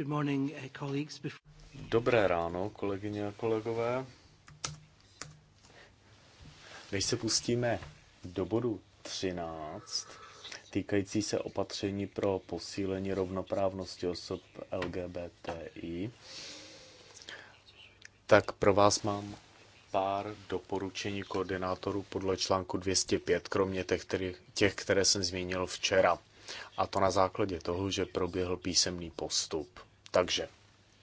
Eh, Dobré ráno, kolegyně a kolegové. Než se pustíme do bodu 13, týkající se opatření pro posílení rovnoprávnosti osob LGBTI, tak pro vás mám pár doporučení koordinátorů podle článku 205, kromě těch, těch které jsem zmínil včera. A to na základě toho, že proběhl písemný postup. Takže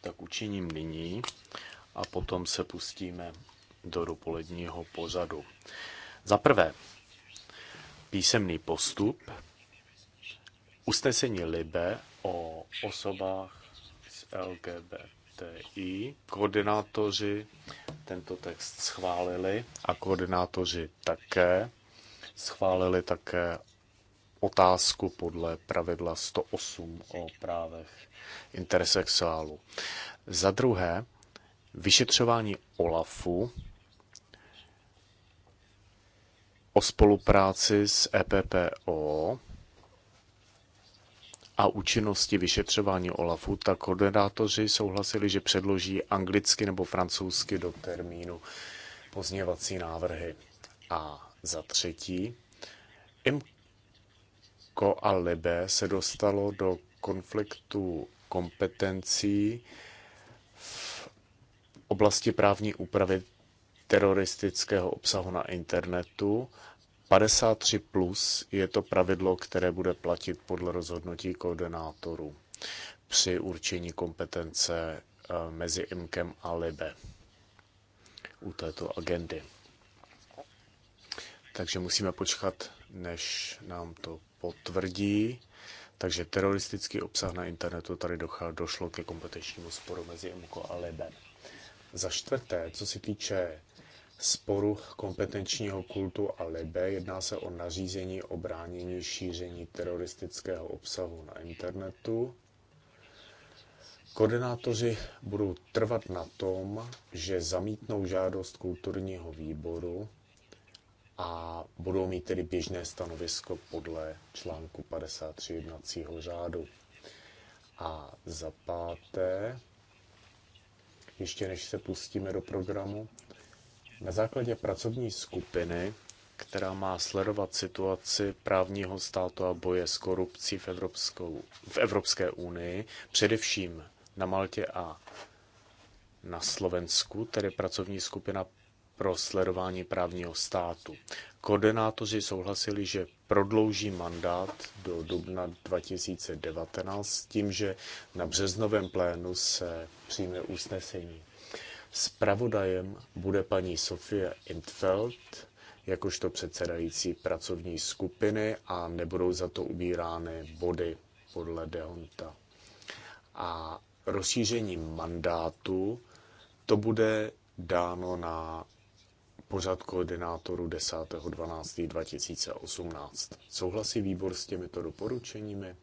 tak učiním nyní a potom se pustíme do dopoledního pozadu. Za prvé, písemný postup, usnesení Libe o osobách z LGBTI. Koordinátoři tento text schválili a koordinátoři také schválili také otázku podle pravidla 108 o právech intersexuálu. Za druhé, vyšetřování OLAFu o spolupráci s EPPO a účinnosti vyšetřování OLAFu, tak koordinátoři souhlasili, že předloží anglicky nebo francouzsky do termínu pozněvací návrhy. A za třetí, Afko a Libe se dostalo do konfliktu kompetencí v oblasti právní úpravy teroristického obsahu na internetu. 53 plus je to pravidlo, které bude platit podle rozhodnutí koordinátorů při určení kompetence eh, mezi IMKem a LIBE u této agendy. Takže musíme počkat, než nám to potvrdí. Takže teroristický obsah na internetu tady došlo ke kompetenčnímu sporu mezi IMCO a LIBEN. Za čtvrté, co se týče sporu kompetenčního kultu a LIBE, jedná se o nařízení o bránění šíření teroristického obsahu na internetu. Koordinátoři budou trvat na tom, že zamítnou žádost kulturního výboru a budou mít tedy běžné stanovisko podle článku 53 jednacího řádu. A za páté, ještě než se pustíme do programu, na základě pracovní skupiny, která má sledovat situaci právního státu a boje s korupcí v, Evropskou, v Evropské unii, především na Maltě a na Slovensku, tedy pracovní skupina pro sledování právního státu. Koordinátoři souhlasili, že prodlouží mandát do dubna 2019 s tím, že na březnovém plénu se přijme usnesení. Spravodajem bude paní Sofie Intfeld, jakožto předsedající pracovní skupiny a nebudou za to ubírány body podle Dehonta. A rozšíření mandátu to bude dáno na pořad koordinátorů 10.12.2018. Souhlasí výbor s těmito doporučeními?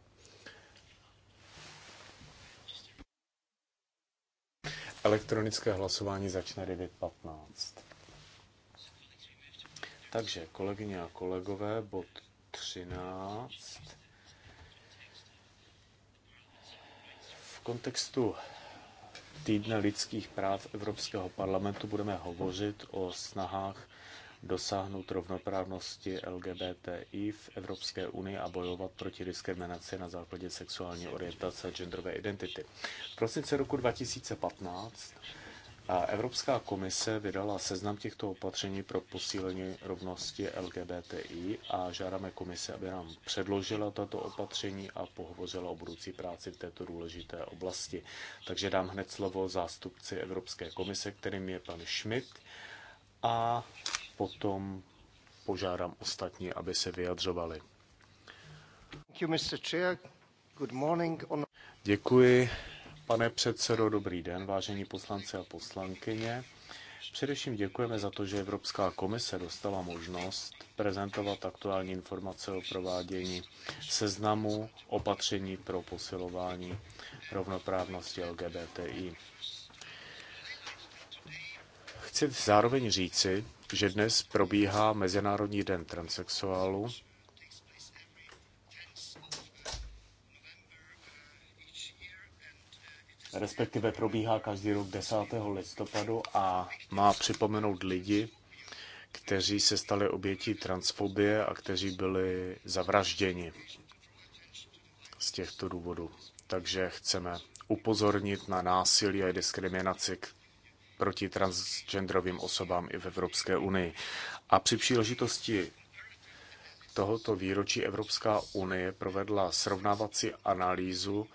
Elektronické hlasování začne 9.15. Takže, kolegyně a kolegové, bod 13. V kontextu týdne lidských práv Evropského parlamentu budeme hovořit o snahách dosáhnout rovnoprávnosti LGBTI v Evropské unii a bojovat proti diskriminaci na základě sexuální orientace a genderové identity. V prosince roku 2015 a Evropská komise vydala seznam těchto opatření pro posílení rovnosti LGBTI a žádáme komise, aby nám předložila tato opatření a pohovořila o budoucí práci v této důležité oblasti. Takže dám hned slovo zástupci Evropské komise, kterým je pan Schmidt, a potom požádám ostatní, aby se vyjadřovali. Děkuji, Pane předsedo, dobrý den, vážení poslanci a poslankyně. Především děkujeme za to, že Evropská komise dostala možnost prezentovat aktuální informace o provádění seznamu opatření pro posilování rovnoprávnosti LGBTI. Chci zároveň říci, že dnes probíhá Mezinárodní den transexuálu, respektive probíhá každý rok 10. listopadu a má připomenout lidi, kteří se stali obětí transfobie a kteří byli zavražděni z těchto důvodů. Takže chceme upozornit na násilí a diskriminaci proti transgenderovým osobám i v Evropské unii. A při příležitosti tohoto výročí Evropská unie provedla srovnávací analýzu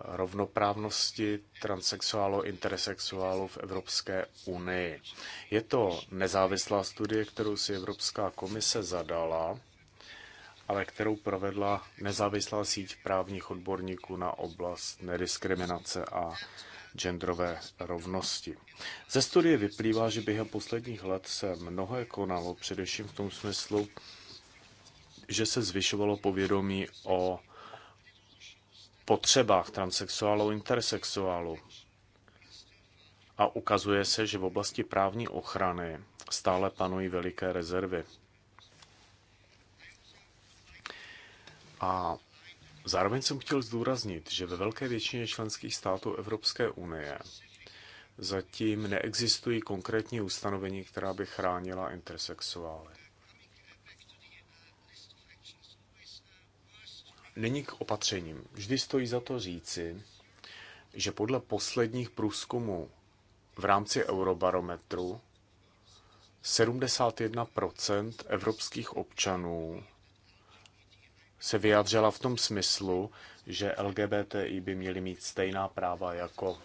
rovnoprávnosti transexuálů a intersexuálů v Evropské unii. Je to nezávislá studie, kterou si Evropská komise zadala, ale kterou provedla nezávislá síť právních odborníků na oblast nediskriminace a genderové rovnosti. Ze studie vyplývá, že během posledních let se mnohé konalo, především v tom smyslu, že se zvyšovalo povědomí o potřebách transexuálů, intersexuálů. A ukazuje se, že v oblasti právní ochrany stále panují veliké rezervy. A zároveň jsem chtěl zdůraznit, že ve velké většině členských států Evropské unie zatím neexistují konkrétní ustanovení, která by chránila intersexuály. Není k opatřením. Vždy stojí za to říci, že podle posledních průzkumů v rámci Eurobarometru 71% evropských občanů se vyjádřila v tom smyslu, že LGBTI by měli mít stejná práva jako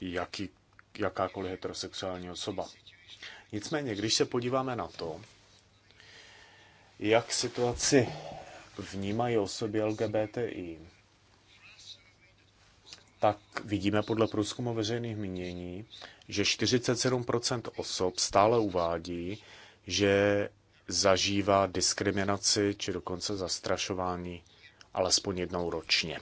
jaký, jakákoliv heterosexuální osoba. Nicméně, když se podíváme na to, jak situaci vnímají osoby LGBTI, tak vidíme podle průzkumu veřejných mínění, že 47% osob stále uvádí, že zažívá diskriminaci či dokonce zastrašování alespoň jednou ročně.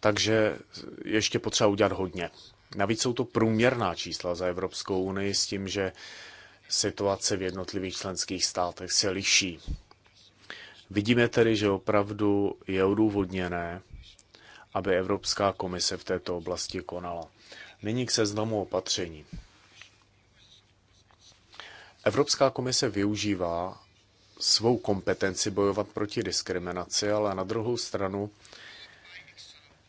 Takže ještě potřeba udělat hodně. Navíc jsou to průměrná čísla za Evropskou unii s tím, že situace v jednotlivých členských státech se liší. Vidíme tedy, že opravdu je odůvodněné, aby Evropská komise v této oblasti konala. Nyní k seznamu opatření. Evropská komise využívá svou kompetenci bojovat proti diskriminaci, ale na druhou stranu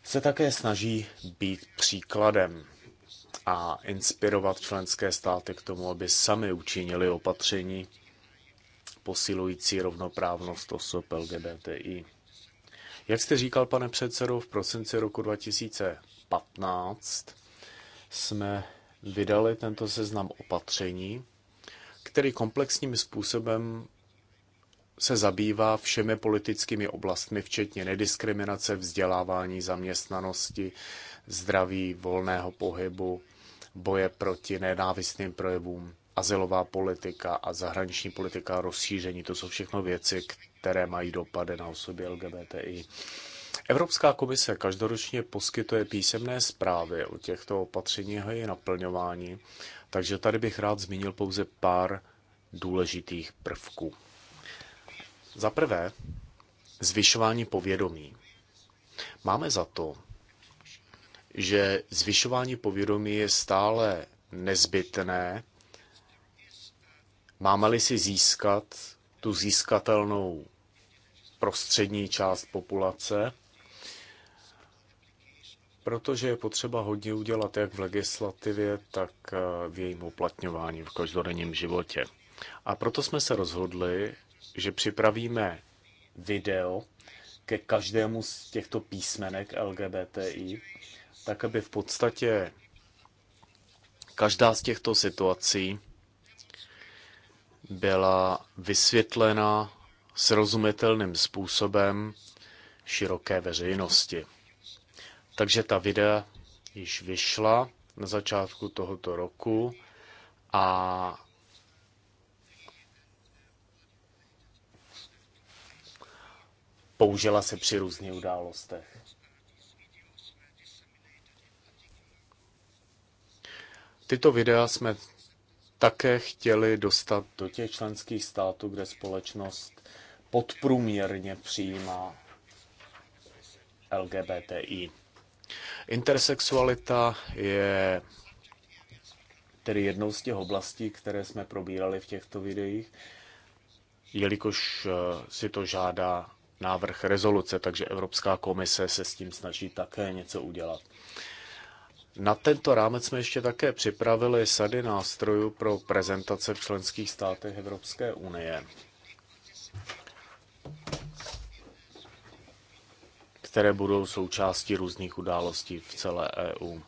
se také snaží být příkladem a inspirovat členské státy k tomu, aby sami učinili opatření posilující rovnoprávnost osob LGBTI. Jak jste říkal, pane předsedo, v prosinci roku 2015 jsme vydali tento seznam opatření, který komplexním způsobem se zabývá všemi politickými oblastmi, včetně nediskriminace, vzdělávání, zaměstnanosti, zdraví, volného pohybu, boje proti nenávistným projevům, azylová politika a zahraniční politika a rozšíření. To jsou všechno věci, které mají dopady na osoby LGBTI. Evropská komise každoročně poskytuje písemné zprávy o těchto opatřeních a jejich naplňování, takže tady bych rád zmínil pouze pár důležitých prvků. Za prvé, zvyšování povědomí. Máme za to, že zvyšování povědomí je stále nezbytné, máme-li si získat tu získatelnou prostřední část populace, protože je potřeba hodně udělat jak v legislativě, tak eh, v jejím uplatňování v každodenním životě. A proto jsme se rozhodli, že připravíme video ke každému z těchto písmenek LGBTI tak aby v podstatě každá z těchto situací byla vysvětlena srozumitelným způsobem široké veřejnosti. Takže ta videa již vyšla na začátku tohoto roku a použila se při různých událostech. Tyto videa jsme také chtěli dostat do těch členských států, kde společnost podprůměrně přijímá LGBTI. Intersexualita je tedy jednou z těch oblastí, které jsme probírali v těchto videích, jelikož eh, si to žádá návrh rezoluce, takže Evropská komise se s tím snaží také něco udělat. Na tento rámec jsme ještě také připravili sady nástrojů pro prezentace v členských státech Evropské unie, které budou součástí různých událostí v celé EU.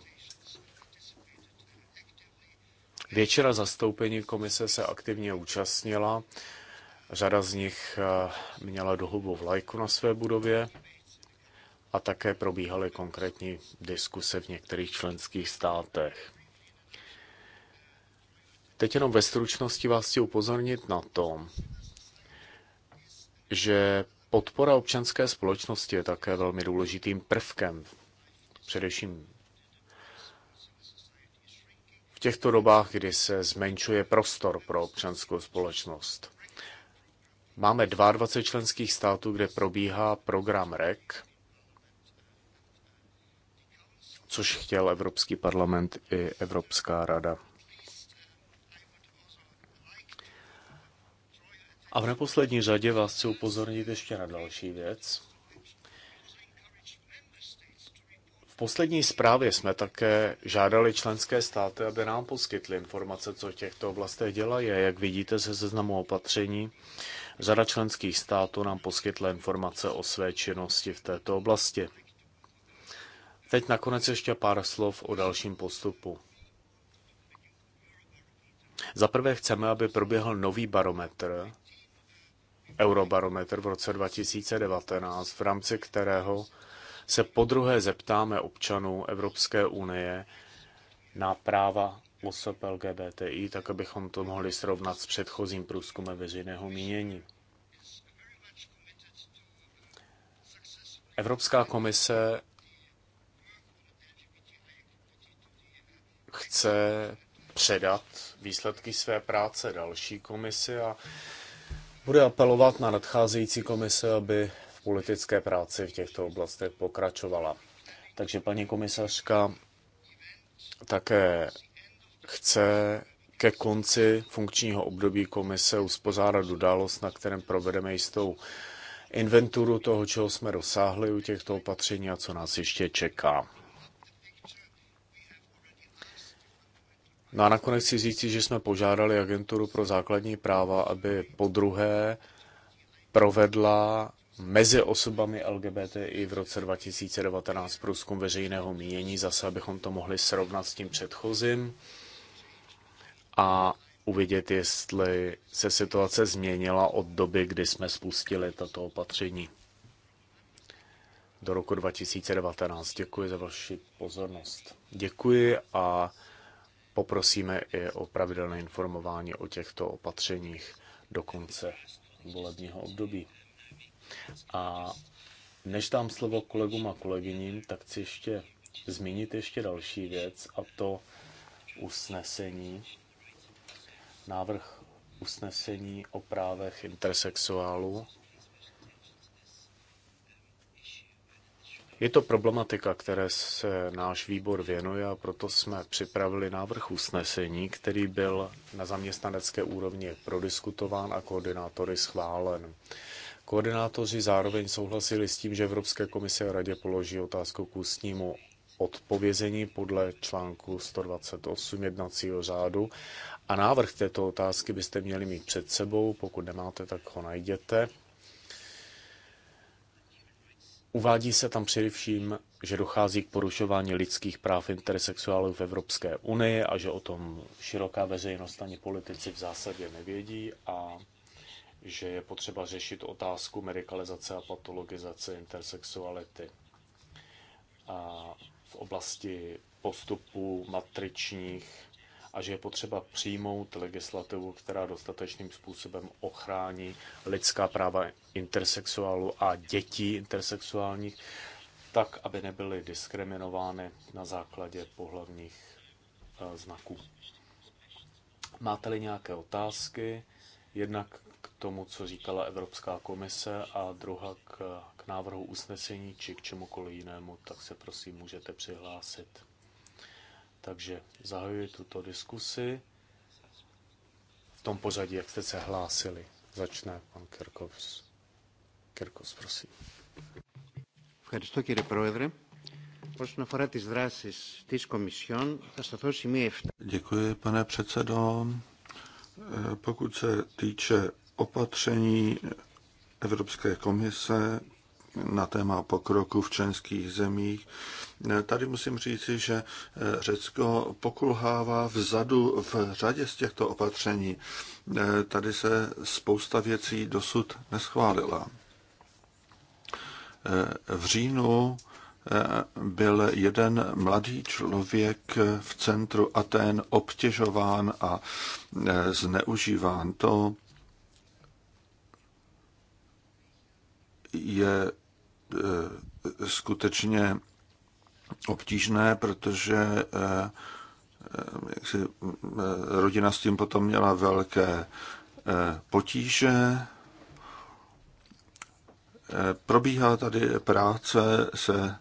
Většina zastoupení komise se aktivně účastnila. Řada z nich eh, měla dohubu vlajku na své budově a také probíhaly konkrétní diskuse v některých členských státech. Teď jenom ve stručnosti vás chci upozornit na to, že podpora občanské společnosti je také velmi důležitým prvkem, především v těchto dobách, kdy se zmenšuje prostor pro občanskou společnost. Máme 22 členských států, kde probíhá program REC, což chtěl Evropský parlament i Evropská rada. A v neposlední řadě vás chci upozornit ještě na další věc. V poslední zprávě jsme také žádali členské státy, aby nám poskytly informace, co v těchto oblastech dělají. Jak vidíte ze seznamu opatření, řada členských států nám poskytla informace o své činnosti v této oblasti. Teď nakonec ještě pár slov o dalším postupu. Za prvé chceme, aby proběhl nový barometr, eurobarometr v roce 2019, v rámci kterého se podruhé zeptáme občanů Evropské unie na práva osob LGBTI, tak abychom to mohli srovnat s předchozím průzkumem veřejného mínění. Evropská komise chce předat výsledky své práce další komisi a bude apelovat na nadcházející komise, aby v politické práci v těchto oblastech pokračovala. Takže paní komisařka také chce ke konci funkčního období komise uspořádat událost, na kterém provedeme jistou inventuru toho, čeho jsme dosáhli u těchto opatření a co nás ještě čeká. No a nakonec si říci, že jsme požádali agenturu pro základní práva, aby po druhé provedla mezi osobami LGBT i v roce 2019 průzkum veřejného mínění, zase abychom to mohli srovnat s tím předchozím a uvidět, jestli se situace změnila od doby, kdy jsme spustili tato opatření do roku 2019. Děkuji za vaši pozornost. Děkuji a poprosíme i o pravidelné informování o těchto opatřeních do konce volebního období. A než dám slovo kolegům a kolegyním, tak chci ještě zmínit ještě další věc a to usnesení, návrh usnesení o právech intersexuálů Je to problematika, které se náš výbor věnuje a proto jsme připravili návrh usnesení, který byl na zaměstnanecké úrovni prodiskutován a koordinátory schválen. Koordinátoři zároveň souhlasili s tím, že Evropské komise a radě položí otázku k ústnímu odpovězení podle článku 128 jednacího řádu a návrh této otázky byste měli mít před sebou, pokud nemáte, tak ho najděte. Uvádí se tam především, že dochází k porušování lidských práv intersexuálů v Evropské unii a že o tom široká veřejnost ani politici v zásadě nevědí a že je potřeba řešit otázku medikalizace a patologizace intersexuality a v oblasti postupů matričních a že je potřeba přijmout legislativu, která dostatečným způsobem ochrání lidská práva intersexuálu a dětí intersexuálních, tak, aby nebyly diskriminovány na základě pohlavních eh, znaků. Máte-li nějaké otázky, jednak k tomu, co říkala Evropská komise a druhá k, k návrhu usnesení či k čemukoliv jinému, tak se prosím můžete přihlásit. Takže zahajuji tuto diskusi. V tom pořadí, jak jste se hlásili, začne pan Kirkovs. Kirkovs, prosím. Ευχαριστώ κύριε Πρόεδρε. Όσον αφορά τις δράσεις της Κομισιόν, θα σταθώ σημείο 7. Děkuji, pane předsedo. Eh, pokud se týče opatření Evropské komise na téma pokroku v členských zemích, Eh, tady musím říci, že eh, Řecko pokulhává vzadu v řadě z těchto opatření. Eh, tady se spousta věcí dosud neschválila. V říjnu byl jeden mladý člověk v centru Aten obtěžován a zneužíván. To je skutečně obtížné, protože eh, eh, jaksi, eh, rodina s tím potom měla velké potíže. Probíhá tady práce se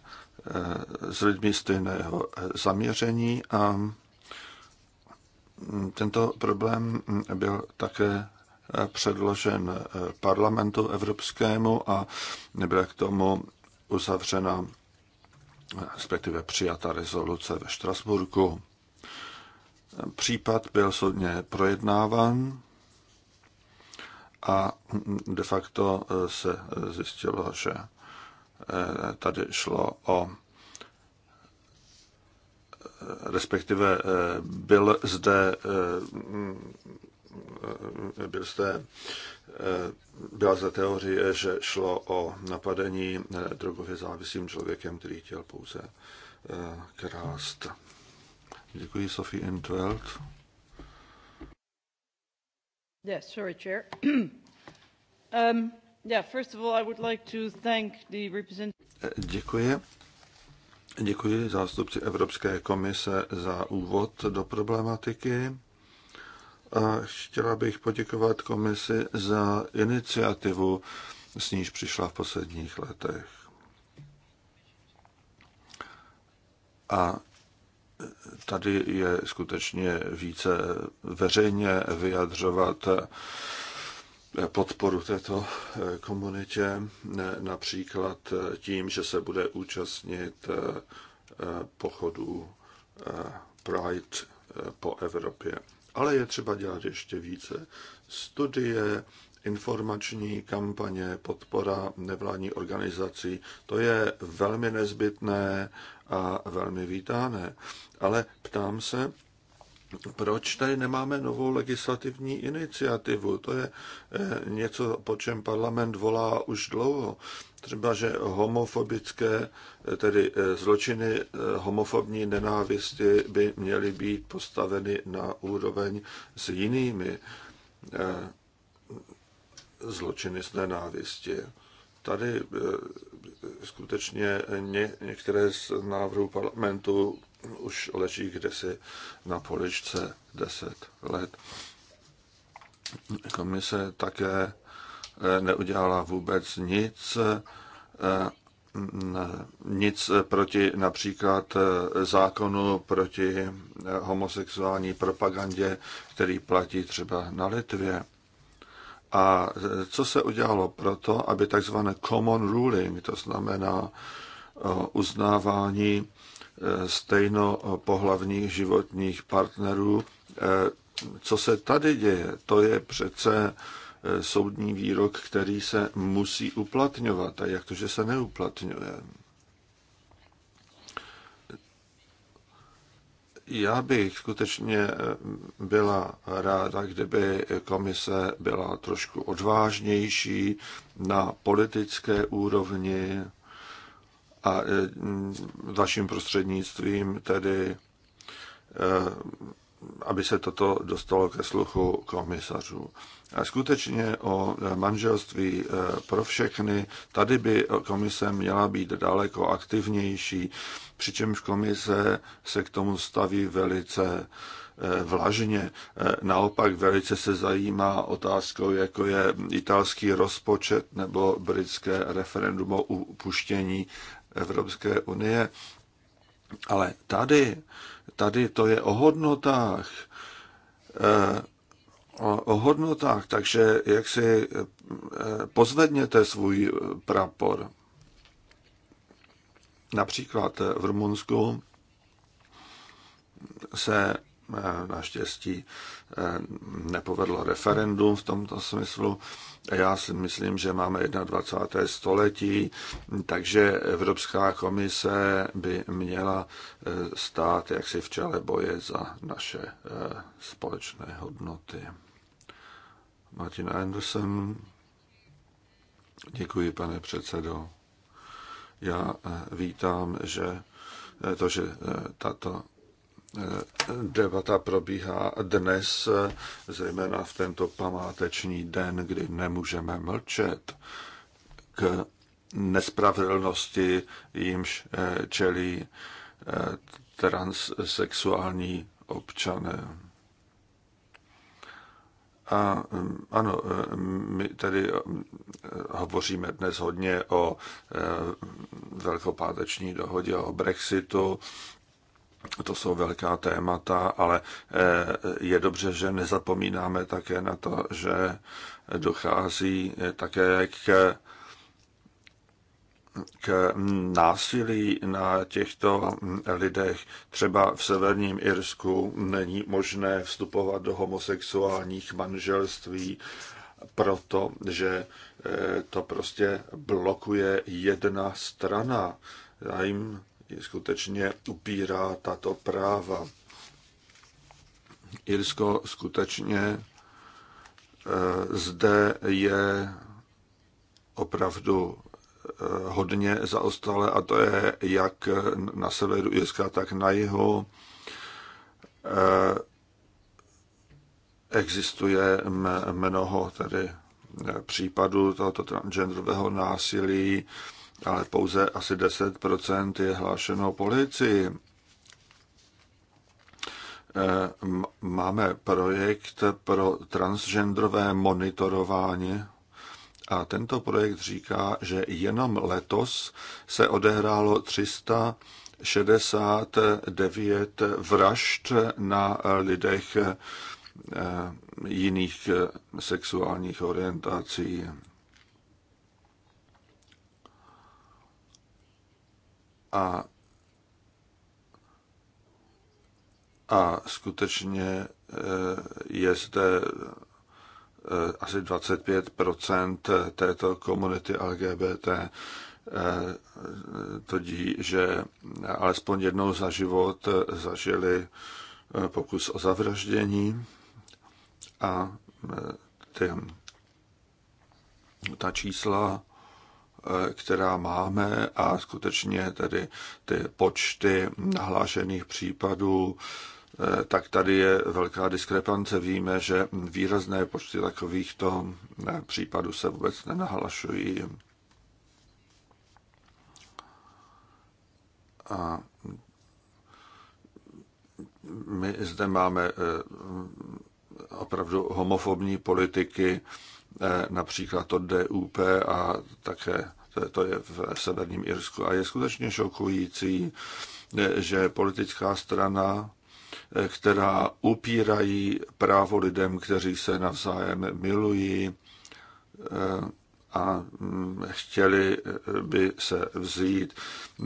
s lidmi stejného zaměření a hm, tento problém hm, byl také předložen parlamentu evropskému a nebyla k tomu uzavřena respektive přijata rezoluce ve Štrasburku. Případ byl soudně projednáván a de facto se zjistilo, že eh, tady šlo o eh, respektive eh, byl zde byl zde Eh, byla za teorie, že šlo o napadení eh, drogově závislým člověkem, který chtěl pouze eh, krást. Děkuji, Sophie Entwelt. Yes, sorry, Chair. um, yeah, first of all, I would like to thank the representative. Děkuji. Děkuji zástupci Evropské komise za úvod do problematiky a chtěla bych poděkovat komisi za iniciativu, s níž přišla v posledních letech. A tady je skutečně více veřejně vyjadřovat podporu této komunitě, například tím, že se bude účastnit pochodu Pride po Evropě. Ale je třeba dělat ještě více. Studie, informační kampaně, podpora nevládní organizací, to je velmi nezbytné a velmi vítané. Ale ptám se, proč tady nemáme novou legislativní iniciativu? To je eh, něco, po čem parlament volá už dlouho. Třeba, že homofobické, eh, tedy eh, zločiny homofobní nenávisti by měly být postaveny na úroveň s jinými zločiny z nenávisti. Tady skutečně některé z návrhů parlamentu už leží kdesi na poličce 10 let. Komise také eh, neudělala vůbec nic, eh, nic proti například eh, zákonu proti homosexuální propagandě, který platí třeba na Litvě. A co se udělalo proto, aby takzvané common ruling, to znamená uznávání stejno pohlavních životních partnerů. Eh, co se tady děje, to je přece eh, soudní výrok, který se musí uplatňovat. A jak to, že se neuplatňuje? Já bych skutečně eh, byla ráda, kdyby komise byla trošku odvážnější na politické úrovni, a e, vaším prostřednictvím tedy, e, aby se toto dostalo ke sluchu komisařů. A skutečně o e, manželství pro všechny, tady by komise měla být daleko aktivnější, přičemž komise se k tomu staví velice vlažně. Naopak velice se zajímá otázkou, jako je italský rozpočet nebo britské referendum o upuštění Evropské unie. Ale tady, tady to je o hodnotách. Eh, o hodnotách, takže jak si eh, pozvedněte svůj eh, prapor. Například v Rumunsku se naštěstí nepovedlo referendum v tomto smyslu já si myslím, že máme 21. století, takže Evropská komise by měla e, stát jaksi v čele boje za naše e, společné hodnoty. Martin Anderson. Děkuji, pane předsedo. Já e, vítám, že to, že tato Debata probíhá dnes, zejména v tento památeční den, kdy nemůžeme mlčet k nespravedlnosti, jimž eh, čelí eh, transsexuální občané. A mm, ano, eh, my tady hovoříme dnes hodně o velkopáteční dohodě o Brexitu, to jsou velká témata, ale eh, je dobře, že nezapomínáme také na to, že dochází eh, také k, k násilí na těchto hm, lidech. Třeba v severním Irsku není možné vstupovat do homosexuálních manželství, protože eh, to prostě blokuje jedna strana. Já jim skutečně upírá tato práva. Irsko skutečně e, zde je opravdu e, hodně zaostalé a to je jak na severu Irska, tak na jihu. E, existuje mnoho tedy případů tohoto genderového násilí ale pouze asi 10% je hlášeno policii. Eh, máme projekt pro transgenderové monitorování a tento projekt říká, že jenom letos se odehrálo 369 vražd na lidech eh, jiných eh, sexuálních orientací. A, a skutečně eh, je zde eh, asi 25 této komunity LGBT eh, tvrdí, že alespoň jednou za život zažili pokus o zavraždění a ty, ta čísla Eh, která máme a skutečně tedy ty počty nahlášených případů, eh, tak tady je velká diskrepance. Víme, že výrazné počty takovýchto eh, případů se vůbec nenahlašují. A my zde máme opravdu homofobní politiky, E, například to DUP a také to je v severním Irsku. A je skutečně šokující, e, že politická strana, e, která upírají právo lidem, kteří se navzájem milují a mm, chtěli by se vzít,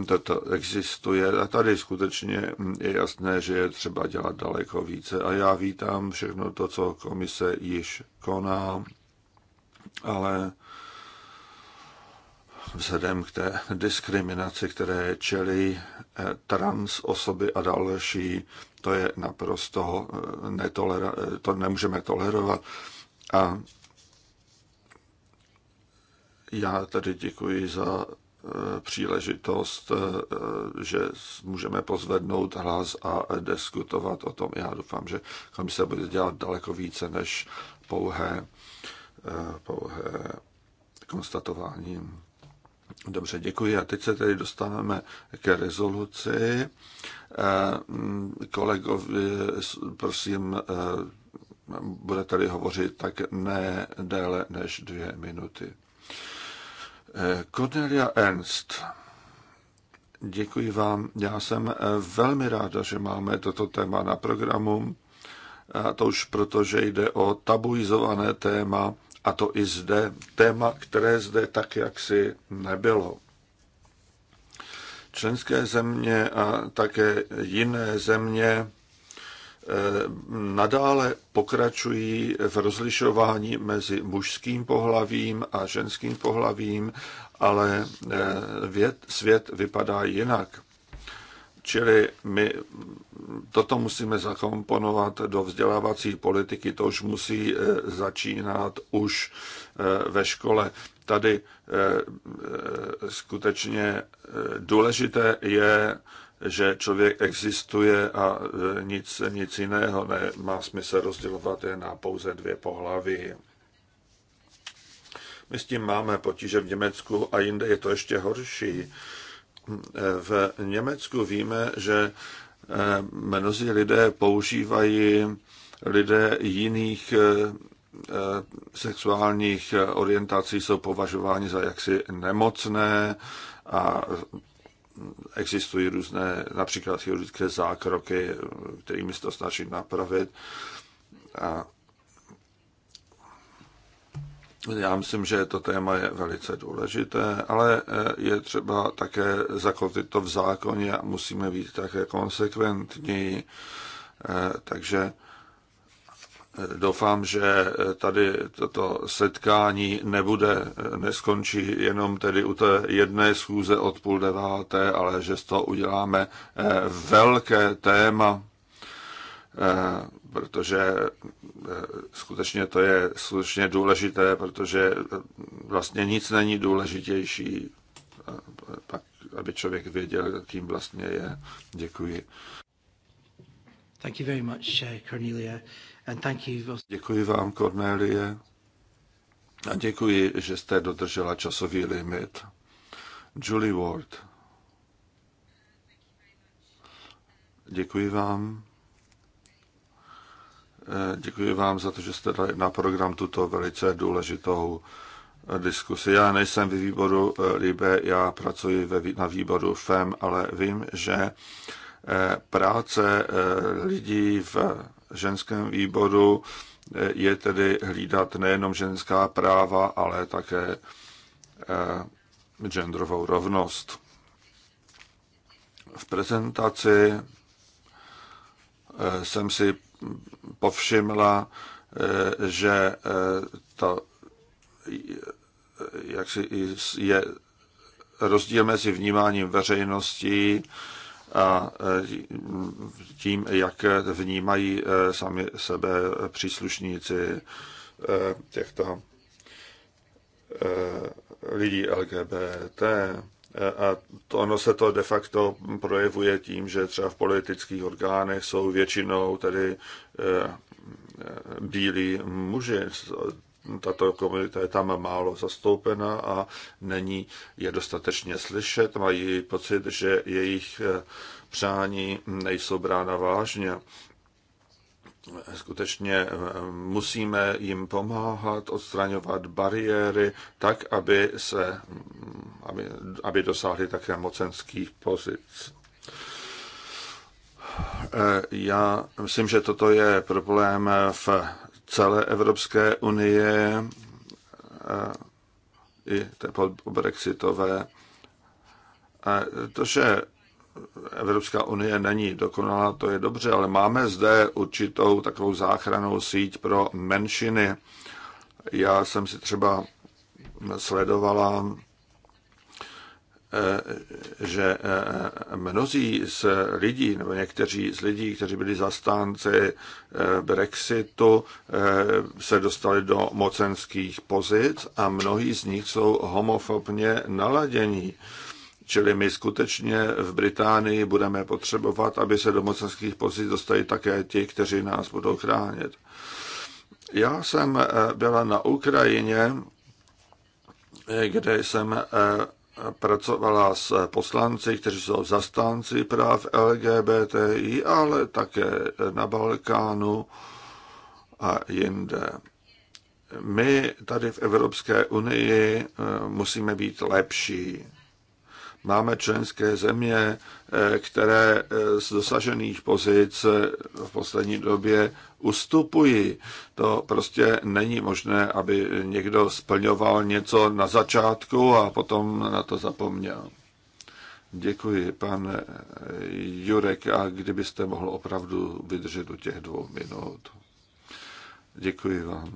toto existuje. A tady skutečně je jasné, že je třeba dělat daleko více. A já vítám všechno to, co komise již koná ale vzhledem k té diskriminaci, které čelí eh, trans osoby a další, to je naprosto eh, netolera- eh, to nemůžeme tolerovat. A já tady děkuji za příležitost, že můžeme pozvednout hlas a diskutovat o tom. Já doufám, že komise bude dělat daleko více než pouhé Eh, pouhé konstatování. Dobře, děkuji. A teď se tedy dostaneme ke rezoluci. Eh, kolegovi, prosím, eh, bude tady hovořit tak ne déle než dvě minuty. Cornelia Ernst. Děkuji vám. Já jsem velmi ráda, že máme toto téma na programu. A to už proto, že jde o tabuizované téma, a to i zde téma, které zde tak jaksi nebylo. Členské země a také jiné země eh, nadále pokračují v rozlišování mezi mužským pohlavím a ženským pohlavím, ale eh, svět vypadá jinak. Čili my toto musíme zakomponovat do vzdělávací politiky, to už musí e, začínat už e, ve škole. Tady e, skutečně důležité je, že člověk existuje a nic, nic jiného nemá smysl rozdělovat je na pouze dvě pohlaví. My s tím máme potíže v Německu a jinde je to ještě horší v Německu víme, že eh, mnozí lidé používají lidé jiných eh, eh, sexuálních orientací jsou považováni za jaksi nemocné a existují různé například chirurgické zákroky, kterými se to snaží napravit. A já myslím, že to téma je velice důležité, ale eh, je třeba také zakotvit to v zákoně a musíme být také konsekventní. Eh, takže eh, doufám, že tady toto setkání nebude, neskončí jenom tedy u té jedné schůze od půl deváté, ale že z toho uděláme velké téma protože eh, skutečně to je skutečně důležité, protože eh, vlastně nic není důležitější, eh, pak, aby člověk věděl, kým vlastně je. Děkuji. Thank you very much, Cornelia. And thank you... Děkuji vám, Cornelie. A děkuji, že jste dodržela časový limit. Julie Ward. Děkuji vám. Eh, děkuji vám za to, že jste dali na program tuto velice důležitou eh, diskusi. Já nejsem ve výboru eh, LIBE, já pracuji ve, na výboru FEM, ale vím, že práce lidí v ženském výboru je tedy hlídat nejenom ženská práva, ale také genderovou rovnost. V prezentaci jsem si povšimla, eh, že eh, to jak si je rozdíl mezi vnímáním veřejnosti a eh, tím, jak vnímají sami sebe příslušníci těchto lidí LGBT. A to ono se to de facto projevuje tím, že třeba v politických orgánech jsou většinou tedy eh, eh, bílí muži. Tato komunita je tam málo zastoupena a není je dostatečně slyšet. Mají pocit, že jejich eh, přání nejsou brána vážně skutečně eh, musíme jim pomáhat odstraňovat bariéry tak, aby, se, mm, aby, aby dosáhli také mocenských pozic. Eh, já myslím, že toto je problém v celé Evropské unie eh, i té po brexitové. To, že Evropská unie není dokonalá, to je dobře, ale máme zde určitou takovou záchranou síť pro menšiny. Já jsem si třeba sledovala, eh, že eh, mnozí z lidí, nebo někteří z lidí, kteří byli zastánci eh, Brexitu, se dostali do mocenských pozic a mnohí z nich jsou homofobně naladění. Čili my skutečně v Británii budeme potřebovat, aby se do mocenských pozic dostali také ti, kteří nás budou chránit. Já jsem eh, byla na Ukrajině, eh, kde jsem eh, pracovala s poslanci, kteří jsou zastánci práv LGBTI, ale také na Balkánu a jinde. My tady v Evropské unii musíme být lepší. Máme členské země, eh, které eh, z dosažených pozic eh, v poslední době ustupují. To prostě není možné, aby někdo splňoval něco na začátku a potom na to zapomněl. Děkuji, pan Jurek, a kdybyste mohl opravdu vydržet do těch dvou minut. Děkuji vám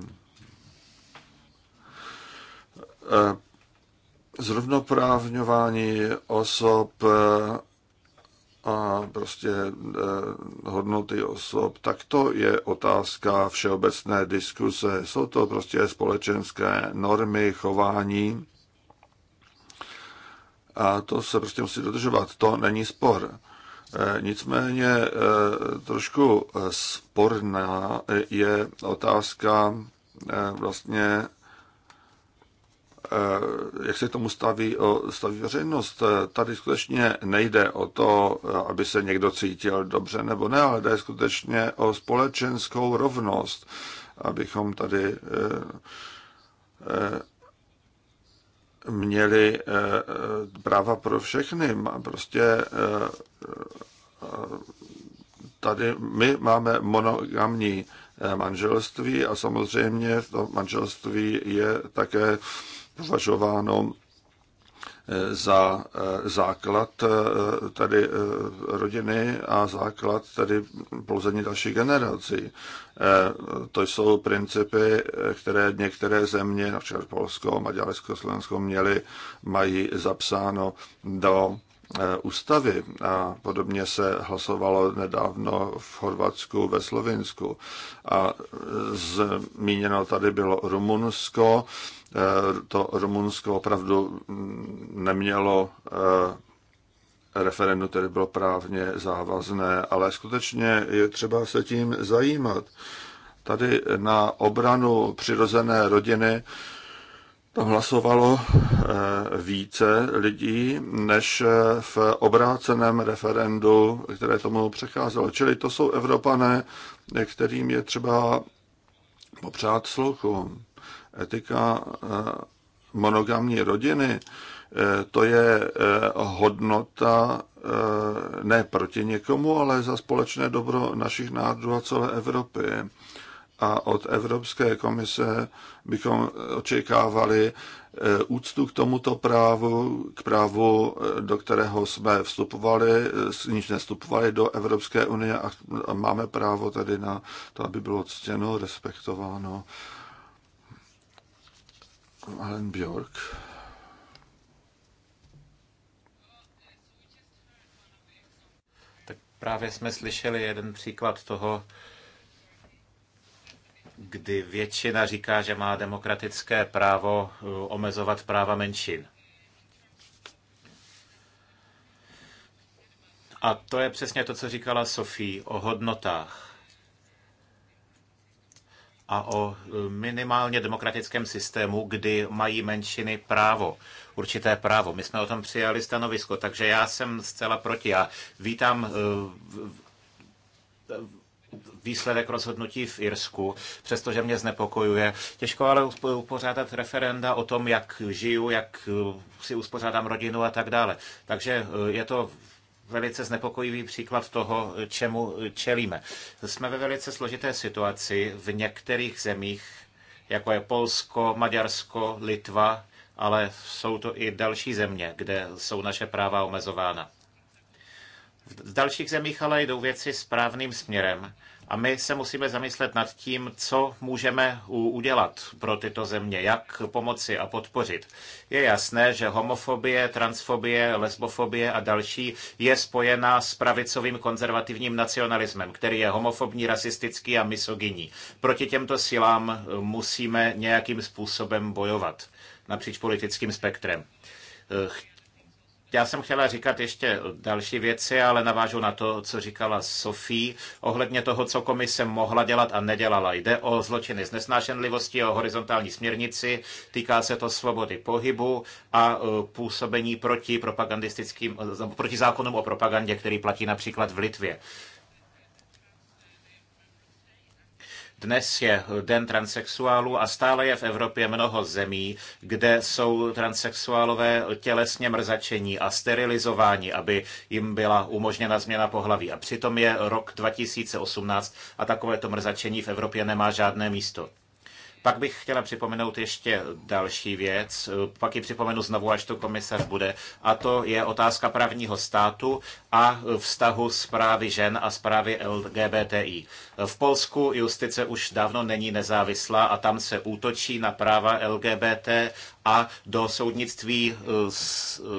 zrovnoprávňování osob eh, a prostě eh, hodnoty osob, tak to je otázka všeobecné diskuse. Jsou to prostě společenské normy, chování a to se prostě musí dodržovat. To není spor. Eh, nicméně trošku sporná je otázka vlastně Eh, jak se tomu staví, staví veřejnost. Eh, tady skutečně nejde o to, eh, aby se někdo cítil dobře nebo ne, ale jde skutečně o společenskou rovnost, abychom tady měli práva pro všechny. Prostě tady my máme monogamní manželství a samozřejmě to manželství je také považováno eh, za eh, základ eh, tady rodiny a základ tady plození další generací. To jsou principy, které některé země, například Polsko, Maďarsko, Slovensko, měly, mají zapsáno do ústavy a podobně se hlasovalo nedávno v Chorvatsku, ve slovensku a zmíněno tady bylo Rumunsko, Eh, to Rumunsko opravdu mm, nemělo eh, referendum, které bylo právně závazné, ale skutečně je třeba se tím zajímat. Tady na obranu přirozené rodiny tam hlasovalo eh, více lidí než v obráceném referendu, které tomu přecházelo. Čili to jsou Evropané, kterým je třeba popřát sluchu etika eh, monogamní rodiny, eh, to je eh, hodnota ne proti někomu, ale za společné dobro našich národů a celé Evropy. A od Evropské komise bychom očekávali úctu k tomuto právu, k právu, do kterého jsme vstupovali, s níž nestupovali do Evropské unie a máme právo tady na to, aby bylo ctěno, respektováno Alen Bjork. Tak právě jsme slyšeli jeden příklad toho, kdy většina říká, že má demokratické právo uh, omezovat práva menšin. A to je přesně to, co říkala Sofie o hodnotách a o e, minimálně demokratickém systému, kdy mají menšiny právo, určité právo. My jsme o tom přijali stanovisko, takže já jsem zcela proti. Já vítám e, výsledek rozhodnutí v Irsku, přestože mě znepokojuje. Těžko ale upořádat referenda o tom, jak žiju, jak e, si uspořádám rodinu a tak dále. Takže je to velice znepokojivý příklad toho, čemu čelíme. Jsme ve velice složité situaci v některých zemích, jako je Polsko, Maďarsko, Litva, ale jsou to i další země, kde jsou naše práva omezována. V dalších zemích ale jdou věci správným směrem a my se musíme zamyslet nad tím, co můžeme udělat pro tyto země, jak pomoci a podpořit. Je jasné, že homofobie, transfobie, lesbofobie a další je spojená s pravicovým konzervativním nacionalismem, který je homofobní, rasistický a misogyní. Proti těmto silám eh, musíme nějakým způsobem bojovat napříč politickým spektrem. Eh, já jsem chtěla říkat ještě další věci, ale navážu na to, co říkala Sofie ohledně toho, co komise mohla dělat a nedělala. Jde o zločiny z nesnášenlivosti, o horizontální směrnici, týká se to svobody pohybu a e, působení proti propagandistickým, e, proti zákonům o propagandě, který platí například v Litvě. Dnes je den transexuálů a stále je v Evropě mnoho zemí, kde jsou transexuálové tělesně mrzačení a sterilizováni, aby jim byla umožněna změna pohlaví. A přitom je rok 2018 a takovéto mrzačení v Evropě nemá žádné místo. Pak bych chtěla připomenout ještě další věc, pak ji připomenu znovu, až to komisař bude, a to je otázka právního státu a vztahu zprávy žen a zprávy LGBTI. V Polsku justice už dávno není nezávislá a tam se útočí na práva LGBT a do soudnictví eh,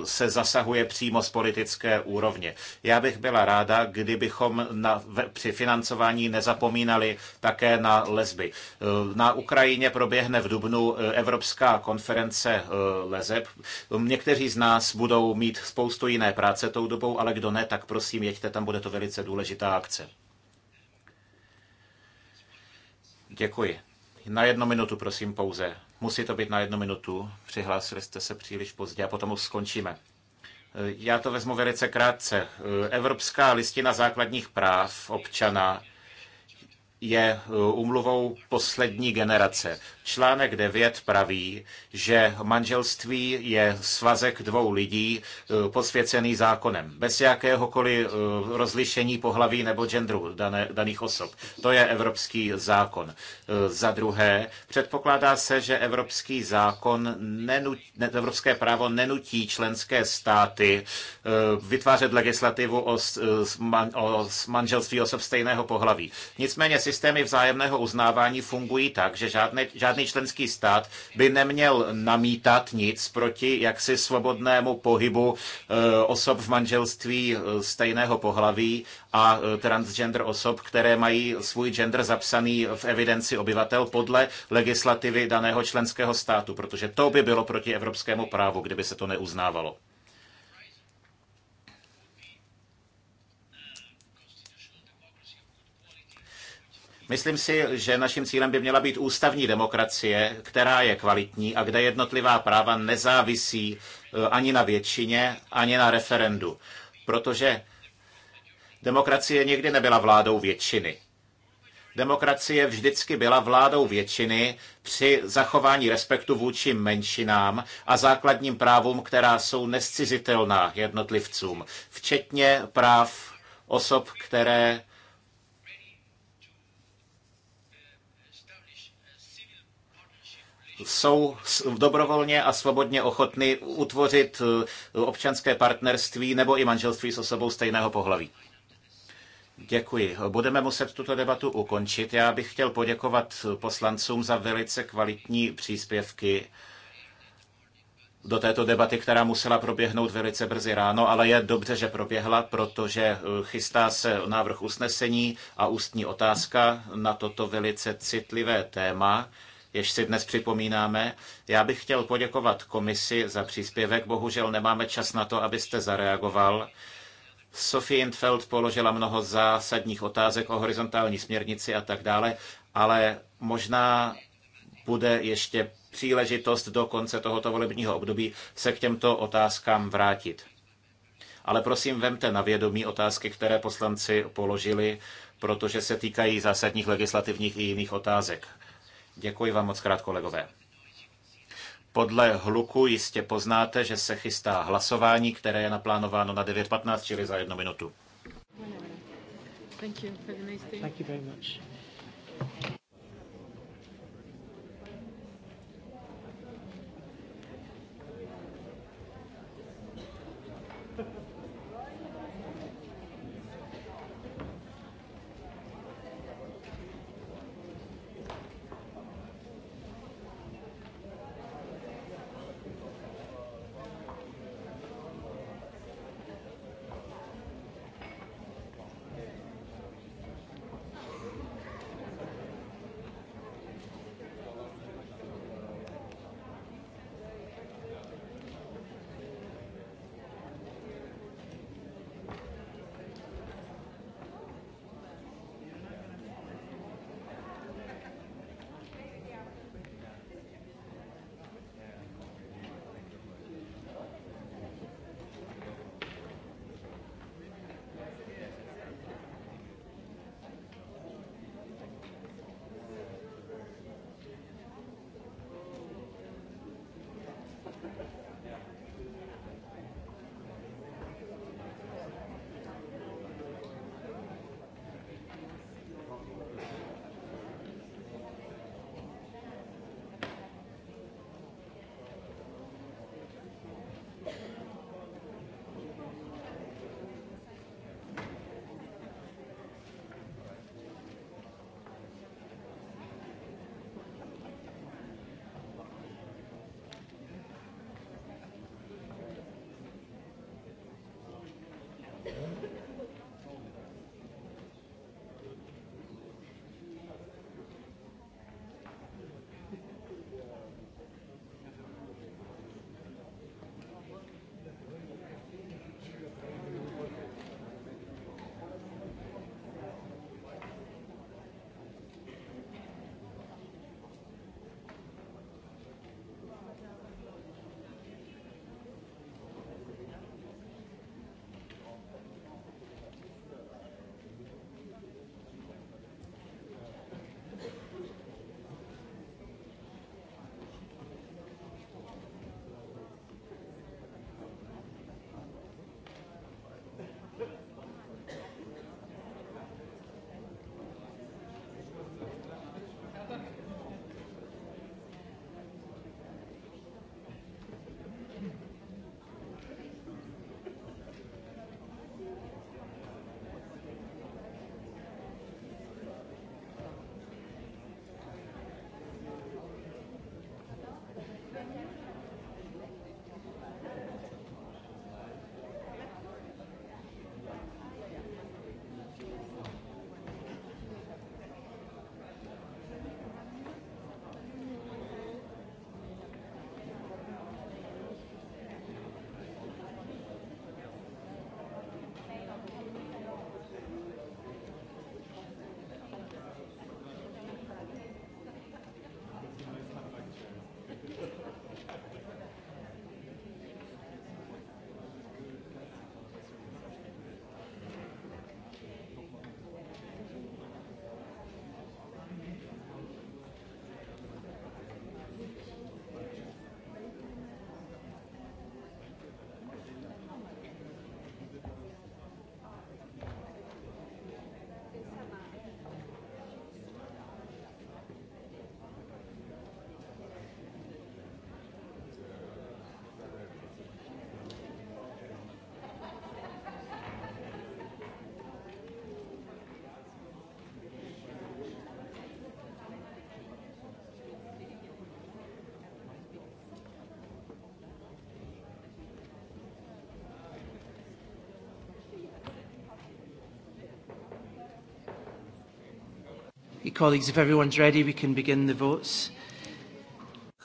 se zasahuje přímo z politické úrovně. Já bych byla ráda, kdybychom na, při financování nezapomínali také na lesby. Eh, na Ukrajině proběhne v Dubnu eh, Evropská konference lezeb. Někteří z nás budou mít spoustu jiné práce tou dobou, ale kdo ne, tak prosím, jeďte tam, bude to velice důležitá akce. Děkuji. Na jednu minutu, prosím, pouze. Musí to být na jednu minutu. Přihlásili jste se příliš pozdě a potom už skončíme. E, já to vezmu velice krátce. E, Evropská listina základních práv občana je umluvou eh, poslední generace. Článek 9 praví, že manželství je svazek dvou lidí eh, posvěcený zákonem, bez jakéhokoliv eh, rozlišení pohlaví nebo genderu daných osob. To je evropský zákon. Za druhé, předpokládá se, že evropský zákon, nenutí, evropské právo nenutí členské státy vytvářet legislativu o, o manželství osob stejného pohlaví. Nicméně si systémy vzájemného uznávání fungují tak, že žádný, žádný členský stát by neměl namítat nic proti jaksi svobodnému pohybu eh, osob v manželství eh, stejného pohlaví a eh, transgender osob, které mají svůj gender zapsaný v evidenci obyvatel podle legislativy daného členského státu, protože to by bylo proti evropskému právu, kdyby se to neuznávalo. Myslím si, že naším cílem by měla být ústavní demokracie, která je kvalitní a kde jednotlivá práva nezávisí eh, ani na většině, ani na referendu. Protože demokracie nikdy nebyla vládou většiny. Demokracie vždycky byla vládou většiny při zachování respektu vůči menšinám a základním právům, která jsou nescizitelná jednotlivcům, včetně práv osob, které jsou dobrovolně a svobodně ochotny utvořit eh, občanské partnerství nebo i manželství s osobou stejného pohlaví. Děkuji. Budeme muset tuto debatu ukončit. Já bych chtěl poděkovat poslancům za velice kvalitní příspěvky do této debaty, která musela proběhnout velice brzy ráno, ale je dobře, že proběhla, protože eh, chystá se návrh usnesení a ústní otázka na toto velice citlivé téma jež si dnes připomínáme. Já bych chtěl poděkovat komisi za příspěvek. Bohužel nemáme čas na to, abyste zareagoval. Sophie Infeld položila mnoho zásadních otázek o horizontální směrnici a tak dále, ale možná bude ještě příležitost do konce tohoto volebního období se k těmto otázkám vrátit. Ale prosím, vemte na vědomí otázky, které poslanci položili, protože se týkají zásadních legislativních i jiných otázek. Děkuji vám moc krát, kolegové. Podle hluku jistě poznáte, že se chystá hlasování, které je naplánováno na 9.15, čili za jednu minutu. Thank you. Have a nice day. Thank you very much. Colleagues, if everyone's ready, we can begin the votes.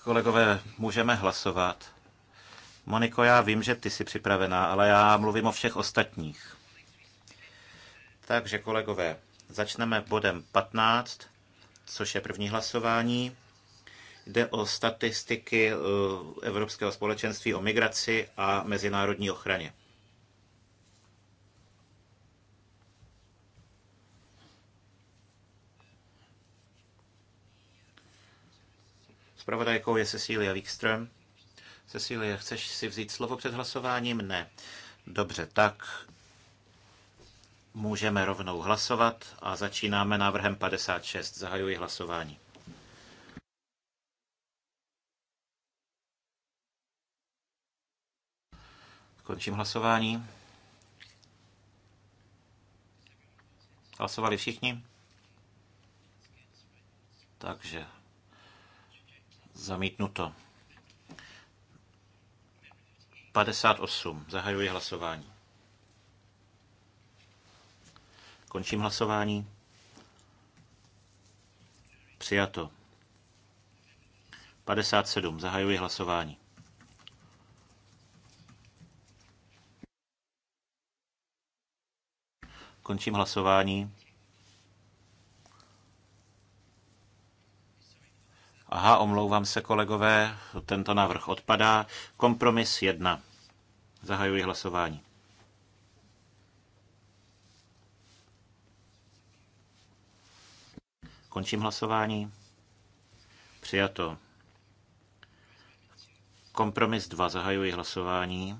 Kolegové, můžeme hlasovat. Moniko, já vím, že ty jsi připravená, ale já mluvím o všech ostatních. Takže kolegové, začneme bodem 15, což je první hlasování. Jde o statistiky eh, Evropského společenství o migraci a mezinárodní ochraně. Cecilia Wikström. Cecilia, chceš si vzít slovo před hlasováním? Ne. Dobře, tak můžeme rovnou hlasovat a začínáme návrhem 56. Zahajuji hlasování. Končím hlasování. Hlasovali všichni? Takže Zamítnuto. 58. Zahajuji hlasování. Končím hlasování. Přijato. 57. Zahajuji hlasování. Končím hlasování. Aha, omlouvám se, kolegové, tento návrh odpadá. Kompromis 1. Zahajuji hlasování. Končím hlasování. Přijato. Kompromis 2. Zahajuji hlasování.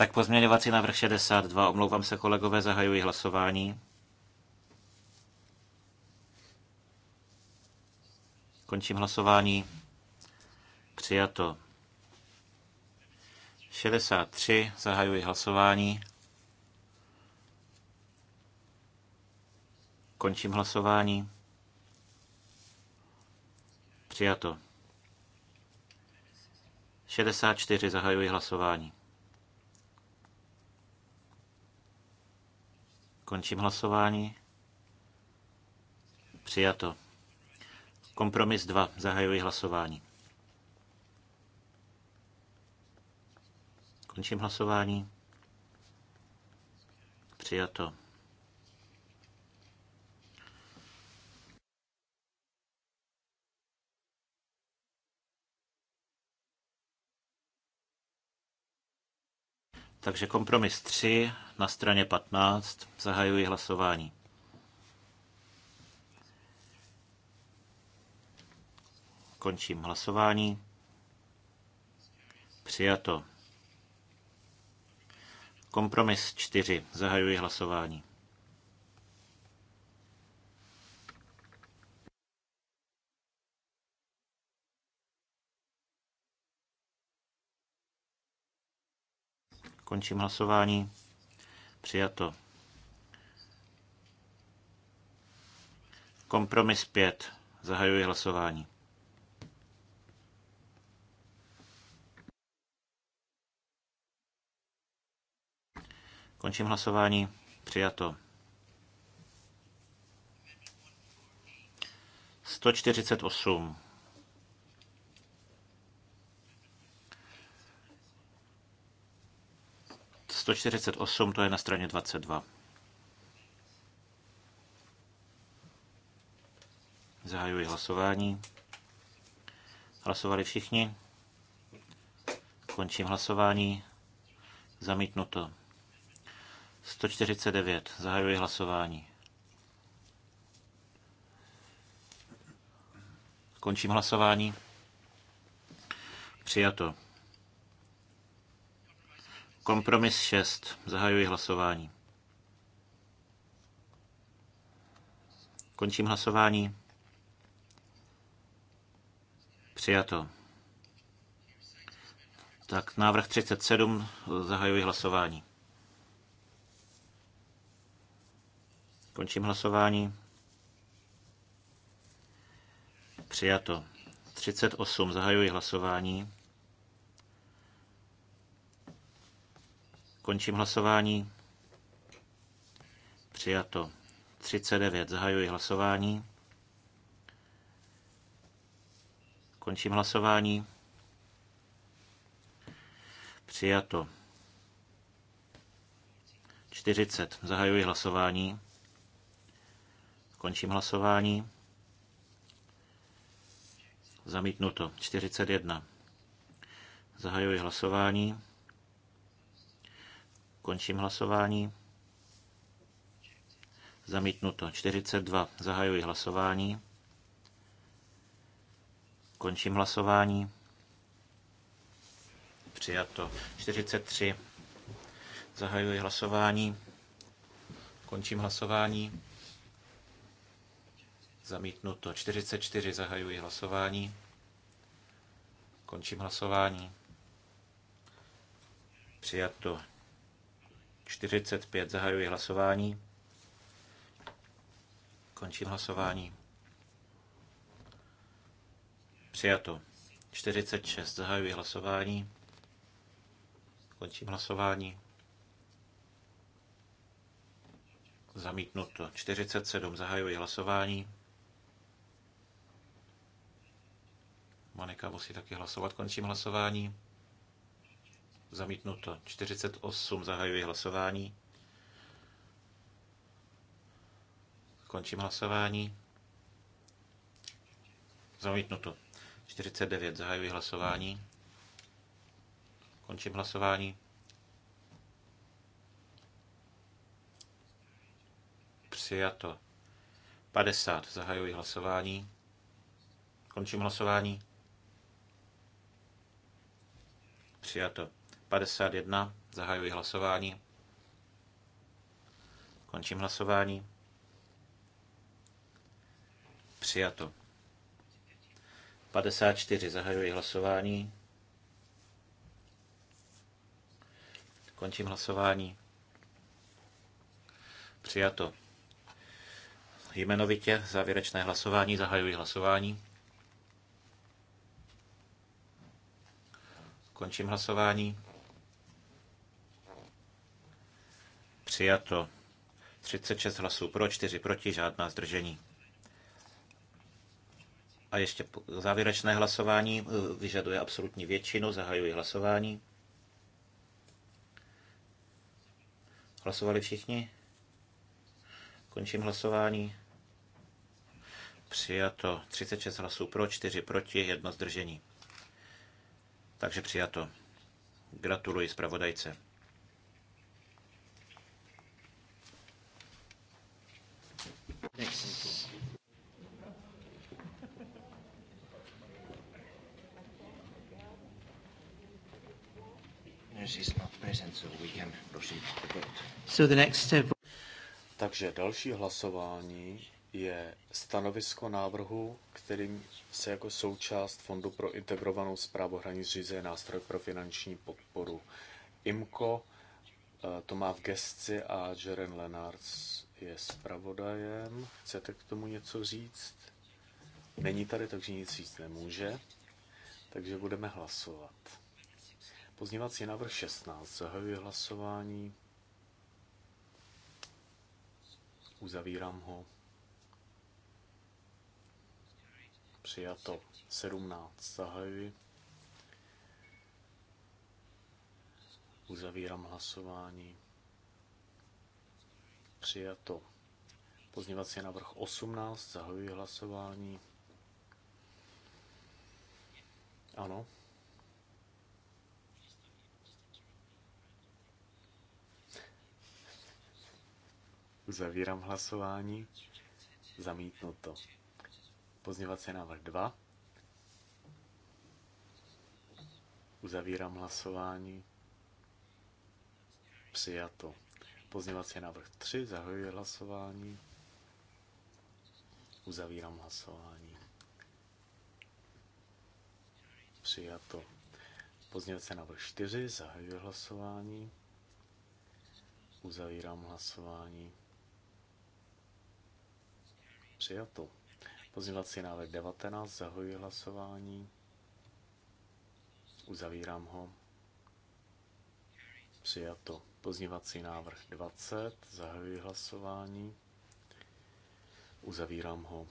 Tak pozměňovací návrh 62. Omlouvám se, kolegové, zahajuji hlasování. Končím hlasování. Přijato. 63. Zahajuji hlasování. Končím hlasování. Přijato. 64. Zahajuji hlasování. Končím hlasování. Přijato. Kompromis 2. Zahajuji hlasování. Končím hlasování. Přijato. Takže kompromis 3 na straně 15. Zahajuji hlasování. Končím hlasování. Přijato. Kompromis 4. Zahajuji hlasování. Končím hlasování. Přijato. Kompromis 5. Zahajuji hlasování. Končím hlasování. Přijato. 148. 148, to je na straně 22. Zahajuji hlasování. Hlasovali všichni. Končím hlasování. Zamítnuto. 149. Zahajuji hlasování. Končím hlasování. Přijato. Kompromis 6. Zahajuji hlasování. Končím hlasování. Přijato. Tak návrh 37. Zahajuji hlasování. Končím hlasování. Přijato. 38. Zahajuji hlasování. Končím hlasování. Přijato. 39. Zahajuji hlasování. Končím hlasování. Přijato. 40. Zahajuji hlasování. Končím hlasování. Zamítnuto. 41. Zahajuji hlasování. Končím hlasování. Zamítnuto. 42. Zahajuji hlasování. Končím hlasování. Přijato. 43. Zahajuji hlasování. Končím hlasování. Zamítnuto. 44. Zahajuji hlasování. Končím hlasování. Přijato. 45. Zahajuji hlasování. Končím hlasování. Přijato. 46. Zahajuji hlasování. Končím hlasování. Zamítnuto. 47. Zahajuji hlasování. Monika musí taky hlasovat. Končím hlasování. Zamítnuto. 48. Zahajuji hlasování. Končím hlasování. Zamítnuto. 49. Zahajuji hlasování. Končím hlasování. Přijato. 50. Zahajuji hlasování. Končím hlasování. Přijato. 51. Zahajuji hlasování. Končím hlasování. Přijato. 54. Zahajuji hlasování. Končím hlasování. Přijato. Jmenovitě závěrečné hlasování. Zahajuji hlasování. Končím hlasování. Přijato. 36 hlasů pro, 4 proti, žádná zdržení. A ještě závěrečné hlasování eh, vyžaduje absolutní většinu. Zahajuji hlasování. Hlasovali všichni? Končím hlasování. Přijato 36 hlasů pro, 4 proti, jedno zdržení. Takže přijato. Gratuluji zpravodajce. Takže další hlasování je stanovisko návrhu, kterým se jako součást Fondu pro integrovanou zprávu hranic zřizuje nástroj pro finanční podporu IMCO. Eh, to má v gesci a Jeren Lenards je zpravodajem. Chcete k tomu něco říct? Není tady, takže nic říct nemůže. Takže budeme hlasovat. Pozněvací návrh 16. Zahajuji hlasování. Uzavírám ho. Přijato 17. Zahajuji. Uzavírám hlasování. Přijato. Pozněvací návrh 18. Zahajuji hlasování. Ano. Zavírám hlasování. Zamítnuto. Pozněvací návrh 2. Uzavírám hlasování. Přijato. Pozněvací návrh 3, zahajuji hlasování. Uzavírám hlasování. Přijato. Pozněvací návrh 4, zahajuji hlasování. Uzavírám hlasování. Přijato. Pozněvací návrh 19, zahajuji hlasování. Uzavírám ho. Přijato. Pozněvací návrh 20. Zahajuji hlasování. Uzavírám ho.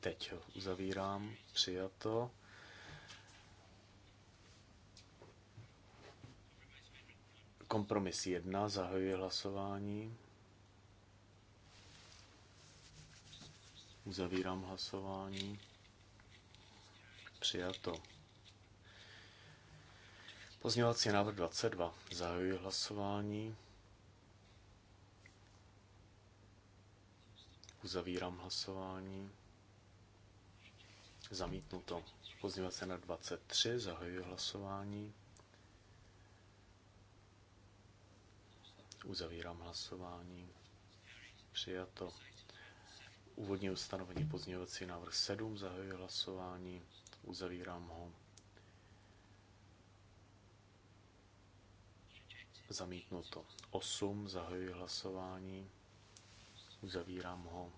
Teď ho uzavírám. Přijato. Kompromis 1. Zahajuji hlasování. Uzavírám hlasování. Přijato. Pozměňovací návrh 22. Zahajuji hlasování. Uzavírám hlasování. Zamítnuto. Pozměňovací na 23. Zahajuji hlasování. Uzavírám hlasování. Přijato. Úvodní ustanovení pozměňovací návrh 7, zahajuji hlasování, uzavírám ho. Zamítnuto 8, zahajuji hlasování, uzavírám ho.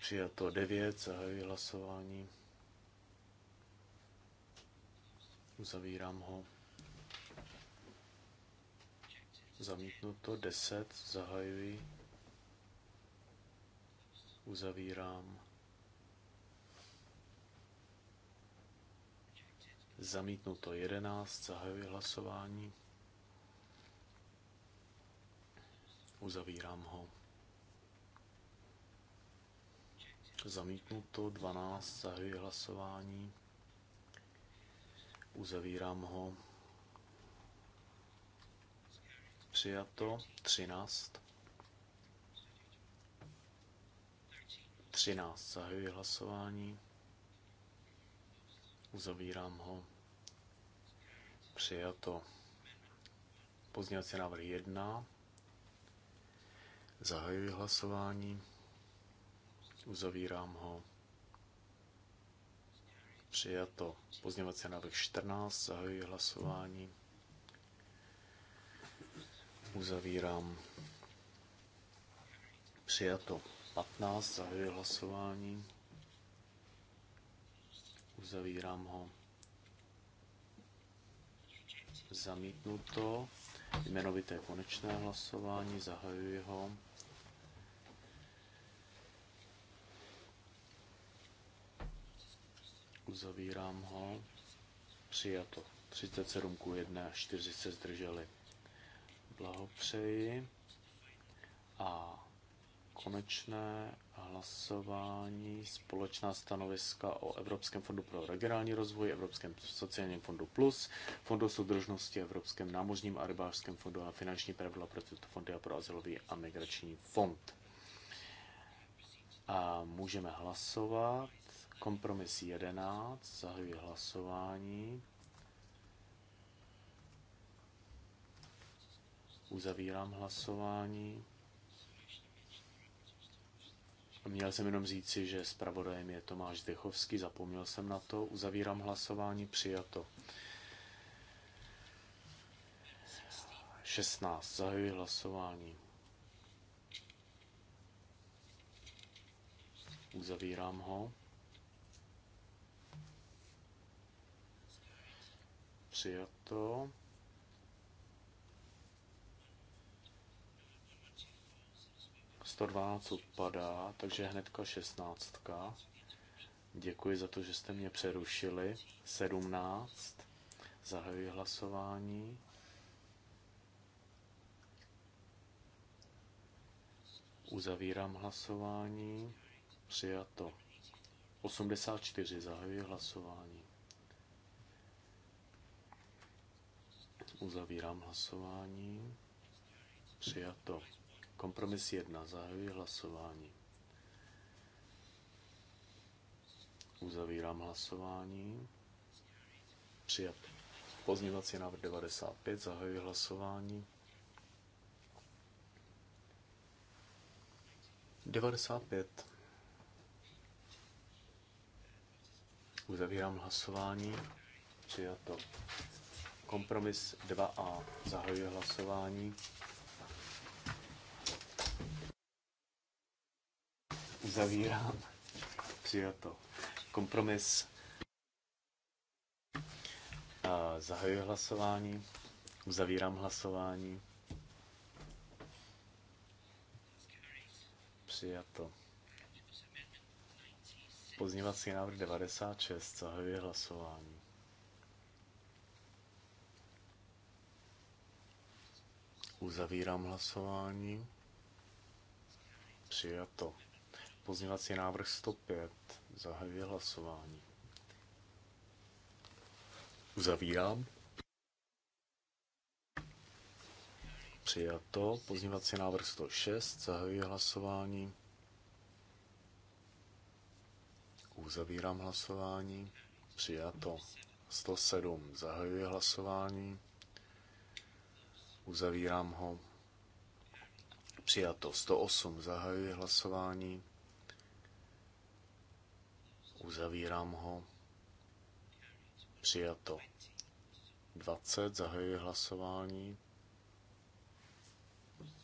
Přijato 9, zahajuji hlasování, uzavírám ho zamítnuto 10, zahajuji, uzavírám, zamítnuto 11, zahajuji hlasování, uzavírám ho. Zamítnuto 12, zahajuji hlasování, uzavírám ho. Přijato. 13. 13. Zahajuji hlasování. Uzavírám ho. Přijato. Pozměňovací návrh 1. Zahajuji hlasování. Uzavírám ho. Přijato. Pozměňovací návrh 14. Zahajuji hlasování. Hmm. Uzavírám. Přijato 15, zahajuji hlasování. Uzavírám ho. Zamítnuto. Jmenovité konečné hlasování, zahajuji ho. Uzavírám ho. Přijato. 37 k 1, 4 se zdrželi. Blahopřeji. A konečné hlasování společná stanoviska o Evropském fondu pro regionální rozvoj, Evropském sociálním fondu Plus, Fondu soudržnosti, Evropském námořním a rybářském fondu a finanční pravidla pro tyto fondy a pro azylový a migrační fond. A můžeme hlasovat. Kompromis 11, zahajuji hlasování. Uzavírám hlasování. Měl jsem jenom říci, že zpravodajem je Tomáš Zdechovský, zapomněl jsem na to. Uzavírám hlasování, přijato. 16. Zahajuji hlasování. Uzavírám ho. Přijato. 112 odpadá, takže hnedka 16. Děkuji za to, že jste mě přerušili. 17. Zahajuji hlasování. Uzavírám hlasování. Přijato. 84. Zahajuji hlasování. Uzavírám hlasování. Přijato. Kompromis 1. Zahajuji hlasování. Uzavírám hlasování. Přijat. Pozměňovací návrh 95. Zahajuji hlasování. 95. Uzavírám hlasování. Přijato. Kompromis 2a. Zahajuji hlasování. Uzavírám. Přijato. Kompromis. Zahajuji hlasování. Uzavírám hlasování. Přijato. Pozněvací návrh 96. Zahajuji hlasování. Uzavírám hlasování. Přijato. Pozněvací návrh 105. Zahajuji hlasování. Uzavírám. Přijato. Pozněvací návrh 106. Zahajuji hlasování. Uzavírám hlasování. Přijato. 107. Zahajuji hlasování. Uzavírám ho. Přijato. 108. Zahajuji hlasování. Uzavírám ho. Přijato. 20. Zahajuji hlasování.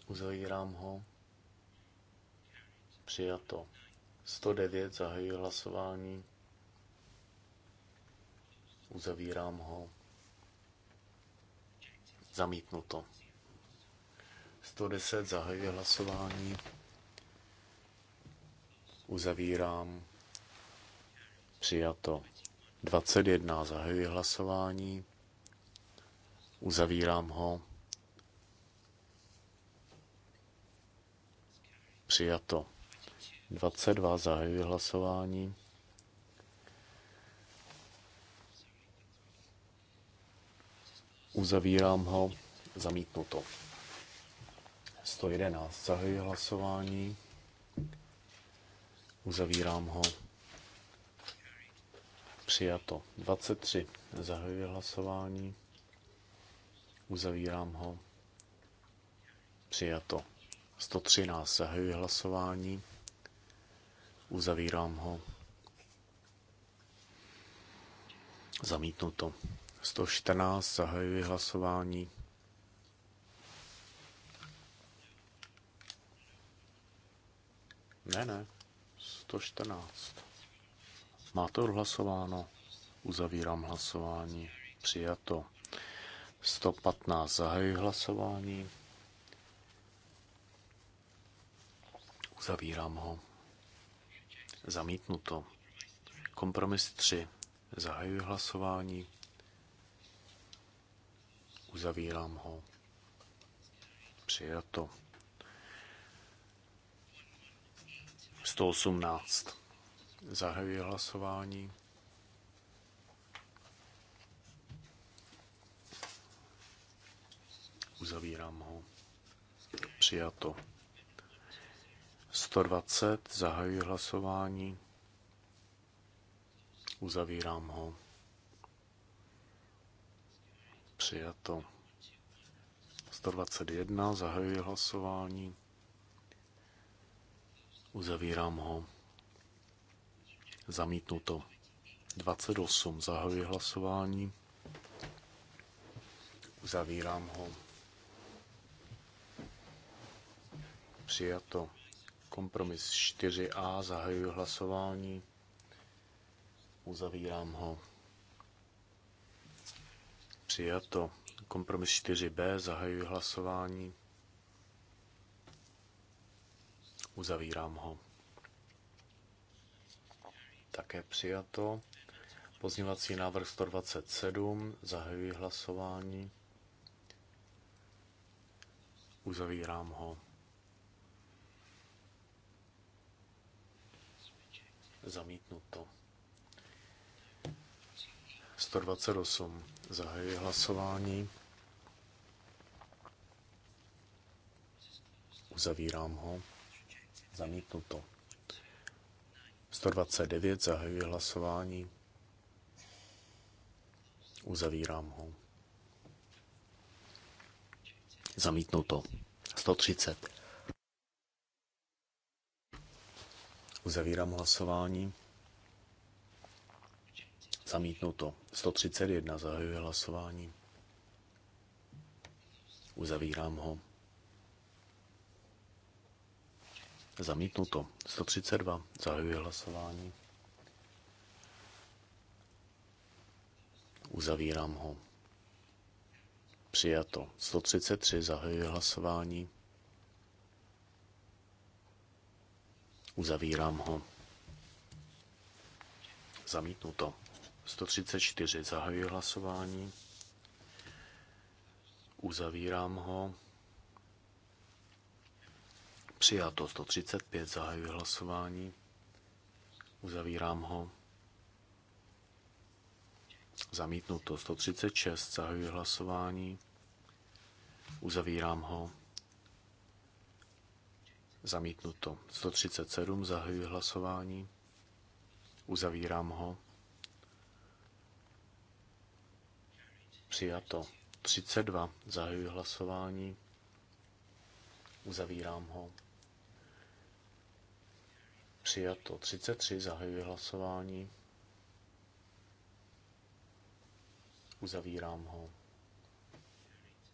Uzavírám ho. Přijato. 109. Zahajuji hlasování. Uzavírám ho. Zamítnuto. 110. Zahajuji hlasování. Uzavírám. Přijato. 21. Zahajuji hlasování. Uzavírám ho. Přijato. 22. Zahajuji hlasování. Uzavírám ho. Zamítnuto. 111. Zahajuji hlasování. Uzavírám ho. Přijato. 23. Zahajuji hlasování. Uzavírám ho. Přijato. 113. Zahajuji hlasování. Uzavírám ho. Zamítnuto. 114. Zahajuji hlasování. Ne, ne. 114. Má to odhlasováno? Uzavírám hlasování. Přijato. 115. Zahajuji hlasování. Uzavírám ho. Zamítnuto. Kompromis 3. Zahajuji hlasování. Uzavírám ho. Přijato. 118. Zahajuji hlasování. Uzavírám ho. Přijato. 120. Zahajuji hlasování. Uzavírám ho. Přijato. 121. Zahajuji hlasování. Uzavírám ho. Zamítnuto. 28. Zahajuji hlasování. Uzavírám ho. Přijato. Kompromis 4a. Zahajuji hlasování. Uzavírám ho. Přijato. Kompromis 4b. Zahajuji hlasování. Uzavírám ho. Také přijato. Pozněvací návrh 127. Zahajuji hlasování. Uzavírám ho. Zamítnuto. 128. Zahajuji hlasování. Uzavírám ho. Zamítnuto. 129 zahajuji hlasování. Uzavírám ho. Zamítnuto. 130. Uzavírám hlasování. Zamítnuto. 131. Zahajuji hlasování. Uzavírám ho. Zamítnuto. 132. Zahajuji hlasování. Uzavírám ho. Přijato. 133. Zahajuji hlasování. Uzavírám ho. Zamítnuto. 134. Zahajuji hlasování. Uzavírám ho. Přijato 135, zahajuji hlasování. Uzavírám ho. Zamítnuto 136, zahajuji hlasování. Uzavírám ho. Zamítnuto 137, zahajuji hlasování. Uzavírám ho. Přijato 32, zahajuji hlasování. Uzavírám ho. Přijato 33, zahajuji hlasování. Uzavírám ho.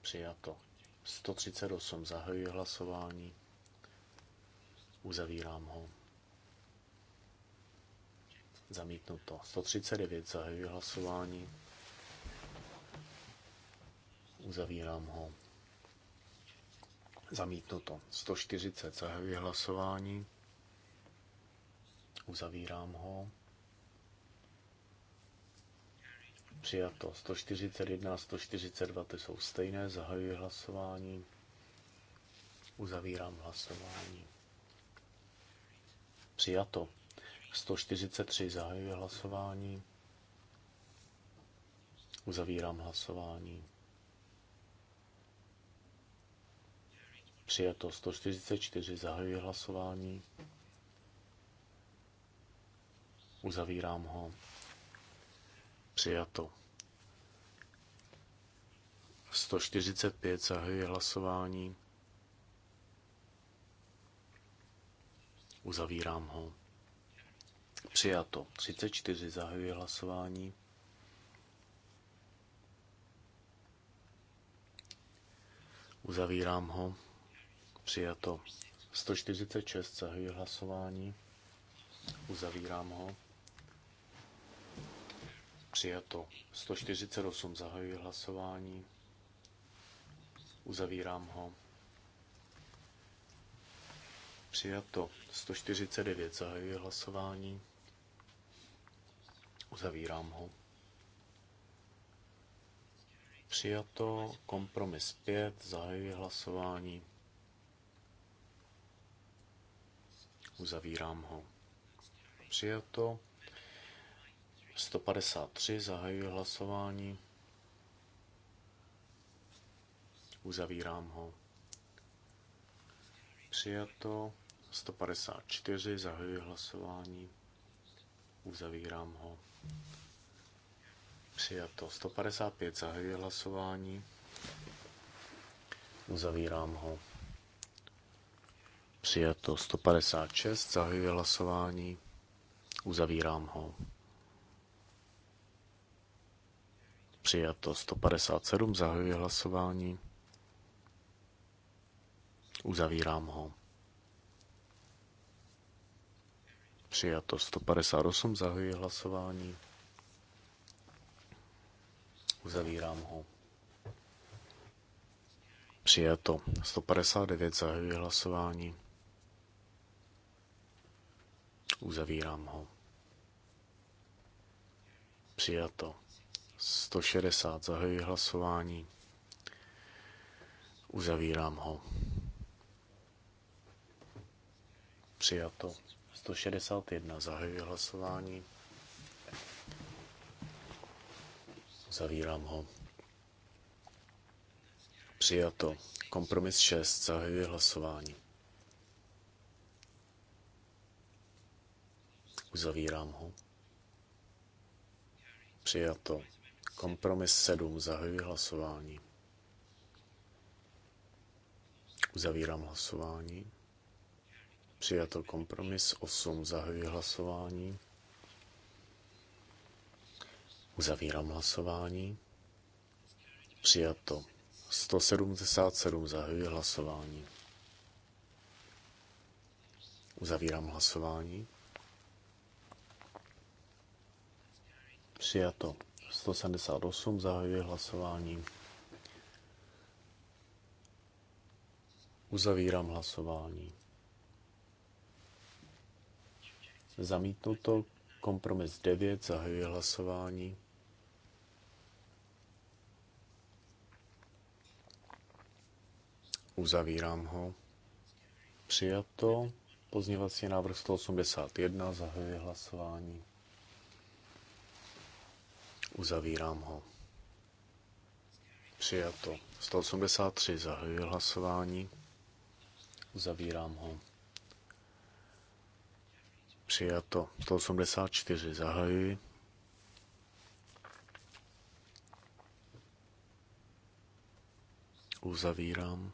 Přijato 138, zahajuji hlasování. Uzavírám ho. Zamítnuto 139, zahajuji hlasování. Uzavírám ho. Zamítnuto 140, zahajuji hlasování. Uzavírám ho. Přijato 141 142, ty jsou stejné. Zahajuji hlasování. Uzavírám hlasování. Přijato 143, zahajuji hlasování. Uzavírám hlasování. Přijato 144, zahajuji hlasování. Uzavírám ho. Přijato. 145 zahajuje hlasování. Uzavírám ho. Přijato. 34 zahajuje hlasování. Uzavírám ho. Přijato. 146 zahajuje hlasování. Uzavírám ho. Přijato. 148 zahajuji hlasování. Uzavírám ho. Přijato. 149 zahajuji hlasování. Uzavírám ho. Přijato. Kompromis 5 zahajuji hlasování. Uzavírám ho. Přijato. 153, zahajuji hlasování. Uzavírám ho. Přijato. 154, zahajuji hlasování. Uzavírám ho. Přijato. 155, zahajuji hlasování. Uzavírám ho. Přijato 156, zahajuji hlasování, uzavírám ho. Přijato 157, zahajuji hlasování. Uzavírám ho. Přijato 158, zahajuji hlasování. Uzavírám ho. Přijato 159, zahajuji hlasování. Uzavírám ho. Přijato 160. Zahajuji hlasování. Uzavírám ho. Přijato. 161. Zahajuji hlasování. Zavírám ho. Přijato. Kompromis 6. Zahajuji hlasování. Uzavírám ho. Přijato. Kompromis 7. Zahajuji hlasování. Uzavírám hlasování. Přijato kompromis 8. Zahajuji hlasování. Uzavírám hlasování. Přijato 177. Zahajuji hlasování. Uzavírám hlasování. Přijato 178 zahajuje hlasování. Uzavírám hlasování. Zamítnuto. Kompromis 9 zahajuje hlasování. Uzavírám ho. Přijato. Pozněvací návrh 181 zahajuje hlasování. Uzavírám ho. Přijato. 183 zahajuji hlasování. Uzavírám ho. Přijato. 184 zahajuji. Uzavírám.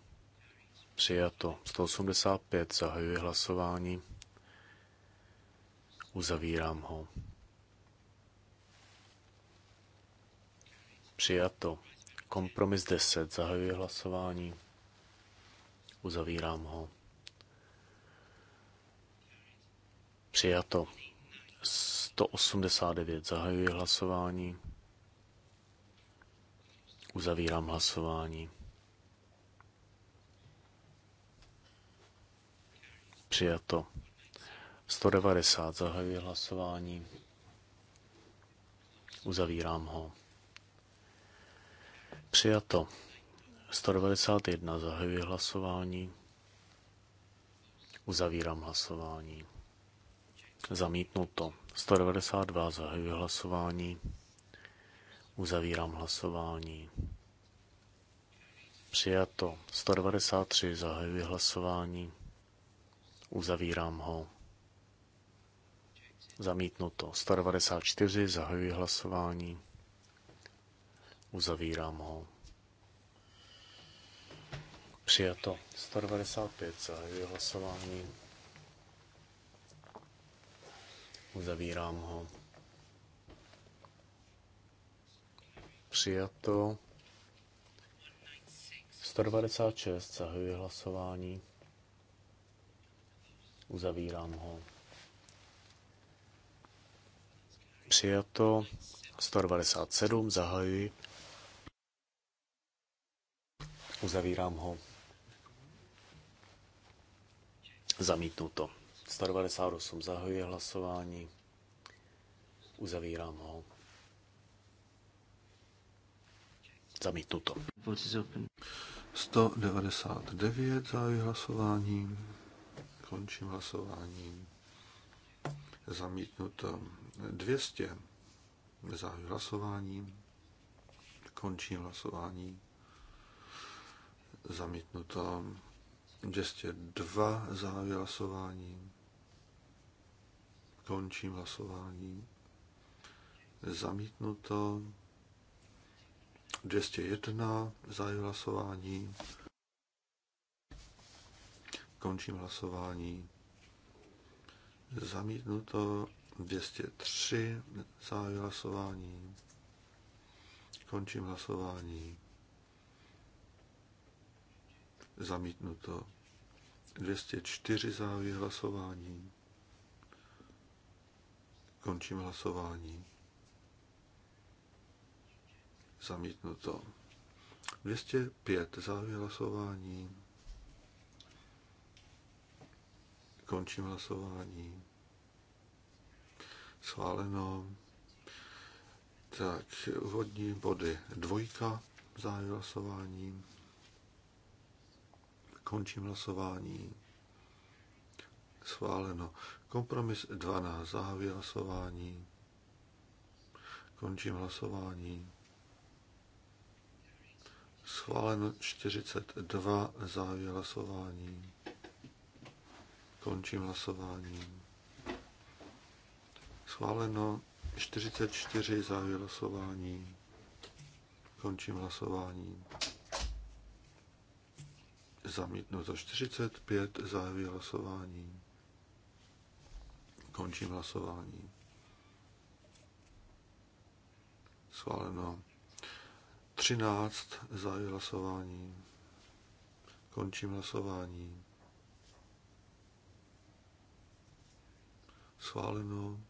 Přijato. 185 zahajuji hlasování. Uzavírám ho. Přijato. Kompromis 10. Zahajuji hlasování. Uzavírám ho. Přijato. 189. Zahajuji hlasování. Uzavírám hlasování. Přijato. 190. Zahajuji hlasování. Uzavírám ho. Přijato. 191. Zahajuji hlasování. Uzavírám hlasování. Zamítnuto. 192. Zahajuji hlasování. Uzavírám hlasování. Přijato. 193. Zahajuji hlasování. Uzavírám ho. Zamítnuto. 194. Zahajuji hlasování. Uzavírám ho. Přijato. 195 zahajuje hlasování. Uzavírám ho. Přijato. 196 zahajuje hlasování. Uzavírám ho. Přijato. 197 zahajuji Uzavírám ho. Zamítnu to. 198 zahajuje hlasování. Uzavírám ho. Zamítnu to. 199 zahajuje hlasování. Končím hlasování. Zamítnu to. 200 zahajuje hlasování. Končím hlasování zamítnuto. 202 zahájí hlasování. Končím hlasování. Zamítnuto. 201 zahájí hlasování. Končím hlasování. Zamítnuto 203 zahájí hlasování. Končím hlasování zamítnuto. 204 závy hlasování. Končím hlasování. Zamítnuto. 205 závy hlasování. Končím hlasování. Schváleno. Tak, úvodní body. Dvojka závěr hlasování. Končím hlasování. Schváleno. Kompromis 12. Zahavě hlasování. Končím hlasování. Schváleno 42. Zahavě hlasování. Končím hlasování. Schváleno 44. Zahavě hlasování. Končím hlasování zamítnuto 45, zahajuji hlasování. Končím hlasování. Schváleno 13, zahajuji hlasování. Končím hlasování. Schváleno.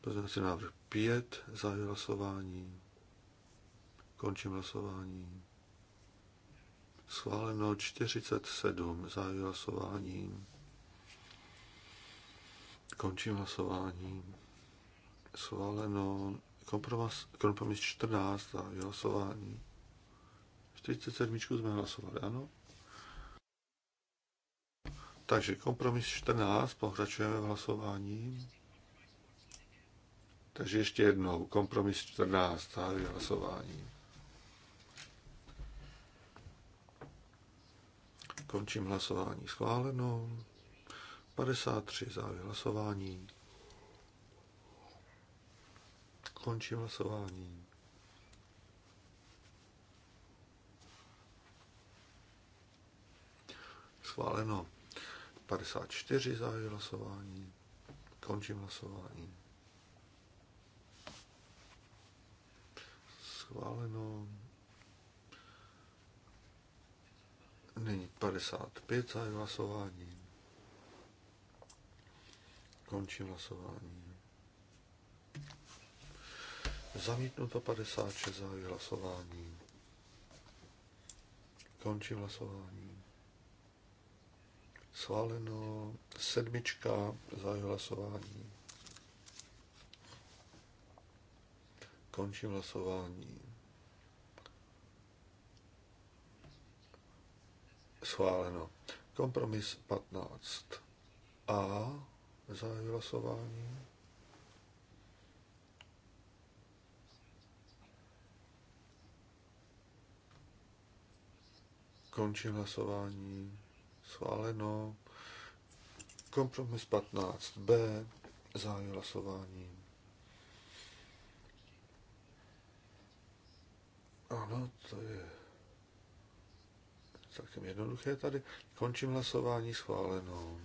Pozměňovací návrh 5, zahajuji hlasování. Končím hlasování. Schváleno 47. za hlasování. Končím hlasování. Schváleno kompromis, kompromis 14. Zahajuji hlasování. 47. jsme hlasovali, ano? Takže kompromis 14, pokračujeme v hlasování. Takže ještě jednou, kompromis 14, zahajuji hlasování. Končím hlasování schváleno. 53 závěr hlasování. Končím hlasování. Schváleno. 54 závěr hlasování. Končím hlasování. Schváleno. Není 55 za hlasování. Končím hlasování. Zamítnuto 56 za hlasování. Končím hlasování. Sváleno sedmička za hlasování. Končím hlasování Schváleno. Kompromis 15. A zahajuji hlasování. Končím hlasování. Schváleno. Kompromis 15b. Zahajuji hlasování. Ano, to je celkem jednoduché tady. Končím hlasování schváleno.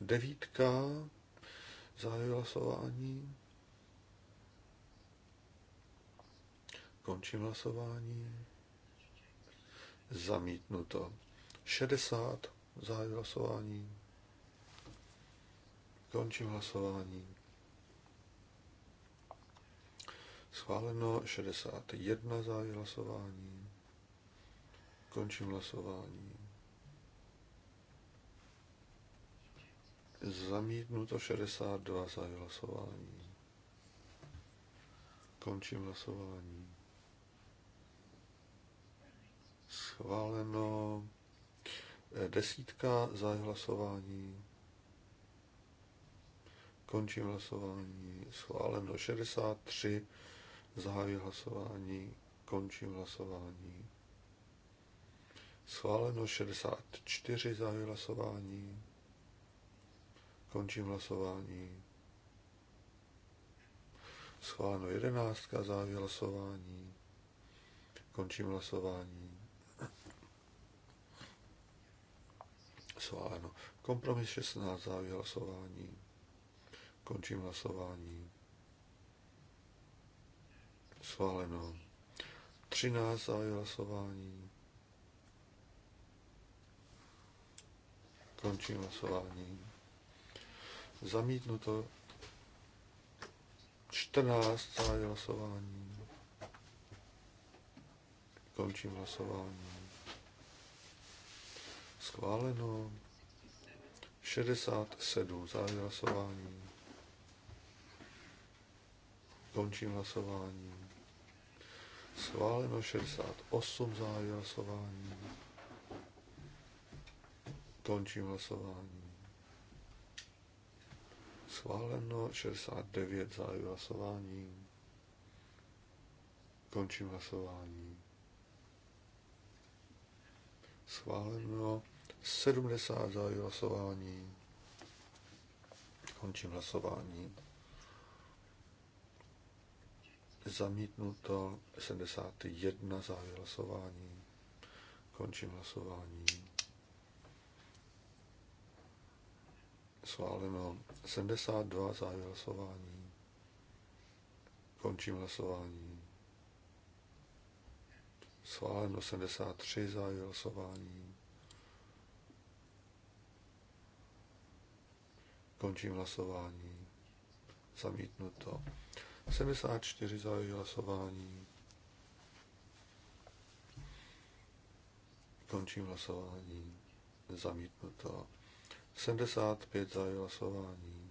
Devítka, zahajuji hlasování. Končím hlasování. Zamítnuto. 60, zahajuji hlasování. Končím hlasování. Schváleno 61 zahájí hlasování. Končím hlasování. Zamítnuto 62 za hlasování. Končím hlasování. Schváleno eh, desítka za hlasování. Končím hlasování. Schváleno 63. Zahajuji hlasování. Končím hlasování. Schváleno 64, zahajuji hlasování. Končím hlasování. Schváleno 11, zahajuji hlasování. Končím hlasování. Schváleno. Kompromis 16, zahajuji hlasování. Končím hlasování. Schváleno. 13, zahajuji hlasování. Končím hlasování. Zamítnuto 14 zahájí hlasování. Končím hlasování. Schváleno 67 zahájí hlasování. Končím hlasování. Schváleno 68 zahájí hlasování Končím hlasování. Schváleno 69 za hlasování. Končím hlasování. Schváleno 70 za hlasování. Končím hlasování. Zamítnuto 71 za hlasování. Končím hlasování Sváleno 72 závěr hlasování. Končím hlasování. Sváleno 73 závěr hlasování. Končím hlasování. Zamítnuto. 74 závěr hlasování. Končím hlasování. Zamítnuto. 75 za hlasování.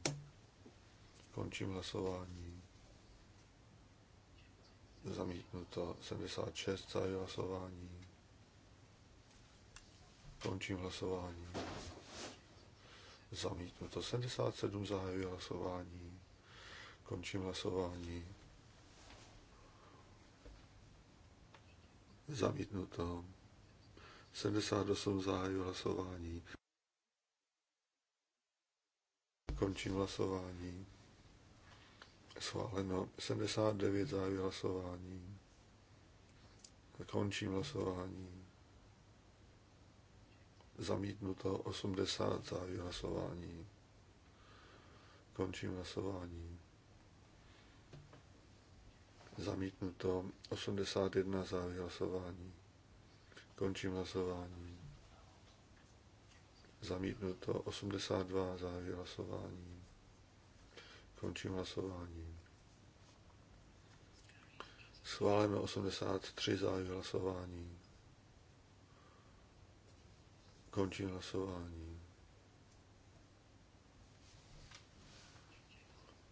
Končím hlasování. Zamítnuto 76 za hlasování. Končím hlasování. Zamítnuto 77 zahajuji hlasování. Končím hlasování. Zamítnuto. 78 zahájil hlasování. Končím hlasování. Schváleno 79 závěr hlasování. Končím hlasování. Zamítnuto 80 závěr hlasování. Končím hlasování. Zamítnuto 81 závěr hlasování. Končím hlasování. Zamítnuto 82, zahájí hlasování. Končím hlasování. Schválíme 83, zahájí hlasování. Končím hlasování.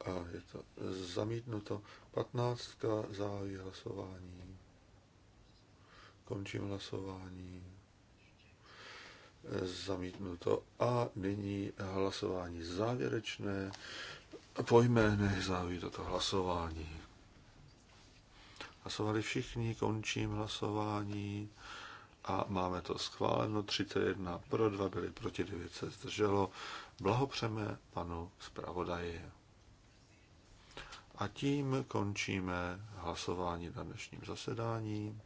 A je to zamítnuto 15, zahájí hlasování. Končím hlasování zamítnuto. A nyní hlasování závěrečné. Pojme, nezahajuji toto hlasování. Hlasovali všichni, končím hlasování a máme to schváleno. 31 pro, 2 byli proti, 9 se zdrželo. Blahopřeme panu zpravodaji. A tím končíme hlasování na dnešním zasedání.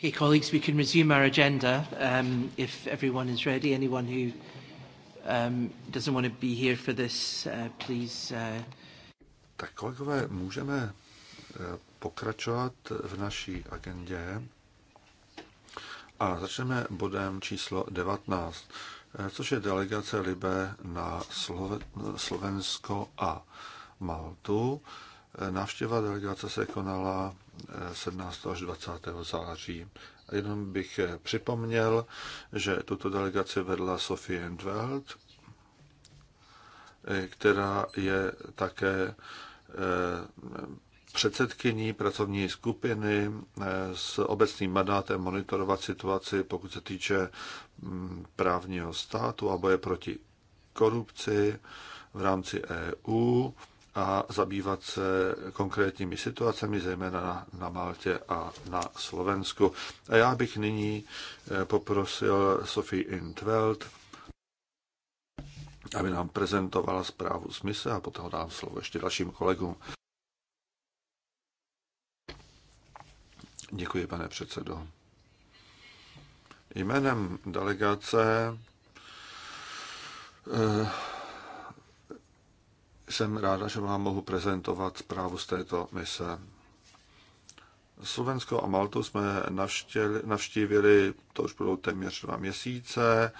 Okay, colleagues, we can resume our agenda um, if everyone is ready. Anyone who um, doesn't want to be here for this, uh, please. Uh... Tak kolegové, můžeme uh, pokračovat v naší agendě a začneme bodem číslo 19, eh, což je delegace Libe na Slovensko a Maltu. Eh, návštěva delegace se konala 17. až 20. září. Jenom bych připomněl, že tuto delegaci vedla Sofie Endveld, která je také eh, předsedkyní pracovní skupiny eh, s obecným mandátem monitorovat situaci, pokud se týče mm, právního státu a boje proti korupci v rámci EU a zabývat se konkrétními situacemi, zejména na, na Maltě a na Slovensku. A já bych nyní eh, poprosil Sophie Intveld, aby nám prezentovala zprávu z mise a potom dám slovo ještě dalším kolegům. Děkuji, pane předsedo. Jménem delegace eh, jsem ráda, že vám mohu prezentovat zprávu z této mise. Slovensko a Maltu jsme navštívili, to už budou téměř dva měsíce,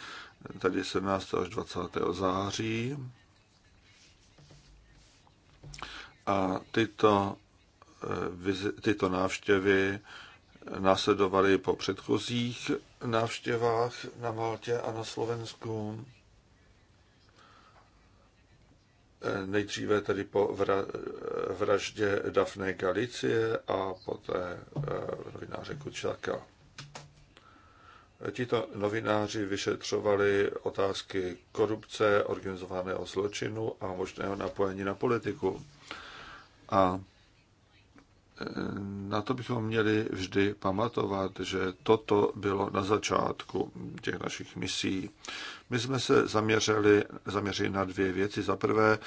tady 17. až 20. září. A tyto, eh, tyto návštěvy následovaly po předchozích návštěvách na Maltě a na Slovensku nejdříve tedy po vraždě Dafne Galicie a poté eh, novináře Kučáka. Tito novináři vyšetřovali otázky korupce, organizovaného zločinu a možného napojení na politiku. A eh, na to bychom měli vždy pamatovat, že toto bylo na začátku těch našich misí. My jsme se zaměřili, zaměřili na dvě věci. Za prvé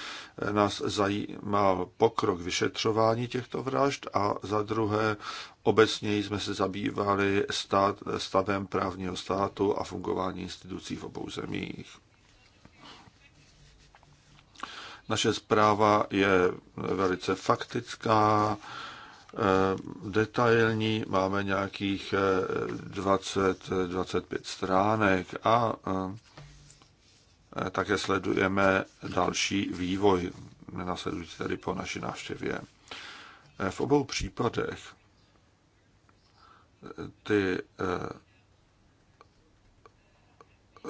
nás zajímal pokrok vyšetřování těchto vražd a za druhé obecně jsme se zabývali stát, stavem právního státu a fungování institucí v obou zemích. Naše zpráva je velice faktická, eh, detailní, máme nějakých 20-25 eh, stránek a eh, Eh, také sledujeme další vývoj, nenasledující tady po naší návštěvě. Eh, v obou případech eh, ty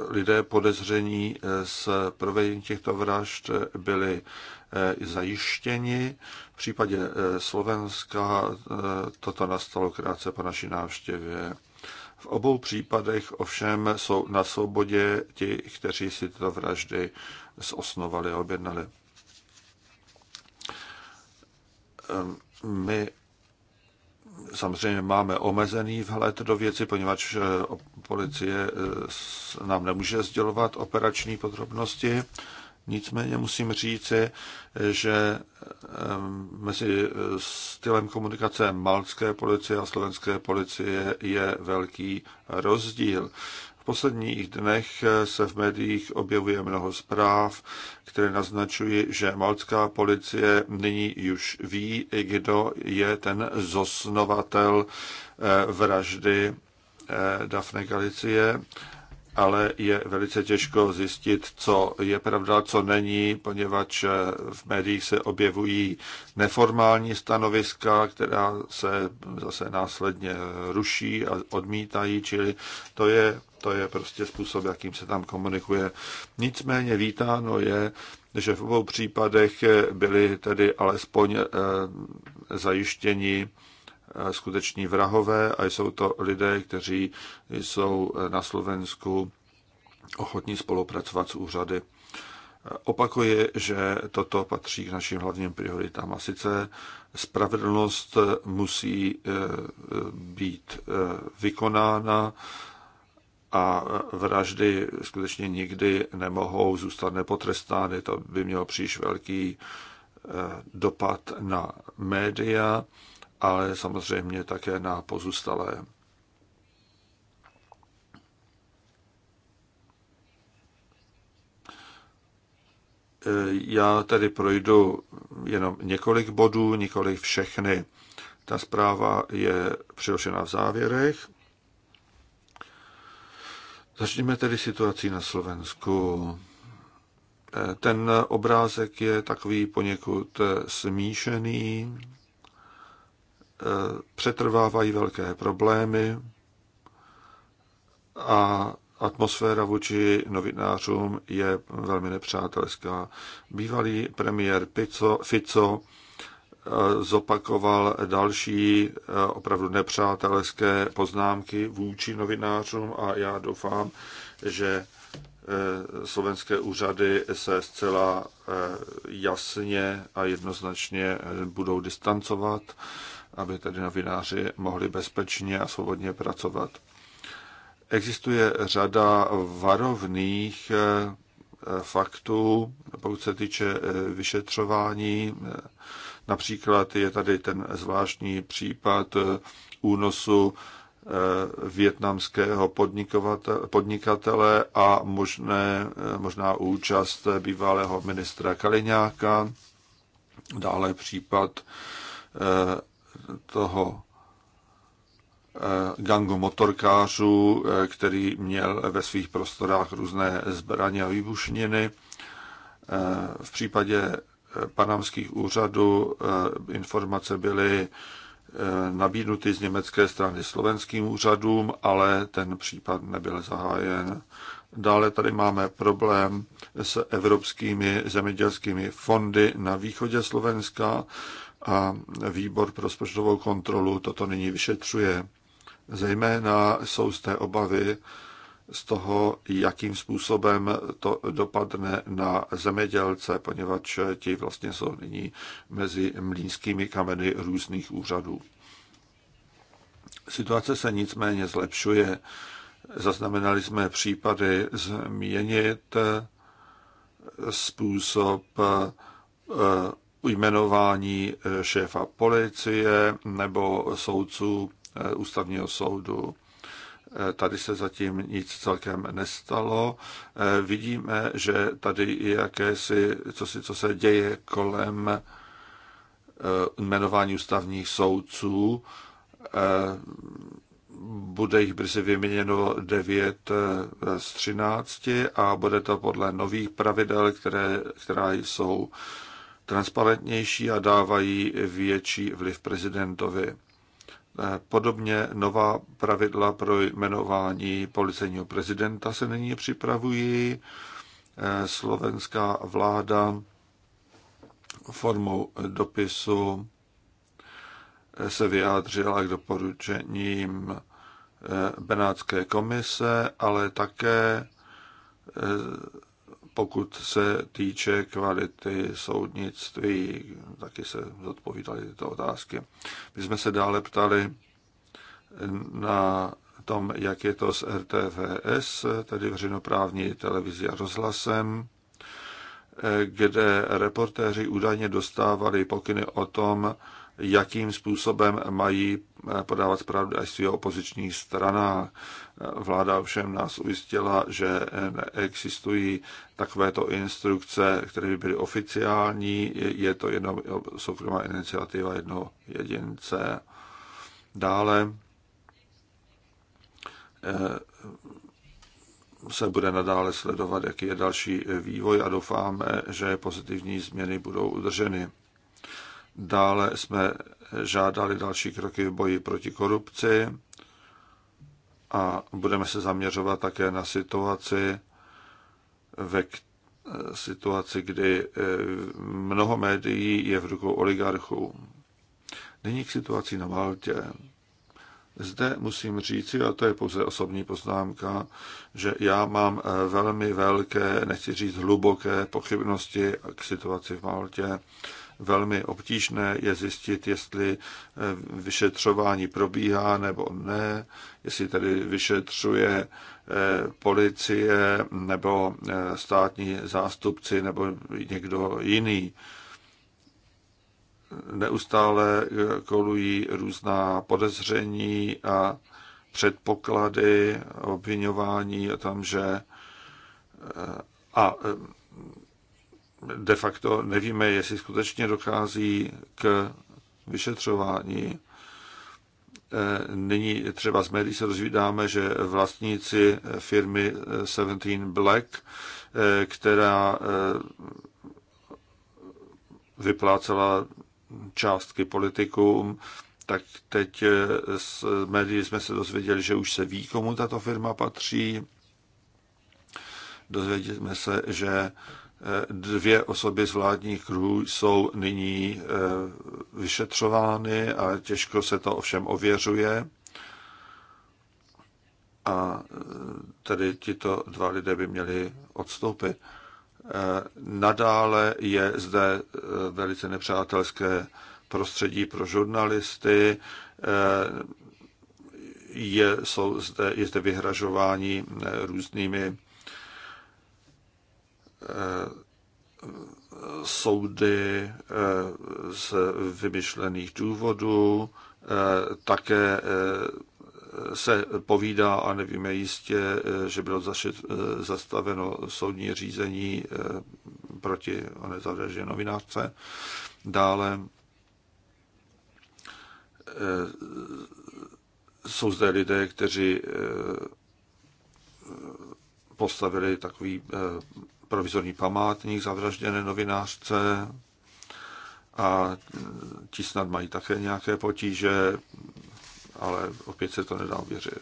lidé podezření z provedení těchto vražd byli zajištěni. V případě Slovenska toto nastalo krátce po naší návštěvě. V obou případech ovšem jsou na svobodě ti, kteří si tyto vraždy zosnovali a objednali. Ehm, my samozřejmě máme omezený vhled do věci, poněvadž eh, policie eh, nám nemůže sdělovat operační podrobnosti, Nicméně musím říci, že mezi eh, stylem komunikace malské policie a slovenské policie je velký rozdíl. V posledních dnech eh, se v médiích objevuje mnoho zpráv, které naznačují, že malcká policie nyní už ví, kdo je ten zosnovatel eh, vraždy Dafne Galicie ale je velice těžko zjistit, co je pravda, co není, poněvadž v médiích se objevují neformální stanoviska, která se zase následně ruší a odmítají, čili to je, to je prostě způsob, jakým se tam komunikuje. Nicméně vítáno je, že v obou případech byly tedy alespoň eh, zajištěni skuteční vrahové a jsou to lidé, kteří jsou na Slovensku ochotní spolupracovat s úřady. Opakuje, že toto patří k našim hlavním prioritám. A sice spravedlnost musí e, být e, vykonána a vraždy skutečně nikdy nemohou zůstat nepotrestány. To by mělo příliš velký e, dopad na média ale samozřejmě také na pozůstalé. Já tady projdu jenom několik bodů, několik všechny. Ta zpráva je přiložena v závěrech. Začněme tedy situací na Slovensku. Ten obrázek je takový poněkud smíšený přetrvávají velké problémy a atmosféra vůči novinářům je velmi nepřátelská. Bývalý premiér Pico, Fico eh, zopakoval další eh, opravdu nepřátelské poznámky vůči novinářům a já doufám, že eh, slovenské úřady se zcela jasně a jednoznačně budou distancovat aby tedy novináři mohli bezpečně a svobodně pracovat. Existuje řada varovných eh, faktů, pokud se týče eh, vyšetřování. Eh, například je tady ten zvláštní případ únosu větnamského podnikatele a možné, možná účast bývalého ministra Kaliňáka. Dále případ toho eh, gangu motorkářů, eh, který měl ve svých prostorách různé zbraně a výbušniny. Eh, v případě panamských úřadů informace byly nabídnuty z německé strany slovenským úřadům, ale ten případ nebyl zahájen. Dále tady máme problém s evropskými zemědělskými fondy na východě Slovenska, a výbor pro rozpočtovou kontrolu toto nyní vyšetřuje. Zejména jsou zde obavy z toho, jakým způsobem to dopadne na zemědělce, poněvadž ti vlastně jsou nyní mezi mlínskými kameny různých úřadů. Situace se nicméně zlepšuje. Zaznamenali jsme případy změnit způsob eh, jmenování eh, šéfa policie nebo soudců eh, ústavního soudu. Eh, tady se zatím nic celkem nestalo. Vidíme, že tady je jakési, co, si, co se děje kolem jmenování ústavních soudců. Bude jich brzy vyměněno 9 z 13 a bude to podle nových pravidel, které, která jsou transparentnější a dávají větší vliv prezidentovi. Eh, podobně nová pravidla pro jmenování policejního prezidenta se nyní připravují. Eh, slovenská vláda formou dopisu eh, se vyjádřila k doporučením Benátské komise, ale také pokud se týče kvality soudnictví, taky se zodpovídaly tyto otázky. My jsme se dále ptali na tom, jak je to s RTVS, tedy veřejnoprávní televizi a rozhlasem, kde reportéři údajně dostávali pokyny o tom, jakým způsobem mají podávat pravdu až o opozičních stranách. Vláda všem nás ujistila, že neexistují takovéto instrukce, které by byly oficiální, je to jenom soukromá iniciativa jednoho jedince. Dále eh, se bude nadále sledovat, jaký je další vývoj a doufáme, že pozitivní změny budou udrženy. Dále jsme žádali další kroky v boji proti korupci a budeme se zaměřovat také na situaci, ve situaci, kdy eh, mnoho médií je v rukou oligarchů. Nyní k situaci na Maltě. Zde musím říci, a to je pouze osobní poznámka, že já mám eh, velmi velké, nechci říct hluboké pochybnosti k situaci v Maltě velmi obtížné je zjistit, jestli eh, vyšetřování probíhá nebo ne, jestli tedy vyšetřuje eh, policie nebo eh, státní zástupci nebo někdo jiný. Neustále kolují různá podezření a předpoklady obvinování o tom, že a de facto nevíme, jestli skutečně dochází k vyšetřování. E, nyní třeba z médií se dozvídáme, že vlastníci firmy 17 Black, e, která e, vyplácela částky politikům, tak teď z médií jsme se dozvěděli, že už se ví, komu tato firma patří. Dozvěděli jsme se, že Dvě osoby z vládních kruhů jsou nyní eh, vyšetřovány a těžko se to ovšem ověřuje. A eh, tedy tito dva lidé by měli odstoupit. Eh, nadále je zde velice nepřátelské prostředí pro žurnalisty, je, jsou zde, je zde vyhražování různými Eh, soudy eh, z vymyšlených důvodů, eh, také se povídá a nevíme jistě, že bylo zašet, zastaveno soudní řízení proti nezavřené novinářce. Dále jsou zde lidé, kteří postavili takový provizorní památník zavražděné novinářce a ti snad mají také nějaké potíže, ale opět se to nedá věřit.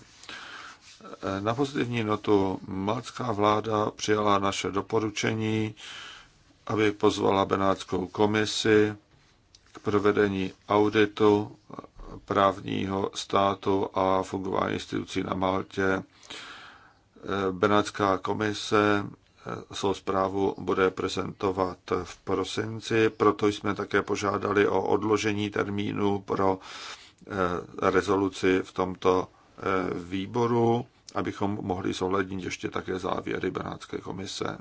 Na pozitivní notu malcká vláda přijala naše doporučení, aby pozvala Benátskou komisi k provedení auditu právního státu a fungování institucí na Maltě. Benátská komise svou zprávu bude prezentovat v prosinci, proto jsme také požádali o odložení termínu pro eh, rezoluci v tomto eh, výboru, abychom mohli zohlednit ještě také závěry Benátské komise.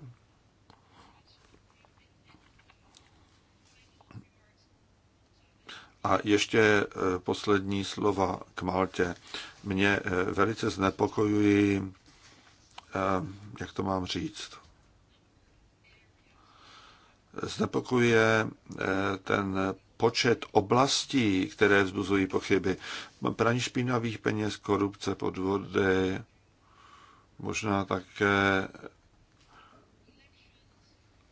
A ještě eh, poslední slova k Maltě. Mě velice znepokojují, jak to mám říct, znepokuje eh, ten počet oblastí, které vzbuzují pochyby. Praní špinavých peněz, korupce, podvody, možná také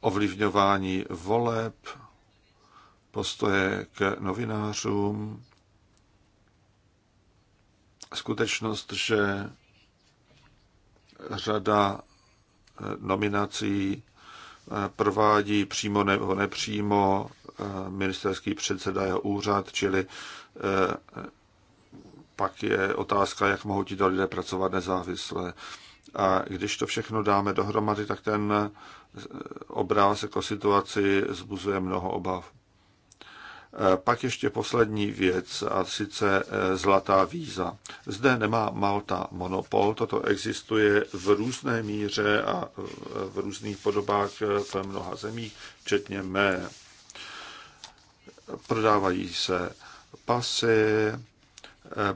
ovlivňování voleb, postoje k novinářům, skutečnost, že řada eh, nominací Eh, provádí přímo nebo nepřímo eh, ministerský předseda jeho úřad, čili eh, pak je otázka, jak mohou tito lidé pracovat nezávisle. A když to všechno dáme dohromady, tak ten obrázek o jako situaci zbuzuje mnoho obav. Eh, pak ještě poslední věc, a sice eh, zlatá víza. Zde nemá Malta monopol, toto existuje v různé míře a eh, v různých podobách v mnoha zemích, včetně mé. Prodávají se pasy,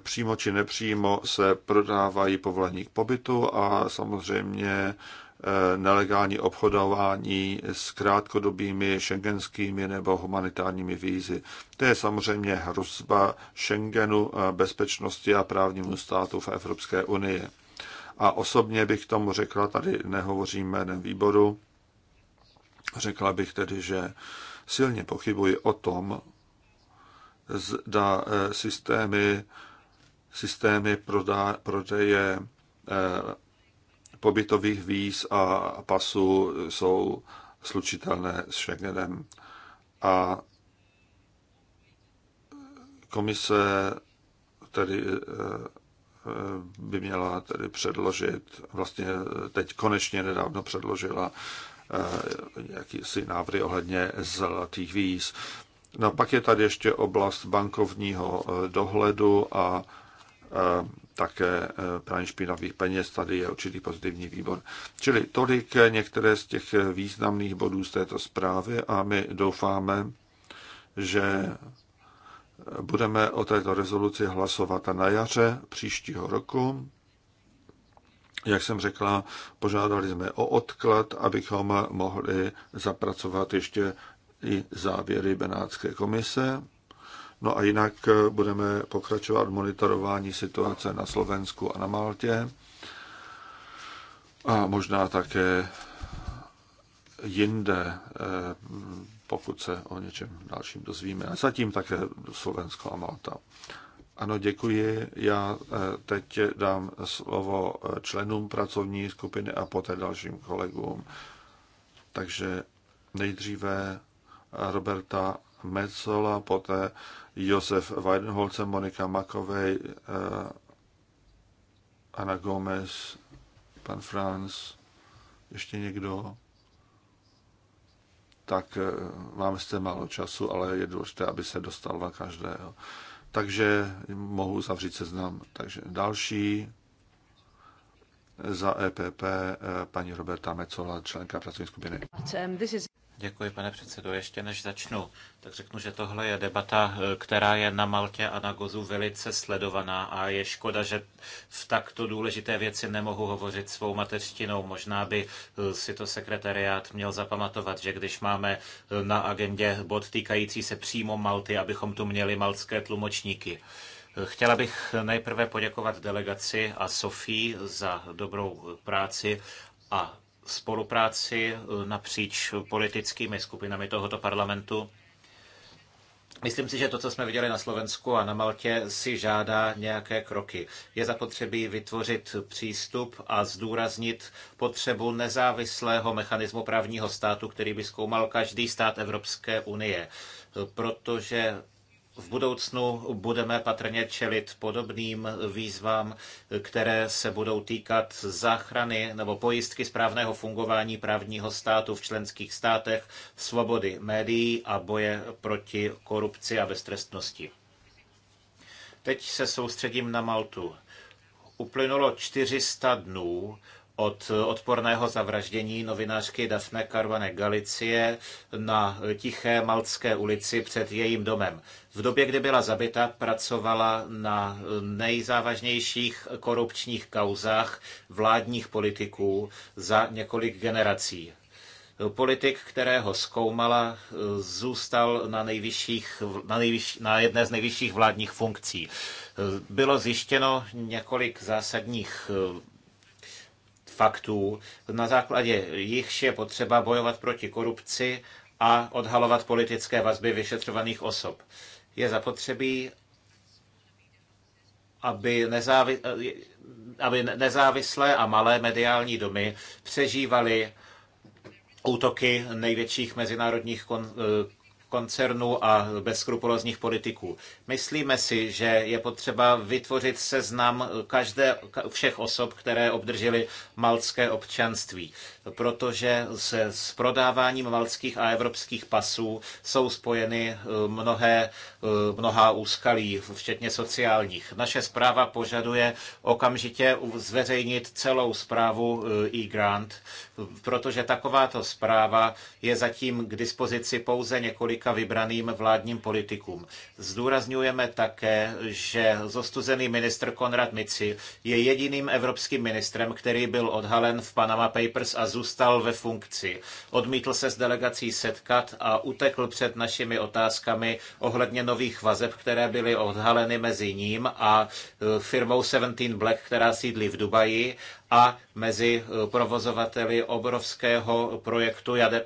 přímo či nepřímo se prodávají povolení k pobytu a samozřejmě Eh, nelegální obchodování s krátkodobými šengenskými nebo humanitárními vízy. To je samozřejmě hrozba Schengenu, eh, bezpečnosti a právnímu státu v Evropské unii. A osobně bych tomu řekla, tady nehovořím jménem výboru, řekla bych tedy, že silně pochybuji o tom, zda eh, systémy, systémy prodá, prodeje pobytových víz a pasů jsou slučitelné s Schengenem. A komise tedy eh, eh, by měla tedy předložit, vlastně teď konečně nedávno předložila eh, jakýsi návrhy ohledně zlatých víz. No pak je tady ještě oblast bankovního dohledu a také eh, praní špinavých peněz. Tady je určitý pozitivní výbor. Čili tolik některé z těch významných bodů z této zprávy a my doufáme, že budeme o této rezoluci hlasovat na jaře příštího roku. Jak jsem řekla, požádali jsme o odklad, abychom mohli zapracovat ještě i závěry Benátské komise No a jinak eh, budeme pokračovat v monitorování situace na Slovensku a na Maltě a možná také jinde, eh, pokud se o něčem dalším dozvíme. A zatím také Slovensko a Malta. Ano, děkuji. Já eh, teď dám slovo členům pracovní skupiny a poté dalším kolegům. Takže nejdříve Roberta Metzola, poté Josef Weidenholzer, Monika Makovej, eh, Ana Gomez, pan Franz, ještě někdo. Tak eh, máme zde málo času, ale je důležité, aby se dostal na každého. Takže mohu zavřít seznam. Takže další za EPP eh, paní Roberta Mecola, členka pracovní skupiny. Um, Děkuji, pane předsedo. Ještě než začnu, tak řeknu, že tohle je debata, eh, která je na Maltě a na Gozu velice sledovaná a je škoda, že v takto důležité věci nemohu hovořit svou mateřštinou. Možná by eh, si to sekretariát měl zapamatovat, že když máme eh, na agendě bod týkající se přímo Malty, abychom tu měli maltské tlumočníky. Chtěla bych nejprve poděkovat delegaci a Sofii za dobrou práci a spolupráci eh, napříč politickými skupinami tohoto parlamentu. Myslím si, že to, co jsme viděli na Slovensku a na Maltě, si žádá nějaké kroky. Je zapotřebí vytvořit přístup a zdůraznit potřebu nezávislého mechanismu právního státu, který by zkoumal každý stát Evropské unie. Protože v budoucnu budeme patrně čelit podobným výzvám, které se budou týkat záchrany nebo pojistky správného fungování právního státu v členských státech, svobody médií a boje proti korupci a beztrestnosti. Teď se soustředím na Maltu. Uplynulo 400 dnů od odporného zavraždění novinářky Dafne Caruane Galicie na Tiché Malcké ulici před jejím domem. V době, kdy byla zabita, pracovala na nejzávažnějších korupčních kauzách vládních politiků za několik generací. Politik, kterého zkoumala, zůstal na, nejvyšších, na, nejvyš, na jedné z nejvyšších vládních funkcí. Bylo zjištěno několik zásadních faktů, na základě jichž je potřeba bojovat proti korupci a odhalovat politické vazby vyšetřovaných osob. Je zapotřebí, aby, nezávi, aby nezávislé a malé mediální domy přežívaly útoky největších mezinárodních kon, koncernů a bezskrupulózních politiků. Myslíme si, že je potřeba vytvořit seznam každé, všech osob, které obdržely malcké občanství protože se s prodáváním malckých a evropských pasů jsou spojeny eh, mnohé, eh, mnohá úskalí, včetně sociálních. Naše zpráva požaduje okamžitě zveřejnit celou zprávu eh, e-grant, protože takováto zpráva je zatím k dispozici pouze několika vybraným vládním politikům. Zdůrazňujeme také, že zostuzený ministr Konrad Mici je jediným evropským ministrem, který byl odhalen v Panama Papers a zůstal ve funkci. Odmítl se s delegací setkat a utekl před našimi otázkami ohledně nových vazeb, které byly odhaleny mezi ním a e, firmou 17 Black, která sídlí v Dubaji a mezi e, provozovateli obrovského projektu, jader,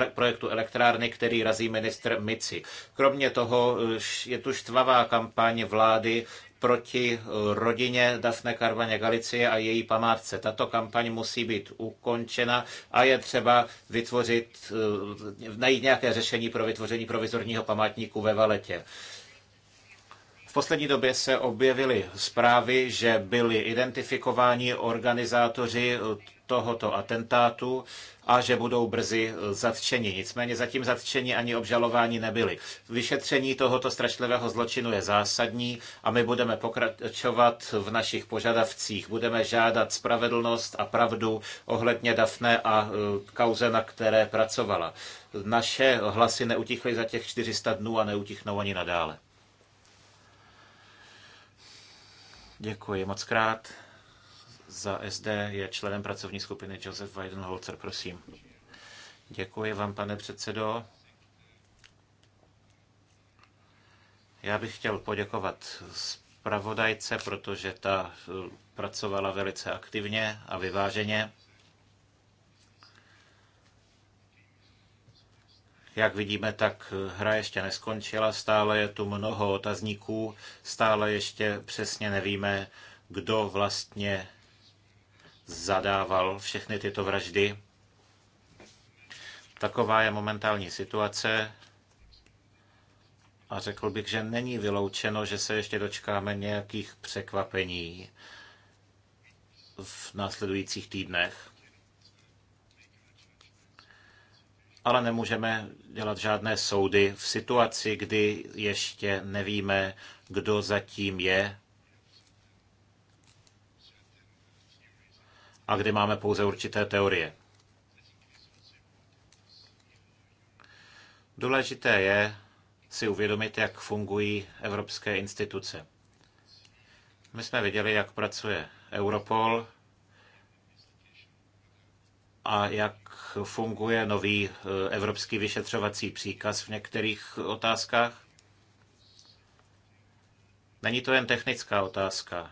e, projektu elektrárny, který razí ministr Mici. Kromě toho je tu štvavá kampaň vlády proti eh, rodině Dafne Karvaně Galicie a její památce. Tato kampaň musí být ukončena a je třeba vytvořit, eh, najít nějaké řešení pro vytvoření provizorního památníku ve Valetě. V poslední době se objevily zprávy, že byli identifikováni organizátoři eh, tohoto atentátu a že budou brzy zatčeni. Nicméně zatím zatčeni ani obžalováni nebyli. Vyšetření tohoto strašlivého zločinu je zásadní a my budeme pokračovat v našich požadavcích. Budeme žádat spravedlnost a pravdu ohledně Dafne a e, kauze, na které pracovala. Naše hlasy neutichly za těch 400 dnů a neutichnou ani nadále. Děkuji moc krát za SD je členem pracovní skupiny Josef Weidenholzer, prosím. Děkuji vám, pane předsedo. Já bych chtěl poděkovat zpravodajce, protože ta eh, pracovala velice aktivně a vyváženě. Jak vidíme, tak hra ještě neskončila, stále je tu mnoho otazníků, stále ještě přesně nevíme, kdo vlastně zadával všechny tyto vraždy. Taková je momentální situace a řekl bych, že není vyloučeno, že se ještě dočkáme nějakých překvapení v následujících týdnech. Ale nemůžeme dělat žádné soudy v situaci, kdy ještě nevíme, kdo zatím je a kdy máme pouze určité teorie. Důležité je si uvědomit, jak fungují evropské instituce. My jsme viděli, jak pracuje Europol a jak funguje nový eh, evropský vyšetřovací příkaz v některých otázkách. Není to jen technická otázka,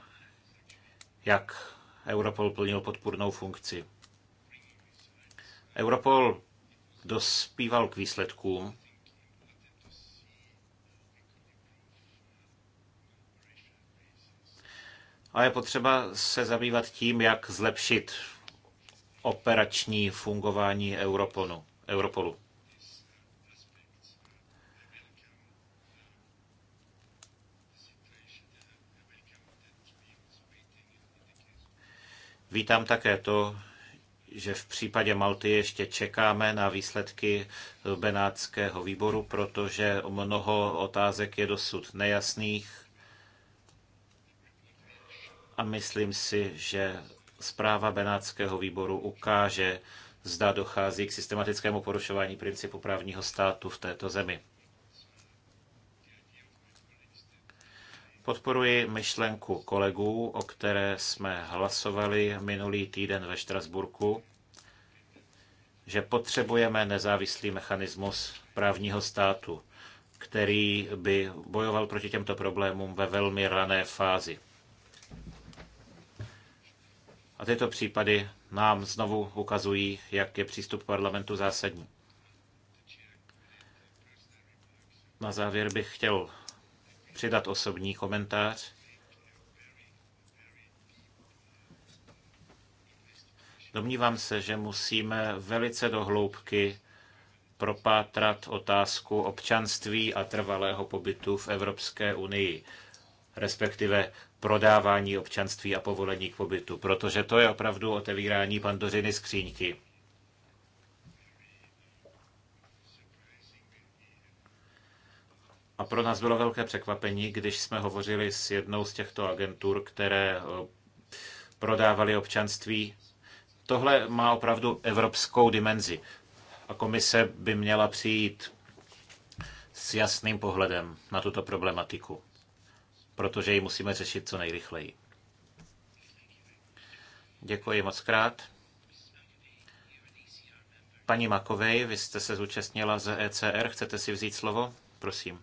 jak Europol plnil podpůrnou funkci. Europol dospíval k výsledkům, a je potřeba se zabývat tím, jak zlepšit operační fungování Europonu, Europolu. Vítám také to, že v případě Malty ještě čekáme na výsledky Benátského výboru, protože mnoho otázek je dosud nejasných a myslím si, že zpráva Benátského výboru ukáže, zda dochází k systematickému porušování principu právního státu v této zemi. Podporuji myšlenku kolegů, o které jsme hlasovali minulý týden ve Štrasburku, že potřebujeme nezávislý mechanismus právního státu, který by bojoval proti těmto problémům ve velmi rané fázi. A tyto případy nám znovu ukazují, jak je přístup parlamentu zásadní. Na závěr bych chtěl přidat osobní komentář. Domnívám se, že musíme velice dohloubky propátrat otázku občanství a trvalého pobytu v Evropské unii, respektive prodávání občanství a povolení k pobytu, protože to je opravdu otevírání pandořiny skříňky. A pro nás bylo velké překvapení, když jsme hovořili s jednou z těchto agentur, které eh, prodávali občanství. Tohle má opravdu evropskou dimenzi a komise by měla přijít s jasným pohledem na tuto problematiku, protože ji musíme řešit co nejrychleji. Děkuji moc krát. Paní Makovej, vy jste se zúčastnila ze ECR, chcete si vzít slovo? Prosím.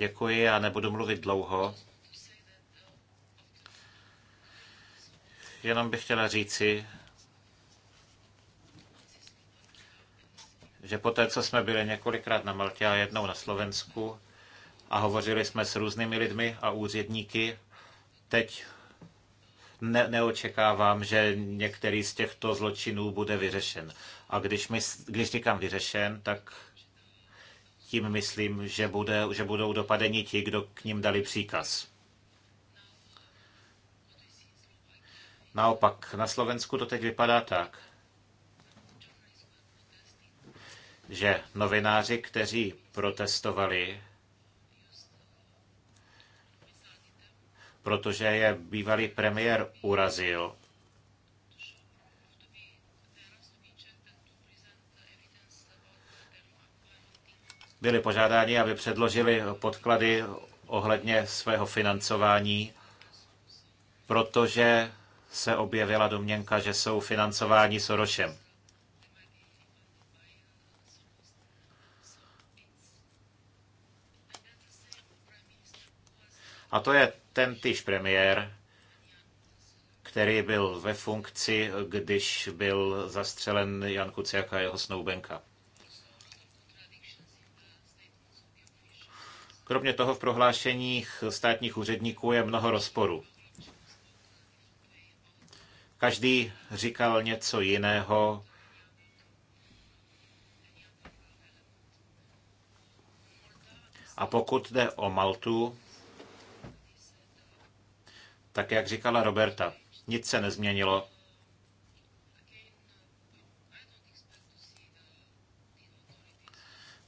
Děkuji, já nebudu mluvit dlouho. Jenom bych chtěla říci, že poté, co jsme byli několikrát na Maltě a jednou na Slovensku a hovořili jsme s různými lidmi a úředníky, teď ne- neočekávám, že některý z těchto zločinů bude vyřešen. A když, my, když říkám vyřešen, tak tím myslím, že, bude, že budou dopadeni ti, kdo k ním dali příkaz. Naopak, na Slovensku to teď vypadá tak, že novináři, kteří protestovali, protože je bývalý premiér urazil, byli požádáni, aby předložili podklady ohledně svého financování, protože se objevila domněnka, že jsou financováni Sorošem. A to je ten týž premiér, který byl ve funkci, když byl zastřelen Jan Kuciak a jeho snoubenka. Kromě toho v prohlášeních státních úředníků je mnoho rozporů. Každý říkal něco jiného. A pokud jde o Maltu, tak jak říkala Roberta, nic se nezměnilo.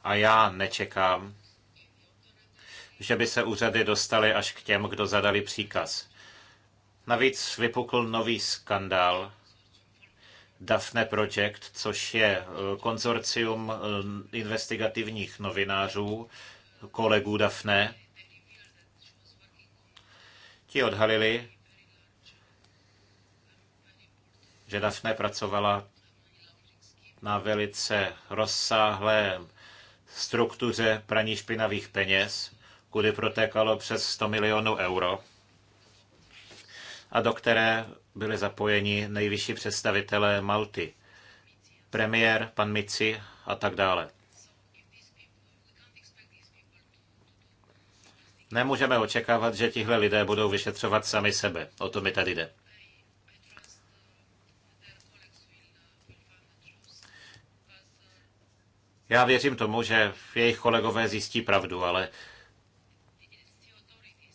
A já nečekám, že by se úřady dostaly až k těm, kdo zadali příkaz. Navíc vypukl nový skandál, Daphne Project, což je eh, konzorcium eh, investigativních novinářů, kolegů Daphne. Ti odhalili, že Daphne pracovala na velice rozsáhlé struktuře praní špinavých peněz kudy protékalo přes 100 milionů euro a do které byli zapojeni nejvyšší představitelé Malty, premiér, pan Mici a tak dále. Nemůžeme očekávat, že tihle lidé budou vyšetřovat sami sebe. O to mi tady jde. Já věřím tomu, že jejich kolegové zjistí pravdu, ale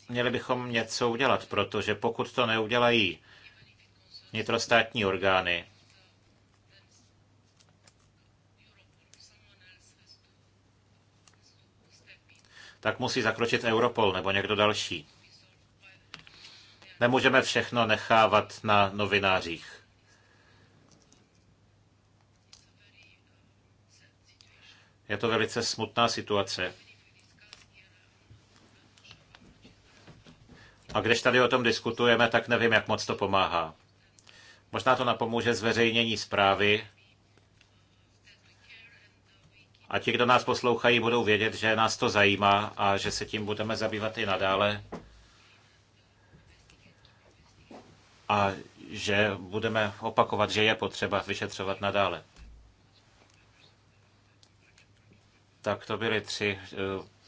Měli bychom něco udělat, protože pokud to neudělají vnitrostátní orgány, tak musí zakročit Europol nebo někdo další. Nemůžeme všechno nechávat na novinářích. Je to velice smutná situace. A když tady o tom diskutujeme, tak nevím, jak moc to pomáhá. Možná to napomůže zveřejnění zprávy. A ti, kdo nás poslouchají, budou vědět, že nás to zajímá a že se tím budeme zabývat i nadále. A že budeme opakovat, že je potřeba vyšetřovat nadále. Tak to byly tři eh,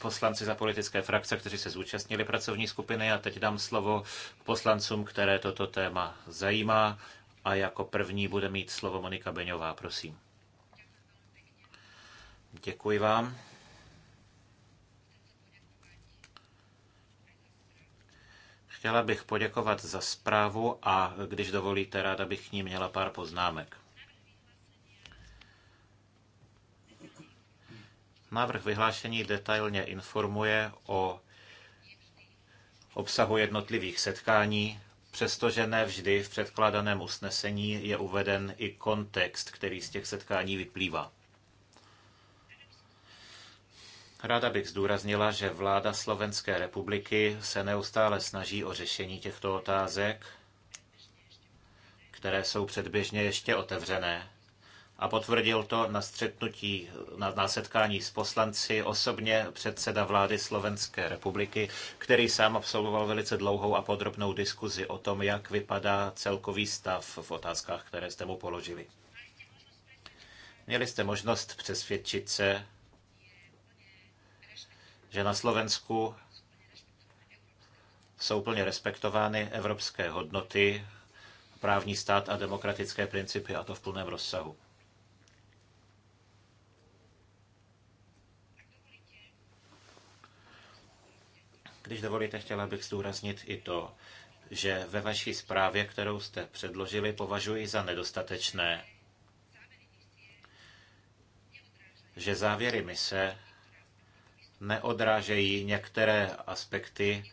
poslanci za politické frakce, kteří se zúčastnili pracovní skupiny a teď dám slovo poslancům, které toto téma zajímá. A jako první bude mít slovo Monika Beňová, prosím. Děkuji vám. Chtěla bych poděkovat za zprávu a když dovolíte, ráda bych k ní měla pár poznámek. Návrh vyhlášení detailně informuje o obsahu jednotlivých setkání, přestože ne vždy v předkládaném usnesení je uveden i kontext, který z těch setkání vyplývá. Ráda bych zdůraznila, že vláda Slovenské republiky se neustále snaží o řešení těchto otázek, které jsou předběžně ještě otevřené a potvrdil to na střetnutí, na, na setkání s poslanci osobně předseda vlády Slovenské republiky, který sám absolvoval velice dlouhou a podrobnou diskuzi o tom, jak vypadá celkový stav v otázkách, které jste mu položili. Měli jste možnost přesvědčit se, že na Slovensku jsou plně respektovány evropské hodnoty, právní stát a demokratické principy, a to v plném rozsahu. Když dovolíte, chtěla bych zdůraznit i to, že ve vaší zprávě, kterou jste předložili, považuji za nedostatečné, že závěry mise neodrážejí některé aspekty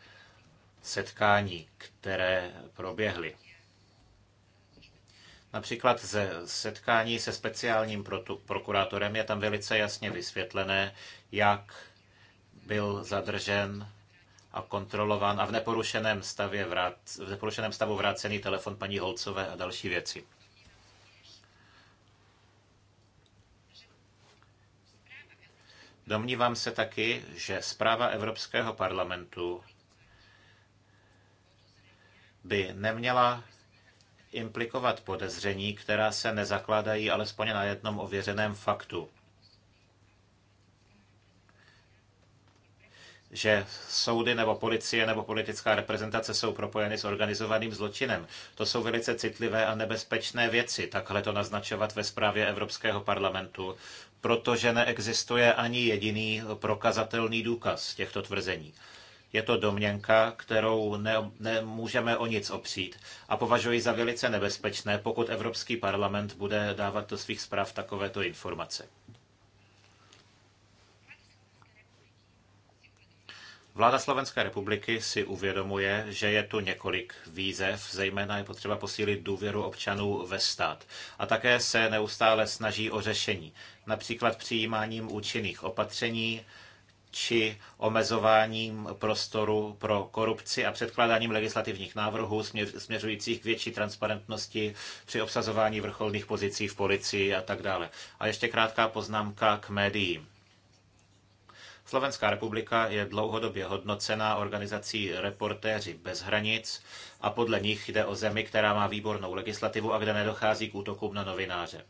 setkání, které proběhly. Například ze setkání se speciálním prokurátorem je tam velice jasně vysvětlené, jak byl zadržen a kontrolován a v neporušeném, stavě vrát, v neporušeném stavu vrácený telefon paní Holcové a další věci. Domnívám se taky, že zpráva Evropského parlamentu by neměla implikovat podezření, která se nezakládají alespoň na jednom ověřeném faktu. že soudy nebo policie nebo politická reprezentace jsou propojeny s organizovaným zločinem. To jsou velice citlivé a nebezpečné věci, takhle to naznačovat ve zprávě Evropského parlamentu, protože neexistuje ani jediný prokazatelný důkaz těchto tvrzení. Je to domněnka, kterou ne, nemůžeme o nic opřít a považuji za velice nebezpečné, pokud Evropský parlament bude dávat do svých zpráv takovéto informace. Vláda Slovenské republiky si uvědomuje, že je tu několik výzev, zejména je potřeba posílit důvěru občanů ve stát. A také se neustále snaží o řešení, například přijímáním účinných opatření, či omezováním prostoru pro korupci a předkládáním legislativních návrhů směřujících k větší transparentnosti při obsazování vrcholných pozicí v policii a tak dále. A ještě krátká poznámka k médiím. Slovenská republika je dlouhodobě hodnocená organizací Reportéři bez hranic a podle nich jde o zemi, která má výbornou legislativu a kde nedochází k útokům na novináře.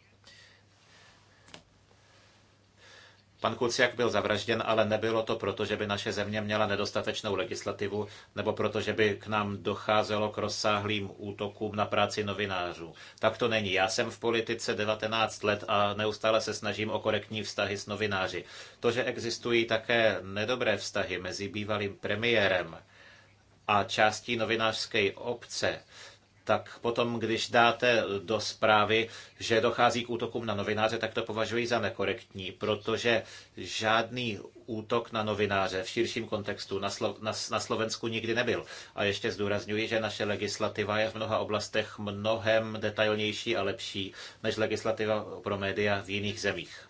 Pan Kuciak byl zavražděn, ale nebylo to proto, že by naše země měla nedostatečnou legislativu nebo proto, že by k nám docházelo k rozsáhlým útokům na práci novinářů. Tak to není. Já jsem v politice 19 let a neustále se snažím o korektní vztahy s novináři. To, že existují také nedobré vztahy mezi bývalým premiérem a částí novinářské obce, tak potom, když dáte do zprávy, že dochází k útokům na novináře, tak to považuji za nekorektní, protože žádný útok na novináře v širším kontextu na, Slo- na, na Slovensku nikdy nebyl. A ještě zdůrazňuji, že naše legislativa je v mnoha oblastech mnohem detailnější a lepší než legislativa pro média v jiných zemích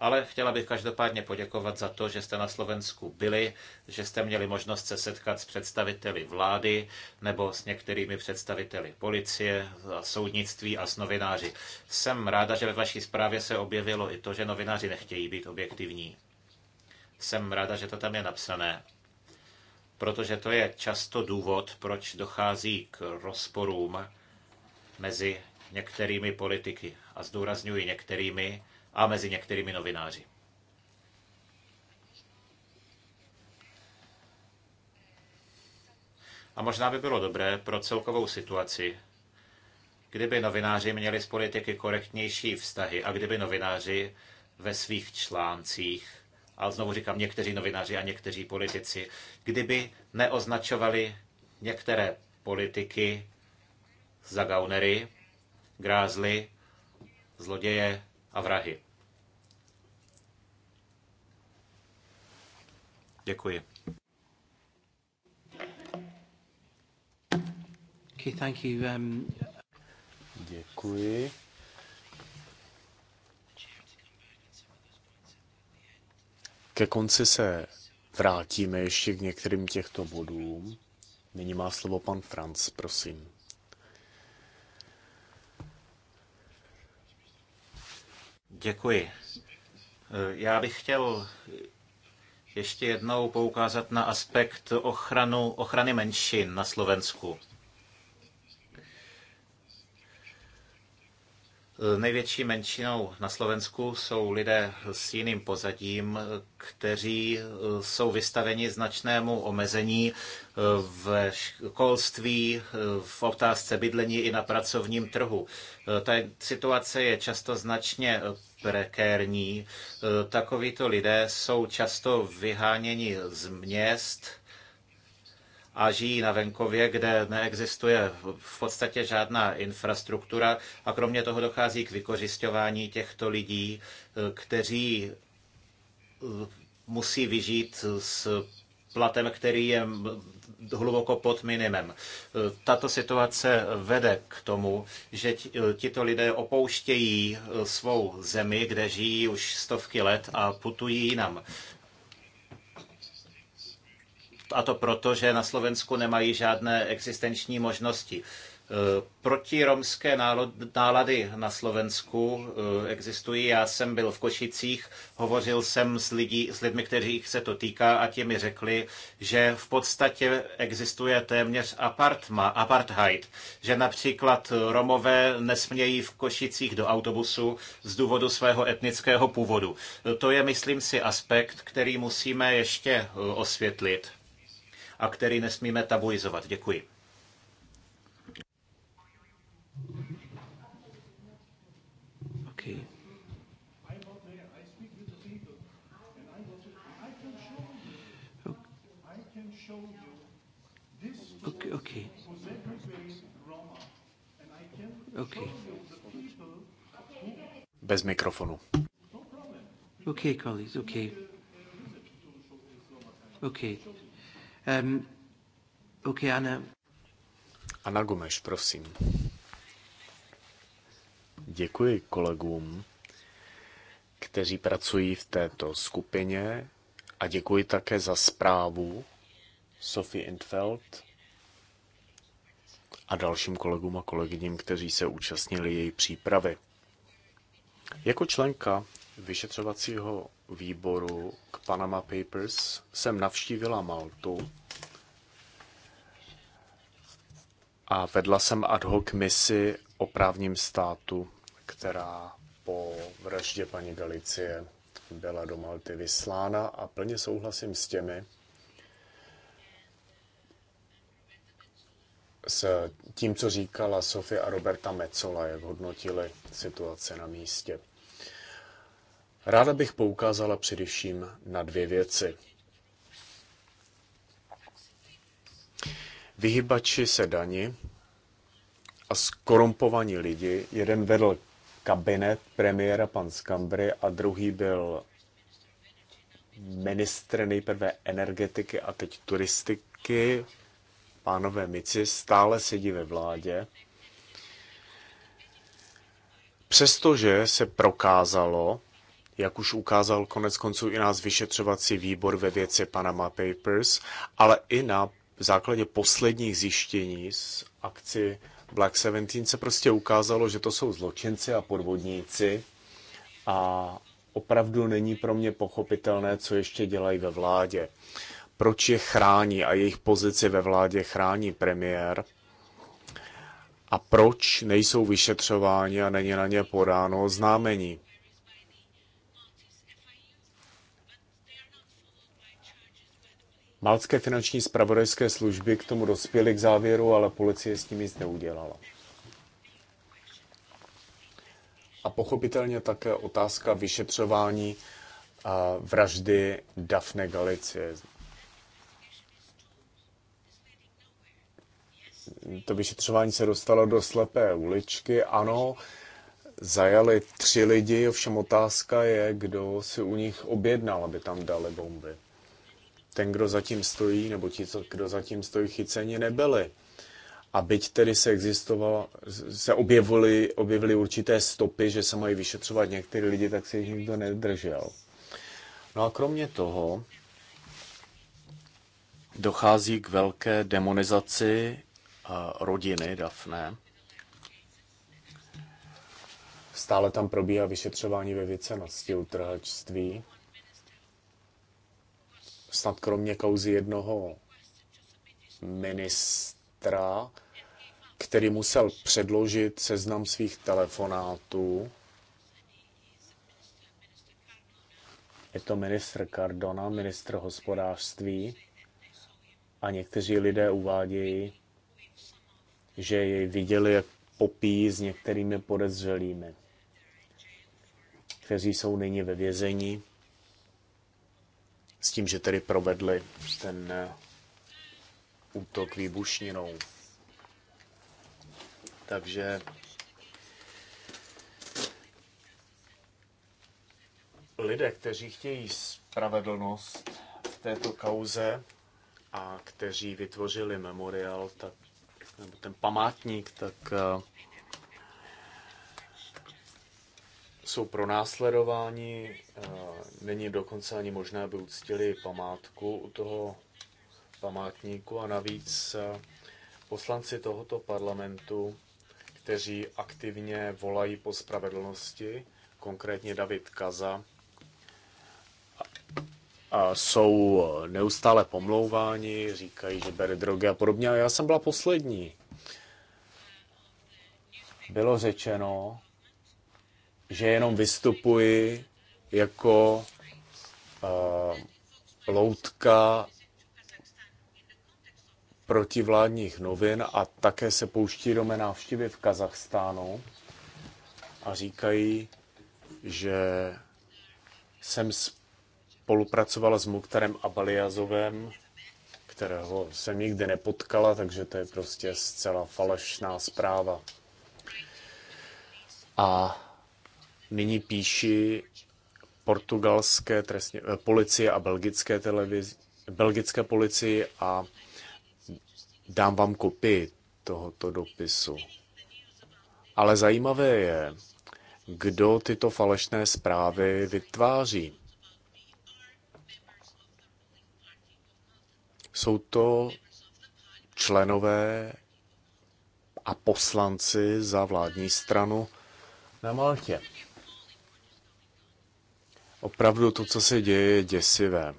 ale chtěla bych každopádně poděkovat za to, že jste na Slovensku byli, že jste měli možnost se setkat s představiteli vlády nebo s některými představiteli policie, soudnictví a s novináři. Jsem ráda, že ve vaší zprávě se objevilo i to, že novináři nechtějí být objektivní. Jsem ráda, že to tam je napsané protože to je často důvod, proč dochází k rozporům mezi některými politiky. A zdůrazňuji některými, a mezi některými novináři. A možná by bylo dobré pro celkovou situaci, kdyby novináři měli z politiky korektnější vztahy a kdyby novináři ve svých článcích, a znovu říkám někteří novináři a někteří politici, kdyby neoznačovali některé politiky za gaunery, grázly, zloděje, a vrahy. Děkuji. Okay, thank you. Um... Děkuji. Ke konci se vrátíme ještě k některým těchto bodům. Nyní má slovo pan Franc, prosím. Děkuji. Eh, já bych chtěl ještě jednou poukázat na aspekt ochranu, ochrany menšin na Slovensku. Eh, největší menšinou na Slovensku jsou lidé s jiným pozadím, kteří eh, jsou vystaveni značnému omezení v školství, v otázce bydlení i na pracovním trhu. Ta situace je často značně prekérní. E, takovýto lidé jsou často vyháněni z měst a žijí na venkově, kde neexistuje v podstatě žádná infrastruktura a kromě toho dochází k vykořišťování těchto lidí, e, kteří e, musí vyžít s platem, který je hluboko pod minimem. E, tato situace vede k tomu, že e, tito lidé opouštějí e, svou zemi, kde žijí už stovky let a putují jinam. A to proto, že na Slovensku nemají žádné existenční možnosti. Eh, protiromské nálady na Slovensku eh, existují. Já jsem byl v Košicích, hovořil jsem s, lidí, s lidmi, kteří se to týká a ti mi řekli, že v podstatě existuje téměř apartma, apartheid, že například Romové nesmějí v Košicích do autobusu z důvodu svého etnického původu. Eh, to je, myslím si, aspekt, který musíme ještě osvětlit a který nesmíme tabuizovat. Děkuji. mikrofonu. Okay, colleagues, okay. Okay. Um, okay, Anna. Anna Gumeš, prosím. Děkuji kolegům, kteří pracují v této skupině a děkuji také za zprávu Sophie Intfeld a dalším kolegům a kolegyním, kteří se účastnili její přípravy. Jako členka vyšetřovacího výboru k Panama Papers jsem navštívila Maltu a vedla jsem ad hoc misi o právním státu, která po vraždě paní Galicie byla do Malty vyslána a plně souhlasím s těmi, s tím, co říkala Sofie a Roberta Mecola, jak hodnotili situaci na místě. Ráda bych poukázala především na dvě věci. Vyhybači se dani a skorumpovaní lidi. Jeden vedl kabinet premiéra pan Skambry a druhý byl ministr nejprve energetiky a teď turistiky, pánové Mici, stále sedí ve vládě. Přestože se prokázalo, jak už ukázal konec konců i nás vyšetřovací výbor ve věci Panama Papers, ale i na základě posledních zjištění z akci Black 17 se prostě ukázalo, že to jsou zločinci a podvodníci a opravdu není pro mě pochopitelné, co ještě dělají ve vládě. Proč je chrání a jejich pozici ve vládě chrání premiér a proč nejsou vyšetřováni a není na ně podáno oznámení. Malcké finanční spravodajské služby k tomu dospěly k závěru, ale policie s tím nic neudělala. A pochopitelně také otázka vyšetřování vraždy Dafne Galicie. To vyšetřování se dostalo do slepé uličky. Ano, zajali tři lidi, ovšem otázka je, kdo si u nich objednal, aby tam dali bomby ten, kdo zatím stojí, nebo ti, kdo zatím stojí, chyceni nebyli. A byť tedy se, se objevily, objevily určité stopy, že se mají vyšetřovat některé lidi, tak se jich nikdo nedržel. No a kromě toho dochází k velké demonizaci eh, rodiny Dafne. Stále tam probíhá vyšetřování ve věcenosti utrhačství snad kromě kauzy jednoho ministra, který musel předložit seznam svých telefonátů. Je to ministr Cardona, ministr hospodářství a někteří lidé uvádějí, že jej viděli, jak popíjí s některými podezřelými, kteří jsou nyní ve vězení s tím, že tedy provedli ten eh, útok výbušninou. Takže lidé, kteří chtějí spravedlnost v této kauze a kteří vytvořili memoriál, tak, nebo ten památník, tak eh, jsou pronásledováni, není dokonce ani možné, aby uctili památku u toho památníku a navíc poslanci tohoto parlamentu, kteří aktivně volají po spravedlnosti, konkrétně David Kaza, a jsou neustále pomlouváni, říkají, že bere drogy a podobně. A já jsem byla poslední. Bylo řečeno, že jenom vystupuji jako uh, loutka protivládních novin a také se pouští do mé návštěvy v Kazachstánu a říkají, že jsem spolupracovala s Muktarem Abaliazovem, kterého jsem nikdy nepotkala, takže to je prostě zcela falešná zpráva. A nyní píší portugalské trestně, eh, policie a belgické televizi, belgické policii a dám vám kopii tohoto dopisu. Ale zajímavé je, kdo tyto falešné zprávy vytváří. Jsou to členové a poslanci za vládní stranu na Maltě. Opravdu to, co se děje, je děsivé.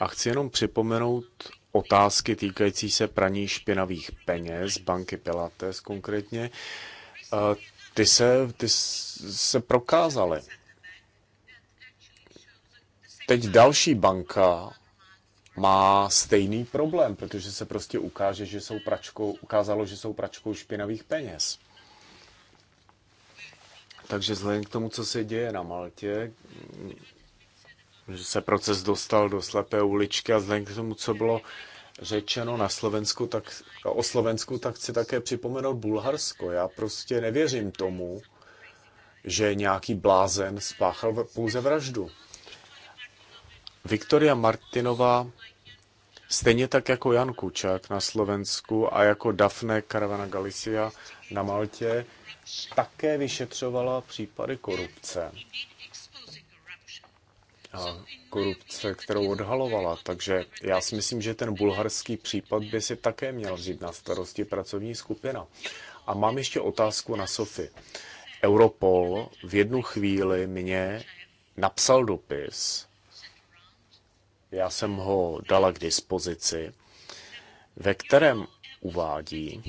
A chci jenom připomenout otázky týkající se praní špinavých peněz, banky Pilates konkrétně, e, ty se, ty se prokázaly. Teď další banka má stejný problém, protože se prostě ukáže, že jsou pračkou, ukázalo, že jsou pračkou špinavých peněz. Takže vzhledem k tomu, co se děje na Maltě, že se proces dostal do slepé uličky a vzhledem k tomu, co bylo řečeno na Slovensku, tak, o Slovensku, tak chci také připomenout Bulharsko. Já prostě nevěřím tomu, že nějaký blázen spáchal pouze vraždu. Viktoria Martinová, stejně tak jako Jan Kučák na Slovensku a jako Dafne Caravana Galicia na Maltě, také vyšetřovala případy korupce. A korupce, kterou odhalovala. Takže já si myslím, že ten bulharský případ by si také měl vzít na starosti pracovní skupina. A mám ještě otázku na Sofy. Europol v jednu chvíli mě napsal dopis, já jsem ho dala k dispozici, ve kterém uvádí,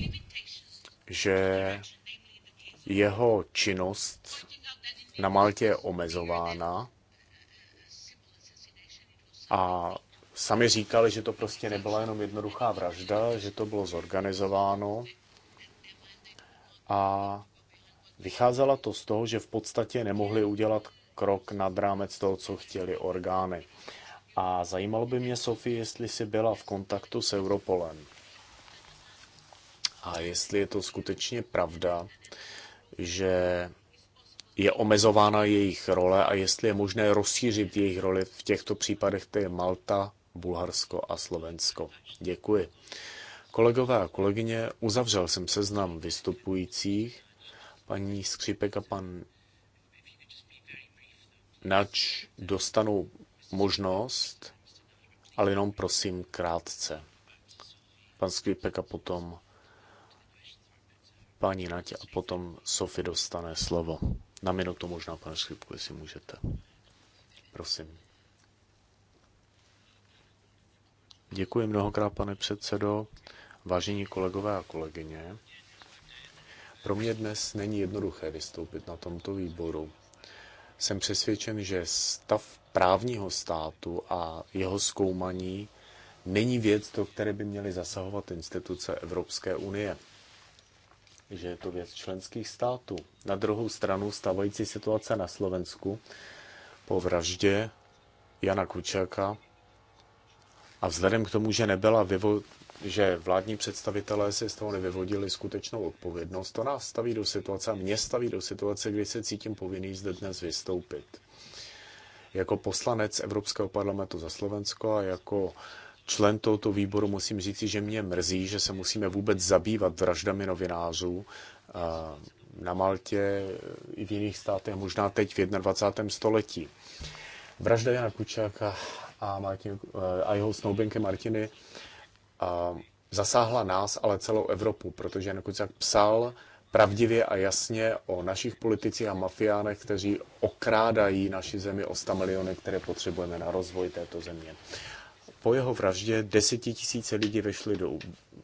že jeho činnost na Maltě je omezována a sami říkali, že to prostě nebyla jenom jednoduchá vražda, že to bylo zorganizováno a vycházela to z toho, že v podstatě nemohli udělat krok nad rámec toho, co chtěli orgány. A zajímalo by mě, Sofie, jestli jsi byla v kontaktu s Europolem. A jestli je to skutečně pravda, že je omezována jejich role a jestli je možné rozšířit jejich roli v těchto případech, to je Malta, Bulharsko a Slovensko. Děkuji. Kolegové a kolegyně, uzavřel jsem seznam vystupujících. Paní Skřípek a pan Nač dostanou možnost, ale jenom prosím krátce. Pan Skřípek a potom Paní Natě a potom Sofie dostane slovo. Na minutu možná, pane Skripku, jestli můžete. Prosím. Děkuji mnohokrát, pane předsedo. Vážení kolegové a kolegyně, pro mě dnes není jednoduché vystoupit na tomto výboru. Jsem přesvědčen, že stav právního státu a jeho zkoumaní není věc, do které by měly zasahovat instituce Evropské unie že je to věc členských států. Na druhou stranu stavající situace na Slovensku po vraždě Jana Kučáka a vzhledem k tomu, že nebyla vyvo- že vládní představitelé si z toho nevyvodili skutečnou odpovědnost, to nás staví do situace a mě staví do situace, kdy se cítím povinný zde dnes vystoupit. Jako poslanec Evropského parlamentu za Slovensko a jako člen tohoto výboru, musím říct, že mě mrzí, že se musíme vůbec zabývat vraždami novinářů eh, na Maltě i v jiných státech, možná teď v 21. století. Vražda Jana Kučáka a, Martin, eh, a jeho snoubenky Martiny a eh, zasáhla nás, ale celou Evropu, protože Jan Kučák psal pravdivě a jasně o našich politicích a mafiánech, kteří okrádají naši zemi o 100 miliony, které potřebujeme na rozvoj této země. Po jeho vraždě desetitisíce lidí vyšli do,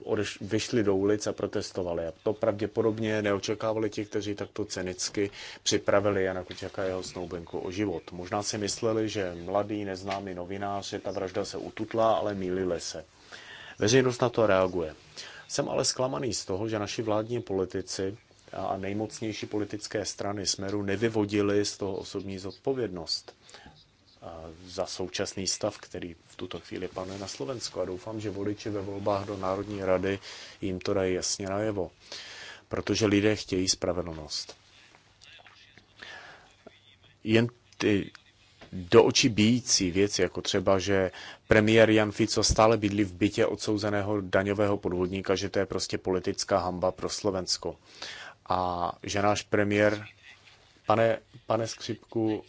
odeš, vyšli do ulic a protestovali. A to pravděpodobně neočekávali ti, kteří takto cenicky připravili Jana Kučaka a jeho snoubenku o život. Možná si mysleli, že mladý neznámý novinář, že ta vražda se ututla, ale mýlili se. Veřejnost na to reaguje. Jsem ale zklamaný z toho, že naši vládní politici a nejmocnější politické strany Smeru nevyvodili z toho osobní zodpovědnost za současný stav, který v tuto chvíli panuje na Slovensku. A doufám, že voliči ve volbách do Národní rady jim to dají jasně najevo, protože lidé chtějí spravedlnost. Jen ty do očí bíjící věci, jako třeba, že premiér Jan Fico stále bydlí v bytě odsouzeného daňového podvodníka, že to je prostě politická hamba pro Slovensko. A že náš premiér, pane, pane Skřipku,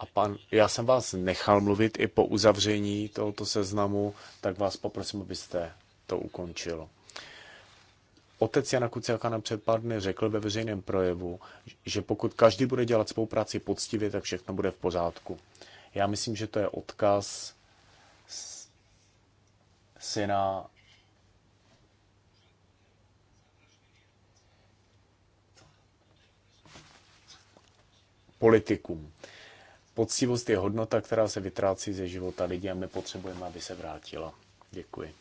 a pan, já jsem vás nechal mluvit i po uzavření tohoto seznamu, tak vás poprosím, abyste to ukončilo. Otec Jana Kuciaka na předpadny řekl ve veřejném projevu, že pokud každý bude dělat svou práci poctivě, tak všechno bude v pořádku. Já myslím, že to je odkaz syna politikům. Poctivost je hodnota, která se vytrácí ze života lidí a my potřebujeme, aby se vrátila. Děkuji.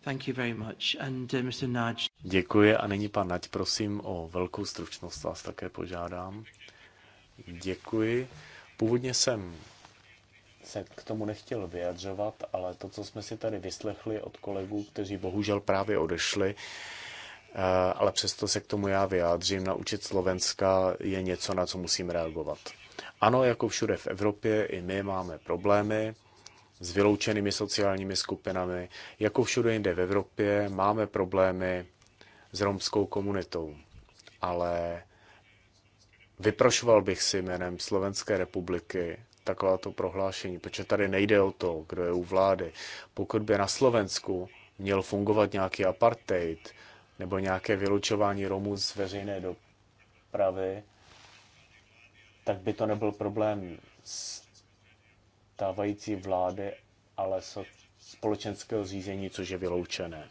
Thank you very much. And, uh, Mr. Nudge. Děkuji a nyní pan Nať, prosím o velkou stručnost vás také požádám. Děkuji. Původně jsem se k tomu nechtěl vyjadřovat, ale to, co jsme si tady vyslechli od kolegů, kteří bohužel právě odešli, eh, ale přesto se k tomu já vyjádřím, na účet Slovenska je něco, na co musím reagovat. Ano, jako všude v Evropě, i my máme problémy s vyloučenými sociálními skupinami. Jako všude jinde v Evropě máme problémy s romskou komunitou. Ale vyprošoval bych si jménem Slovenské republiky takováto prohlášení, protože tady nejde o to, kdo je u vlády. Pokud by na Slovensku měl fungovat nějaký apartheid nebo nějaké vylučování Romů z veřejné dopravy, tak by to nebyl problém stávající vlády, ale společenského řízení, což je vyloučené.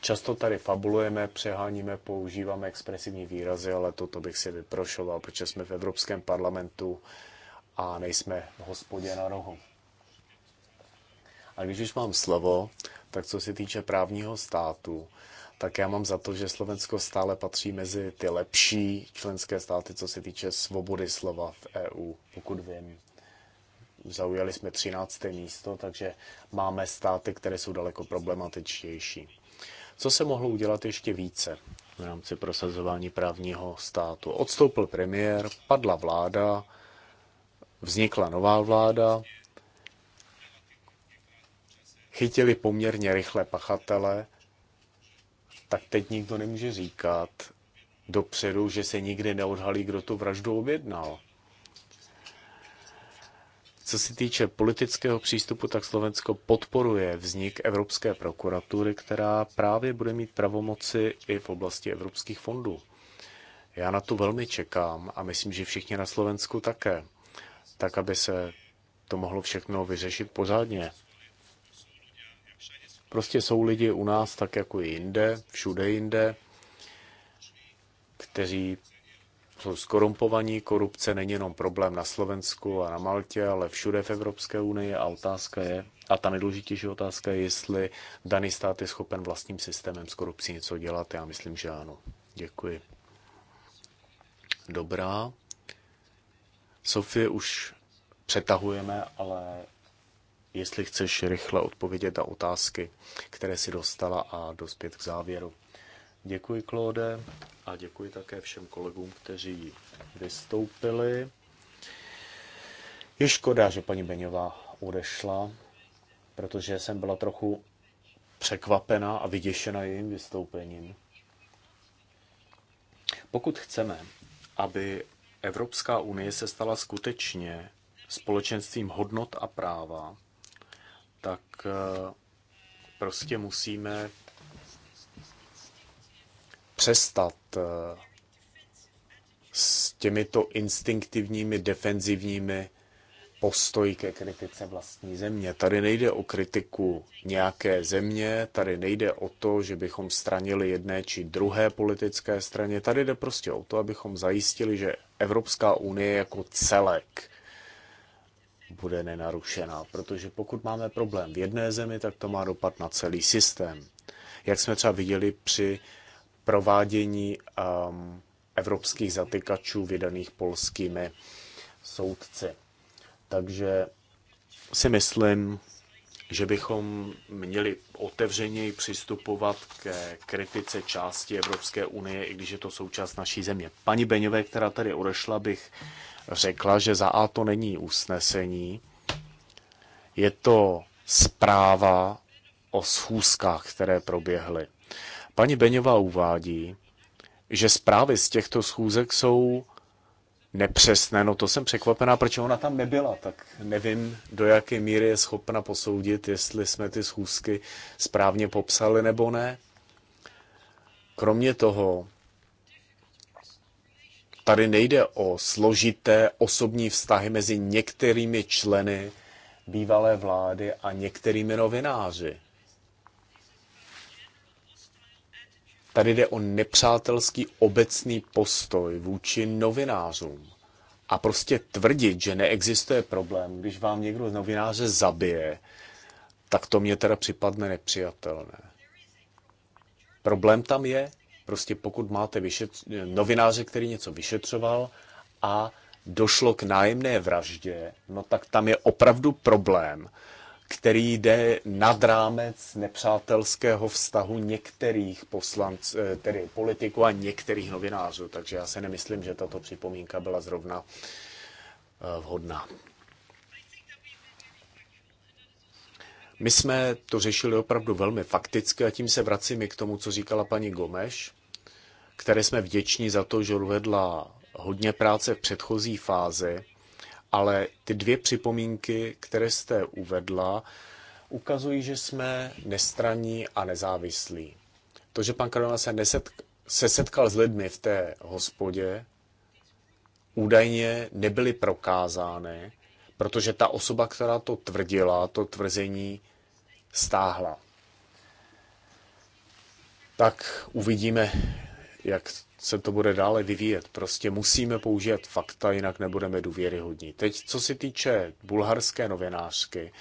Často tady fabulujeme, přeháníme, používáme expresivní výrazy, ale toto bych si vyprošoval, protože jsme v Evropském parlamentu a nejsme v hospodě na rohu. A když už mám slovo, tak co se týče právního státu, tak já mám za to, že Slovensko stále patří mezi ty lepší členské státy, co se týče svobody slova v EU, pokud vím. Zaujali jsme 13. místo, takže máme státy, které jsou daleko problematičtější. Co se mohlo udělat ještě více v rámci prosazování právního státu? Odstoupil premiér, padla vláda, vznikla nová vláda, chytili poměrně rychle pachatele tak teď nikdo nemůže říkat dopředu, že se nikdy neodhalí, kdo tu vraždu objednal. Co se týče politického přístupu, tak Slovensko podporuje vznik Evropské prokuratury, která právě bude mít pravomoci i v oblasti evropských fondů. Já na to velmi čekám a myslím, že všichni na Slovensku také, tak aby se to mohlo všechno vyřešit pořádně. Prostě jsou lidi u nás tak jako i jinde, všude jinde, kteří jsou skorumpovaní. Korupce není jenom problém na Slovensku a na Maltě, ale všude v Evropské unii a otázka je, a ta nejdůležitější otázka je, jestli daný stát je schopen vlastním systémem s korupcí něco dělat. Já myslím, že ano. Děkuji. Dobrá. Sofie už přetahujeme, ale jestli chceš rychle odpovědět na otázky, které si dostala a dospět k závěru. Děkuji, Klóde, a děkuji také všem kolegům, kteří vystoupili. Je škoda, že paní Beňová odešla, protože jsem byla trochu překvapena a vyděšena jejím vystoupením. Pokud chceme, aby Evropská unie se stala skutečně společenstvím hodnot a práva, tak eh, prostě musíme přestat eh, s těmito instinktivními, defenzivními postoji ke kritice vlastní země. Tady nejde o kritiku nějaké země, tady nejde o to, že bychom stranili jedné či druhé politické straně, tady jde prostě o to, abychom zajistili, že Evropská unie jako celek bude nenarušená, protože pokud máme problém v jedné zemi, tak to má dopad na celý systém. Jak jsme třeba viděli při provádění um, evropských zatykačů vydaných polskými soudci. Takže si myslím, že bychom měli otevřeněji přistupovat ke kritice části Evropské unie, i když je to součást naší země. Paní Beňové, která tady odešla, bych řekla, že za A to není usnesení, je to zpráva o schůzkách, které proběhly. Paní Beňová uvádí, že zprávy z těchto schůzek jsou nepřesné. No to jsem překvapená, proč ona tam nebyla. Tak nevím, do jaké míry je schopna posoudit, jestli jsme ty schůzky správně popsali nebo ne. Kromě toho, Tady nejde o složité osobní vztahy mezi některými členy bývalé vlády a některými novináři. Tady jde o nepřátelský obecný postoj vůči novinářům. A prostě tvrdit, že neexistuje problém, když vám někdo z novináře zabije, tak to mě teda připadne nepřijatelné. Problém tam je, Prostě pokud máte vyšetř- novináře, který něco vyšetřoval a došlo k nájemné vraždě, no tak tam je opravdu problém, který jde nad rámec nepřátelského vztahu některých poslanců, eh, tedy politiků a některých novinářů. Takže já se nemyslím, že tato připomínka byla zrovna eh, vhodná. My jsme to řešili opravdu velmi fakticky a tím se vracím i k tomu, co říkala paní Gomeš, které jsme vděční za to, že uvedla hodně práce v předchozí fázi, ale ty dvě připomínky, které jste uvedla, ukazují, že jsme nestraní a nezávislí. To, že pan Karona se, nesetk- se setkal s lidmi v té hospodě, údajně nebyly prokázány, protože ta osoba, která to tvrdila, to tvrzení stáhla. Tak uvidíme, jak se to bude dále vyvíjet. Prostě musíme použít fakta, jinak nebudeme důvěryhodní. Teď, co se týče bulharské novinářky,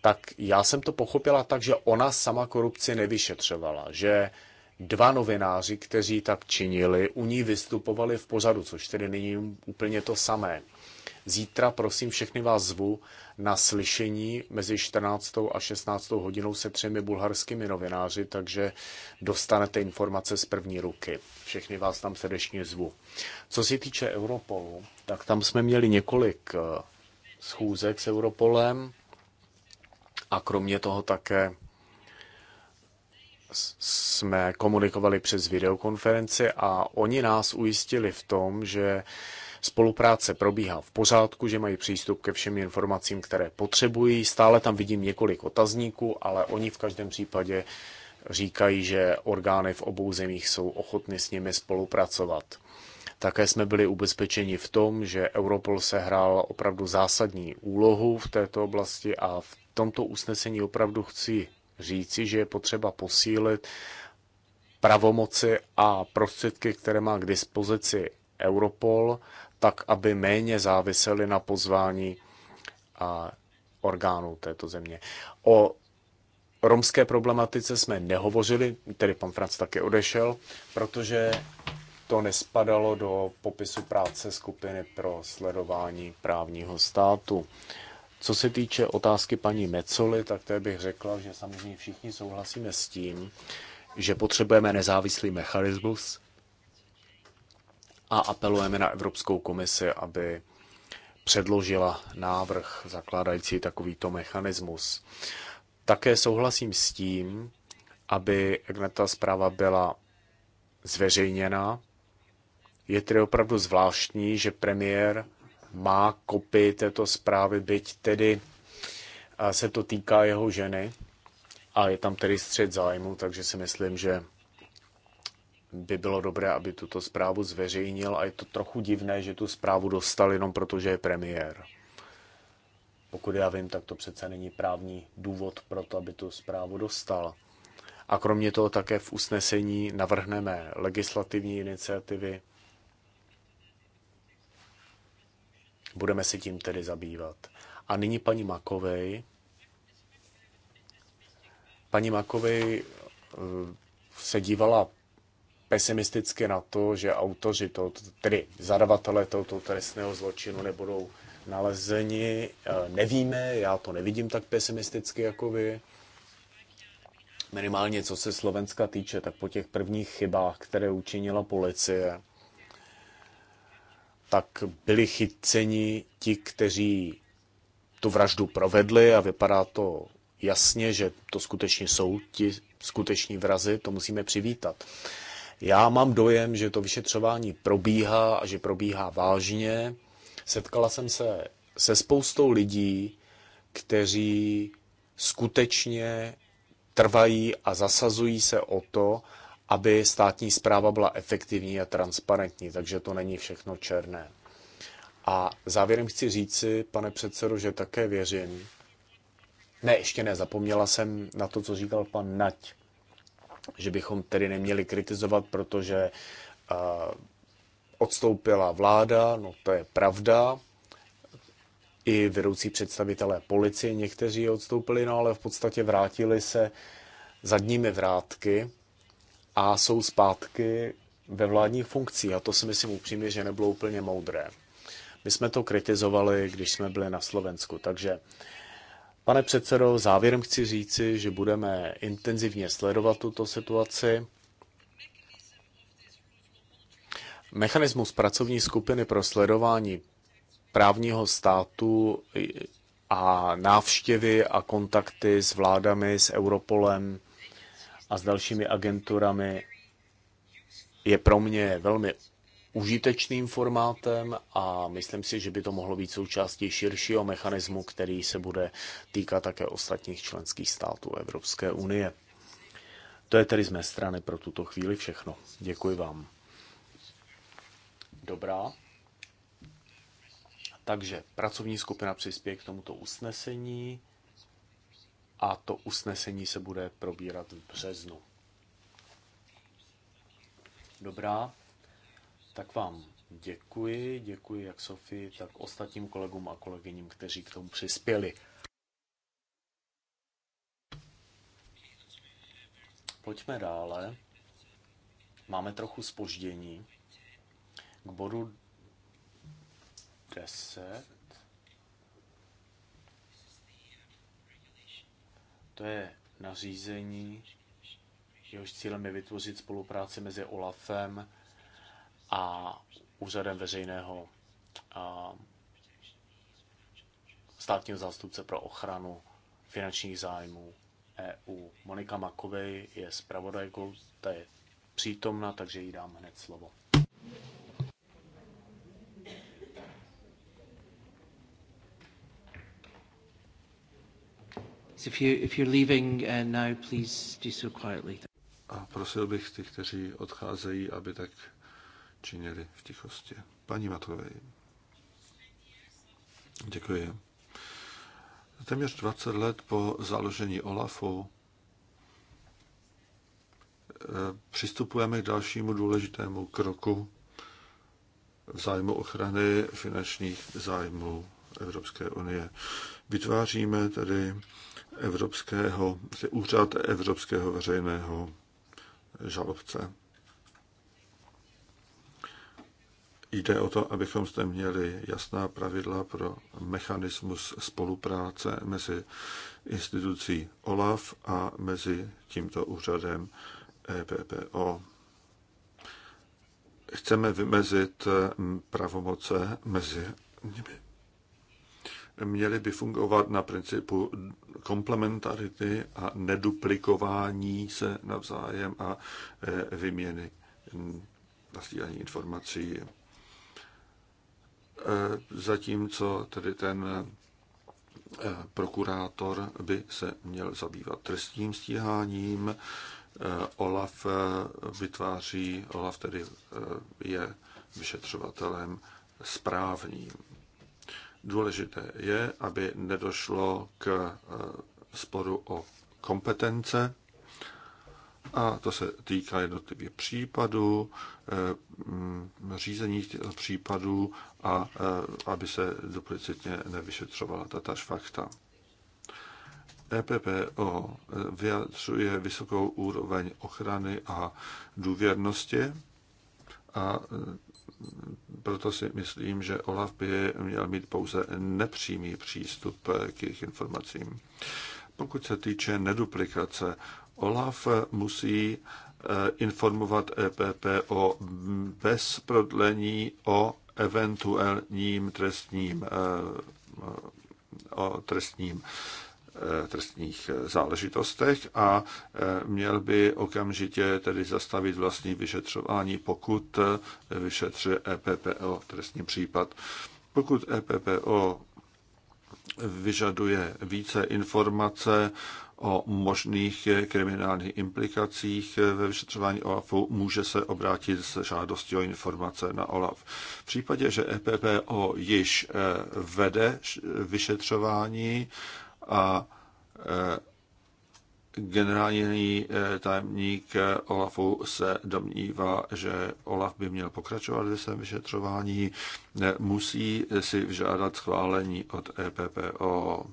tak já jsem to pochopila tak, že ona sama korupci nevyšetřovala, že dva novináři, kteří tak činili, u ní vystupovali v pořadu, což tedy není úplně to samé. Zítra prosím všechny vás zvu na slyšení mezi 14. a 16. hodinou se třemi bulharskými novináři, takže dostanete informace z první ruky. Všechny vás tam srdečně zvu. Co se týče Europolu, tak tam jsme měli několik eh, schůzek s Europolem a kromě toho také jsme komunikovali přes videokonferenci a oni nás ujistili v tom, že spolupráce probíhá v pořádku, že mají přístup ke všem informacím, které potřebují. Stále tam vidím několik otazníků, ale oni v každém případě říkají, že orgány v obou zemích jsou ochotny s nimi spolupracovat. Také jsme byli ubezpečeni v tom, že Europol sehrál opravdu zásadní úlohu v této oblasti a v tomto usnesení opravdu chci říci, že je potřeba posílit pravomoci a prostředky, které má k dispozici Europol tak aby méně závisely na pozvání orgánů této země. O romské problematice jsme nehovořili, tedy pan Franc také odešel, protože to nespadalo do popisu práce skupiny pro sledování právního státu. Co se týče otázky paní Mecoli, tak to bych řekla, že samozřejmě všichni souhlasíme s tím, že potřebujeme nezávislý mechanismus, a apelujeme na Evropskou komisi, aby předložila návrh zakládající takovýto mechanismus. Také souhlasím s tím, aby ta zpráva byla zveřejněna. Je tedy opravdu zvláštní, že premiér má kopii této zprávy, byť tedy eh, se to týká jeho ženy a je tam tedy střed zájmu, takže si myslím, že by bylo dobré, aby tuto zprávu zveřejnil a je to trochu divné, že tu zprávu dostal jenom proto, že je premiér. Pokud já vím, tak to přece není právní důvod pro to, aby tu zprávu dostal. A kromě toho také v usnesení navrhneme legislativní iniciativy. Budeme se tím tedy zabývat. A nyní paní Makovej. Paní Makovej eh, se dívala pesimisticky na to, že autoři, to, tedy zadavatele tohoto trestného zločinu nebudou nalezeni. E, nevíme, já to nevidím tak pesimisticky jako vy. Minimálně co se Slovenska týče, tak po těch prvních chybách, které učinila policie, tak byli chyceni ti, kteří tu vraždu provedli a vypadá to jasně, že to skutečně jsou ti skuteční vrazy, to musíme přivítat. Já mám dojem, že to vyšetřování probíhá a že probíhá vážně. Setkala jsem se se spoustou lidí, kteří skutečně trvají a zasazují se o to, aby státní zpráva byla efektivní a transparentní, takže to není všechno černé. A závěrem chci říci, pane předsedo, že také věřím. Ne, ještě ne, zapomněla jsem na to, co říkal pan Nať že bychom tedy neměli kritizovat, protože eh, odstoupila vláda, no to je pravda, i vedoucí představitelé policie někteří odstoupili, no ale v podstatě vrátili se zadními vrátky a jsou zpátky ve vládních funkcích. A to si myslím upřímně, že nebylo úplně moudré. My jsme to kritizovali, když jsme byli na Slovensku. Takže uh, Pane předsedo, závěrem chci říci, že budeme intenzivně sledovat tuto situaci. Mechanismus pracovní skupiny pro sledování právního státu a návštěvy a kontakty s vládami, s Europolem a s dalšími agenturami je pro mě velmi užitečným formátem a myslím si, že by to mohlo být součástí širšího mechanismu, který se bude týkat také ostatních členských států Evropské unie. To je tedy z mé strany pro tuto chvíli všechno. Děkuji vám. Dobrá. Takže pracovní skupina přispěje k tomuto usnesení a to usnesení se bude probírat v březnu. Dobrá. Tak vám děkuji, děkuji jak Sofii, tak ostatním kolegům a kolegyním, kteří k tomu přispěli. Pojďme dále. Máme trochu spoždění. K bodu 10. To je nařízení, jehož cílem je vytvořit spolupráci mezi OLAFem, a úřadem veřejného a státního zástupce pro ochranu finančních zájmů EU. Monika Makovej je zpravodajkou, ta je přítomna, takže jí dám hned slovo. If you, if you're leaving uh, now, please do so quietly. A prosil bych ty, kteří odcházejí, aby tak činili v tichosti. Paní Matovej. Děkuji. Téměř 20 let po založení OLAFu eh, přistupujeme k dalšímu důležitému kroku v zájmu ochrany finančních zájmů Evropské unie. Vytváříme tedy Evropského, úřad Evropského veřejného žalobce. Jde o to, abychom zde měli jasná pravidla pro mechanismus spolupráce mezi institucí OLAF a mezi tímto úřadem EPPO. Chceme vymezit pravomoce mezi nimi. Měly by fungovat na principu komplementarity a neduplikování se navzájem a e, vyměny na informací. E, zatímco tedy ten e, prokurátor by se měl zabývat trestním stíháním. E, Olaf vytváří, Olaf tedy je vyšetřovatelem správním. Důležité je, aby nedošlo k sporu o kompetence, a to se týká jednotlivých případů, řízení případů a e, aby se duplicitně nevyšetřovala tato fakta. EPPO e, vyjadřuje vysokou úroveň ochrany a důvěrnosti a e, proto si myslím, že OLAF by měl mít pouze nepřímý přístup k jejich informacím. Pokud se týče neduplikace, OLAF musí informovat EPPO bez prodlení o eventuálním trestním, eh, eh, o trestním eh, trestních záležitostech a měl by okamžitě tedy zastavit vlastní vyšetřování, pokud vyšetřuje EPPO trestní případ. Pokud EPPO vyžaduje více informace o možných kriminálních implikacích ve vyšetřování OLAFu může se obrátit s žádostí o informace na OLAF. V případě, že EPPO již eh, vede vyšetřování a eh, generální eh, tajemník Olafu se domnívá, že Olaf by měl pokračovat ve svém vyšetřování, musí si vyžádat schválení od EPPO.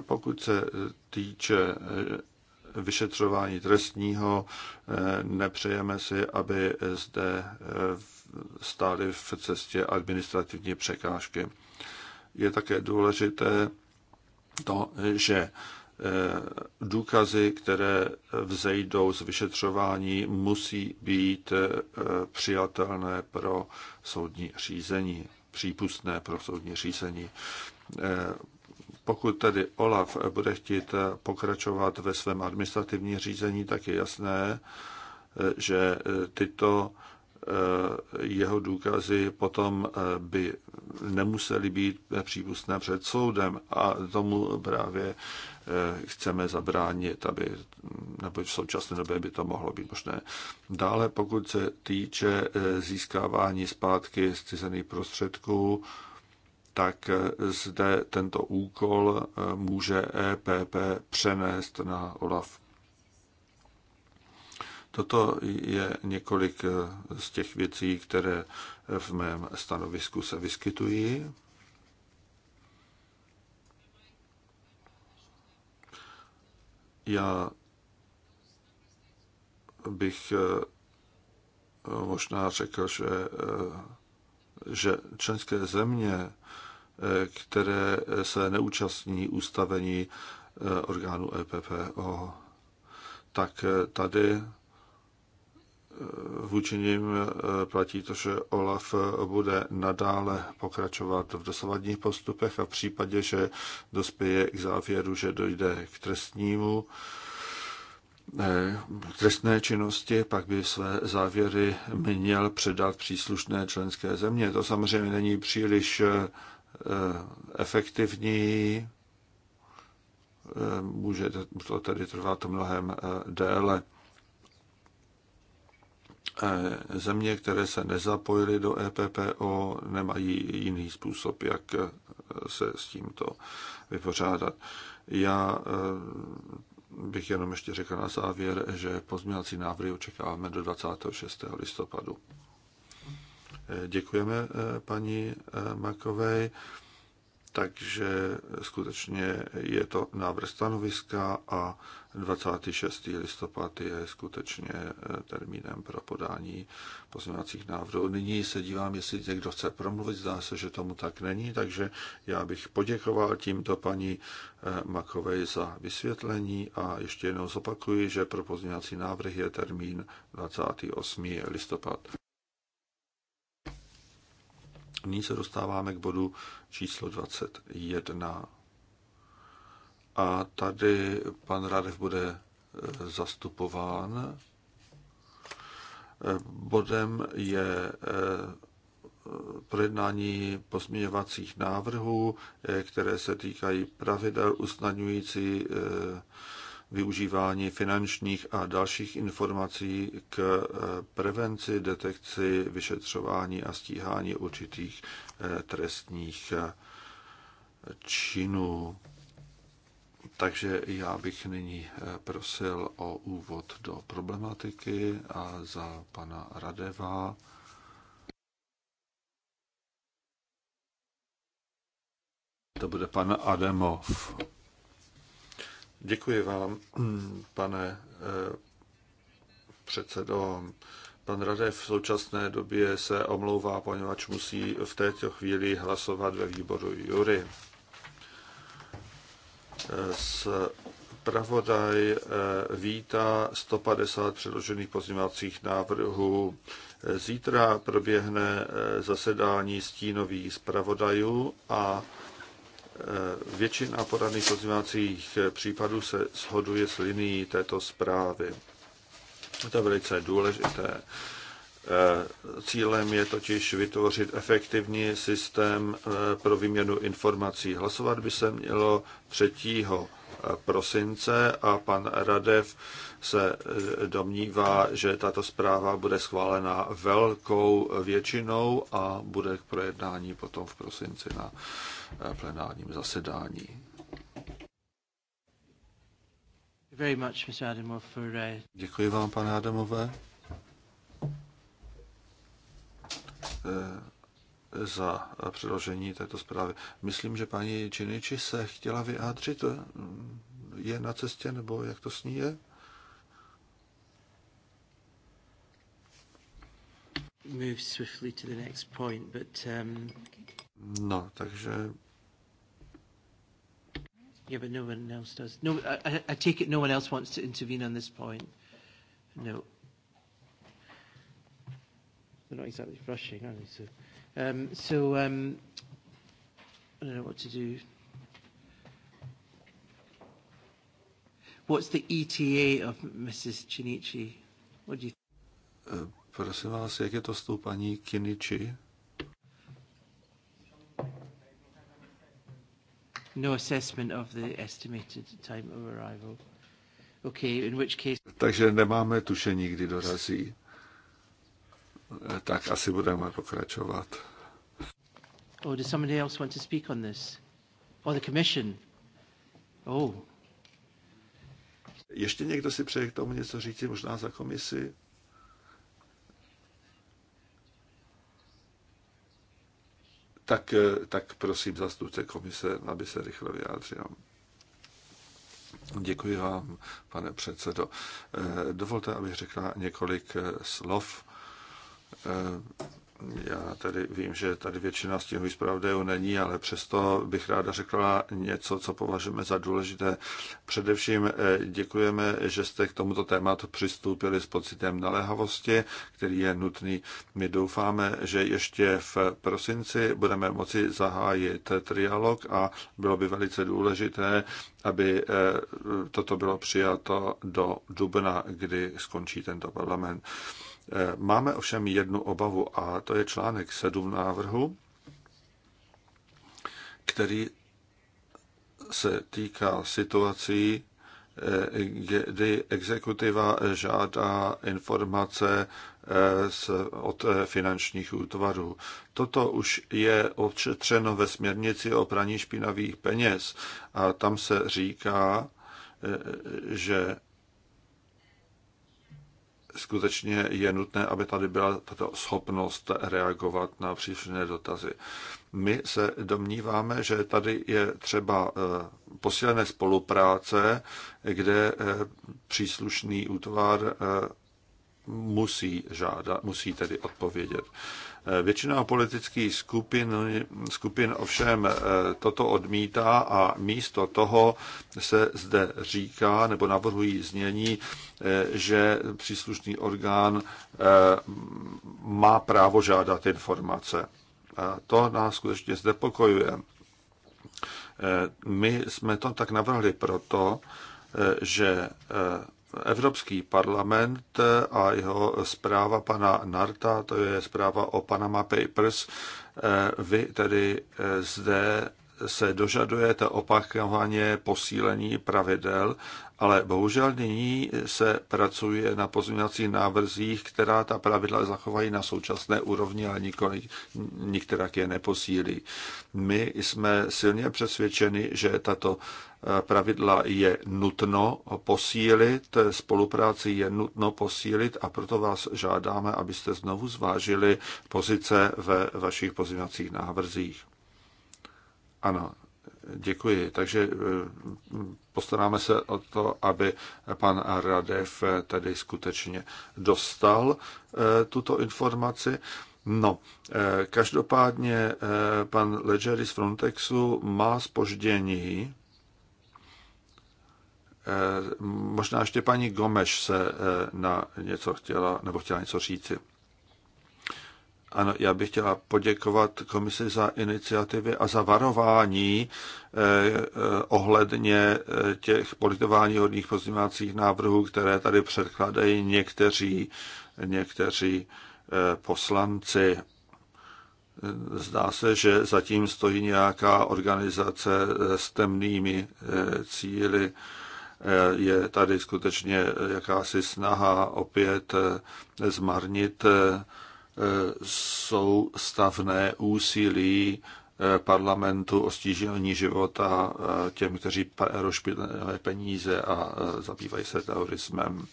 Pokud se týče eh, vyšetřování trestního, eh, nepřejeme si, aby zde eh, stály v cestě administrativní překážky. Je také důležité to, že důkazy, které vzejdou z vyšetřování, musí být přijatelné pro soudní řízení, přípustné pro soudní řízení. Pokud tedy OLAF bude chtít pokračovat ve svém administrativní řízení, tak je jasné, že tyto eh, jeho důkazy potom eh, by nemusely být přípustné před soudem a tomu právě eh, chceme zabránit, aby, nebo v současné době by to mohlo být možné. Dále, pokud se týče získávání zpátky z cizených prostředků, tak eh, zde tento úkol eh, může EPP přenést na OLAF. Toto je několik eh, z těch věcí, které v mém stanovisku se vyskytují. Já bych možná řekl, že, že členské země které se neúčastní ústavení eh, orgánu EPPO. Tak eh, tady eh, vůči ním platí to, že OLAF bude nadále pokračovat v dosavadních postupech a v případě, že dospěje k závěru, že dojde k trestnímu trestné činnosti, pak by své závěry měl předat příslušné členské země. To samozřejmě není příliš Eh, efektivní, eh, může to tedy trvat mnohem eh, déle. Země, které se nezapojily do EPPO, nemají jiný způsob, jak se s tímto vypořádat. Já bych jenom ještě řekl na závěr, že pozměňovací návrhy očekáváme do 26. listopadu. Děkujeme eh, paní eh, Makovej. Takže skutečně je to návrh stanoviska a 26. listopad je skutečně eh, termínem pro podání pozměňovacích návrhů. Nyní se dívám, jestli někdo chce promluvit. Zdá se, že tomu tak není, takže já bych poděkoval tímto paní Makovej za vysvětlení a ještě jednou zopakuji, že pro pozměňovací návrh je termín 28. listopad nyní se dostáváme k bodu číslo 21. A tady pan Radev bude eh, zastupován. Eh, bodem je eh, projednání pozměňovacích návrhů, které se týkají pravidel usnadňující využívání finančních a dalších informací k eh, prevenci, detekci, vyšetřování a stíhání určitých eh, trestních eh, činů. Takže já bych nyní prosil o úvod do problematiky a za pana Radeva. To bude pan Ademov. Děkuji vám, pane eh, předsedo. Pan Radev v současné době se omlouvá, poněvadž musí v této chvíli hlasovat ve výboru Jury. S Pravodaj eh, vítá 150 předložených pozměňovacích návrhů. Zítra proběhne eh, zasedání stínových zpravodajů a Eh, většina podaných pozměňovacích eh, případů se shoduje s linií této zprávy. To je velice důležité. Eh, cílem je totiž vytvořit efektivní systém pro výměnu informací. Hlasovat by se mělo 3. prosince a pan Radev se domnívá, že tato zpráva bude schválena velkou většinou a bude k projednání potom v prosinci na plenárním zasedání. Uh, Děkuji vám, pane Adamové, eh, za předložení této zprávy. Myslím, že paní Činiči se chtěla vyjádřit. Je na cestě, nebo jak to s ní je? Um, no, takže Yeah, but no one else does. No, I, I take it no one else wants to intervene on this point. No. They're not exactly rushing, are they? So, um, so um, I don't know what to do. What's the ETA of Mrs. Chinichi? What do you? think? Uh, eh, Prosím vás, jak je to s tou paní Kiniči? Takže nemáme tušení, kdy dorazí. Tak asi budeme pokračovat. Oh, does somebody else want to speak on this? Or the commission? Oh. Ještě někdo si přeje k tomu něco říct, možná za komisi? tak, eh, tak prosím zastupce komise, aby se rychle vyjádřil. Děkuji vám, pane předsedo. Eh, dovolte, abych řekla několik eh, slov já tady vím, že tady většina stínových zpravodajů není, ale přesto bych ráda řekla něco, co považujeme za důležité. Především eh, děkujeme, že jste k tomuto tématu přistoupili s pocitem naléhavosti, který je nutný. My doufáme, že ještě v prosinci budeme moci zahájit trialog a bylo by velice důležité, aby eh, toto bylo přijato do dubna, kdy skončí tento parlament. Máme ovšem jednu obavu a to je článek 7 návrhu, který se týká situací, eh, kdy exekutiva žádá informace eh, od eh, finančních útvarů. Toto už je odšetřeno ve směrnici o praní špinavých peněz a tam se říká, že skutečně je nutné, aby tady byla tato schopnost reagovat na příslušné dotazy. My se domníváme, že tady je třeba eh, posílené spolupráce, kde eh, příslušný útvar eh, musí žádat, musí tedy odpovědět. Většina politických skupin, skupin ovšem eh, toto odmítá a místo toho se zde říká nebo navrhují znění, eh, že příslušný orgán eh, má právo žádat informace. A to nás skutečně znepokojuje. My jsme to tak navrhli proto, že Evropský parlament a jeho zpráva pana Narta, to je zpráva o Panama Papers, eh, vy tedy eh, zde se dožadujete opakovaně posílení pravidel ale bohužel nyní se pracuje na pozměňovacích návrzích, která ta pravidla zachovají na současné úrovni, ale nikoli, nikterak je neposílí. My jsme silně přesvědčeni, že tato eh, pravidla je nutno posílit, spolupráci je nutno posílit a proto vás žádáme, abyste znovu zvážili pozice ve vašich pozměňovacích návrzích. Ano, Děkuji. Takže eh, postaráme se o to, aby pan Radev eh, tady skutečně dostal eh, tuto informaci. No, každopádně pan Ledgeri z Frontexu má spoždění. Možná ještě paní Gomeš se na něco chtěla, nebo chtěla něco říci. Ano, já bych chtěla poděkovat komisi za iniciativy a za varování eh, eh, ohledně eh, těch politování hodných pozměňovacích návrhů, které tady předkladají někteří, někteří poslanci. Zdá se, že zatím stojí nějaká organizace s temnými cíly. Je tady skutečně jakási snaha opět zmarnit soustavné úsilí eh, parlamentu o stížení života eh, těm, kteří rozšpinavé peníze a eh, zabývají se terorismem.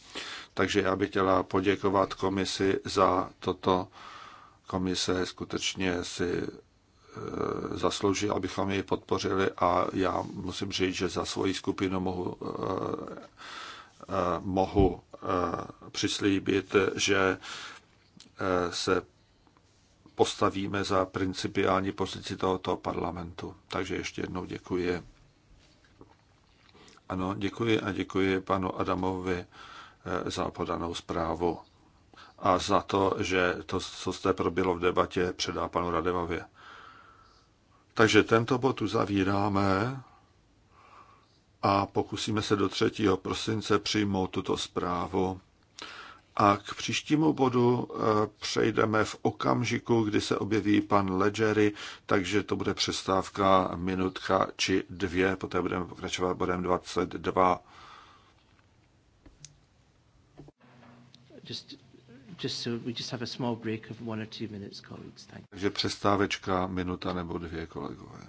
Takže já bych chtěla poděkovat komisi za toto. Komise skutečně si zaslouží, abychom ji podpořili a já musím říct, že za svoji skupinu mohu, mohu přislíbit, že se postavíme za principiální pozici tohoto parlamentu. Takže ještě jednou děkuji. Ano, děkuji a děkuji panu Adamovi eh, za podanou zprávu a za to, že to, co zde proběhlo v debatě, předá panu Radevavě. Takže tento bod uzavíráme a pokusíme se do 3. prosince přijmout tuto zprávu a k příštímu bodu eh, přejdeme v okamžiku, kdy se objeví pan Ledgery, takže to bude přestávka minutka či dvě, poté budeme pokračovat bodem 22. Just, just so we just have a small break of one or two minutes, colleagues. Thank you. Takže přestávečka minuta nebo dvě, kolegové.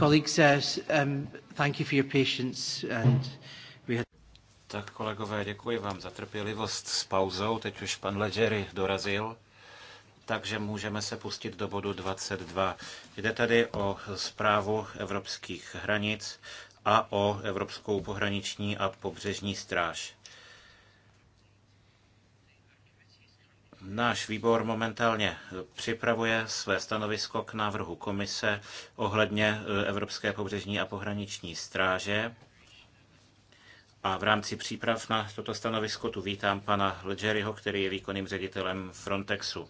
Colleagues, um, thank you for your patience and we had... Tak kolegové, děkuji vám za trpělivost s pauzou. Teď už pan Ledgery dorazil takže můžeme se pustit do bodu 22. Jde tady o zprávu evropských hranic a o Evropskou pohraniční a pobřežní stráž. Náš výbor momentálně připravuje své stanovisko k návrhu komise ohledně eh, Evropské pobřežní a pohraniční stráže. A v rámci příprav na toto stanovisko tu vítám pana Ledgeryho, který je výkonným ředitelem Frontexu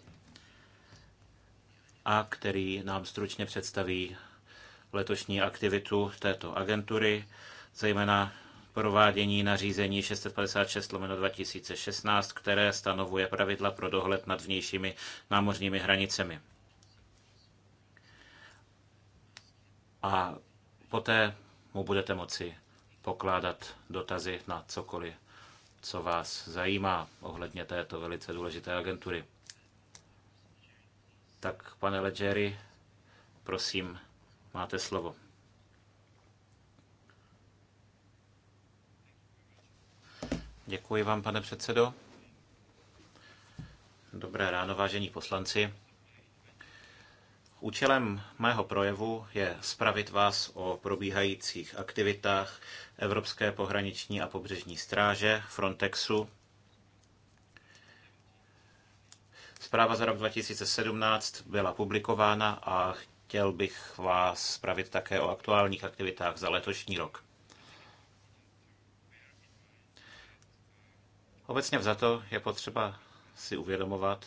a který nám stručně představí letošní aktivitu této agentury, zejména provádění nařízení 656 2016, které stanovuje pravidla pro dohled nad vnějšími námořními hranicemi. A poté mu budete moci pokládat dotazy na cokoliv, co vás zajímá ohledně této velice důležité agentury. Tak, pane Ledgeri, prosím, máte slovo. Děkuji vám, pane předsedo. Dobré ráno, vážení poslanci. Účelem mého projevu je spravit vás o probíhajících aktivitách Evropské pohraniční a pobřežní stráže Frontexu. Zpráva za rok 2017 byla publikována a chtěl bych vás spravit také o aktuálních aktivitách za letošní rok. Obecně vzato je potřeba si uvědomovat,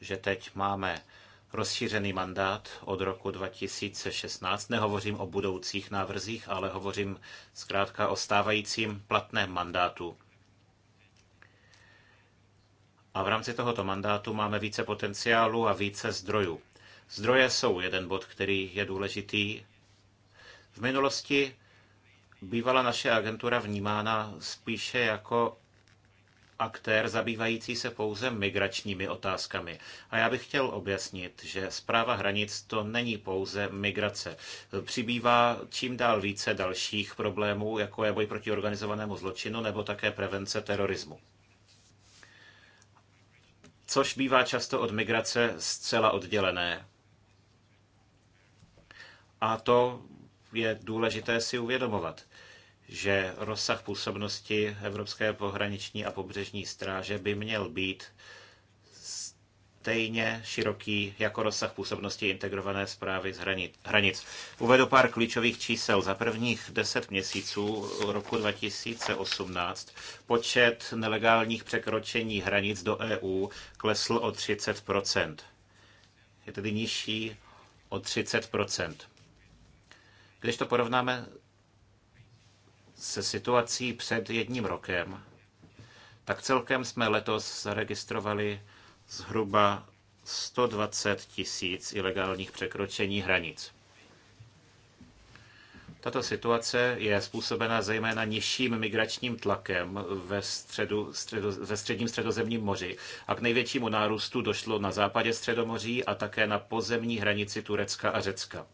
že teď máme rozšířený mandát od roku 2016. Nehovořím o budoucích návrzích, ale hovořím zkrátka o stávajícím platném mandátu. A v rámci tohoto mandátu máme více potenciálu a více zdrojů. Zdroje jsou jeden bod, který je důležitý. V minulosti bývala naše agentura vnímána spíše jako aktér zabývající se pouze migračními otázkami. A já bych chtěl objasnit, že zpráva hranic to není pouze migrace. Přibývá čím dál více dalších problémů, jako je boj proti organizovanému zločinu nebo také prevence terorismu což bývá často od migrace zcela oddělené. A to je důležité si uvědomovat že rozsah působnosti Evropské pohraniční a pobřežní stráže by měl být stejně široký jako rozsah působnosti integrované zprávy z hranic. Uvedu pár klíčových čísel. Za prvních deset měsíců roku 2018 počet nelegálních překročení hranic do EU klesl o 30 Je tedy nižší o 30 Když to porovnáme se situací před jedním rokem, tak celkem jsme letos zaregistrovali zhruba 120 tisíc ilegálních překročení hranic. Tato situace je způsobena zejména nižším migračním tlakem ve, středu, středo, ve středním středozemním moři a k největšímu nárůstu došlo na západě středomoří a také na pozemní hranici Turecka a Řecka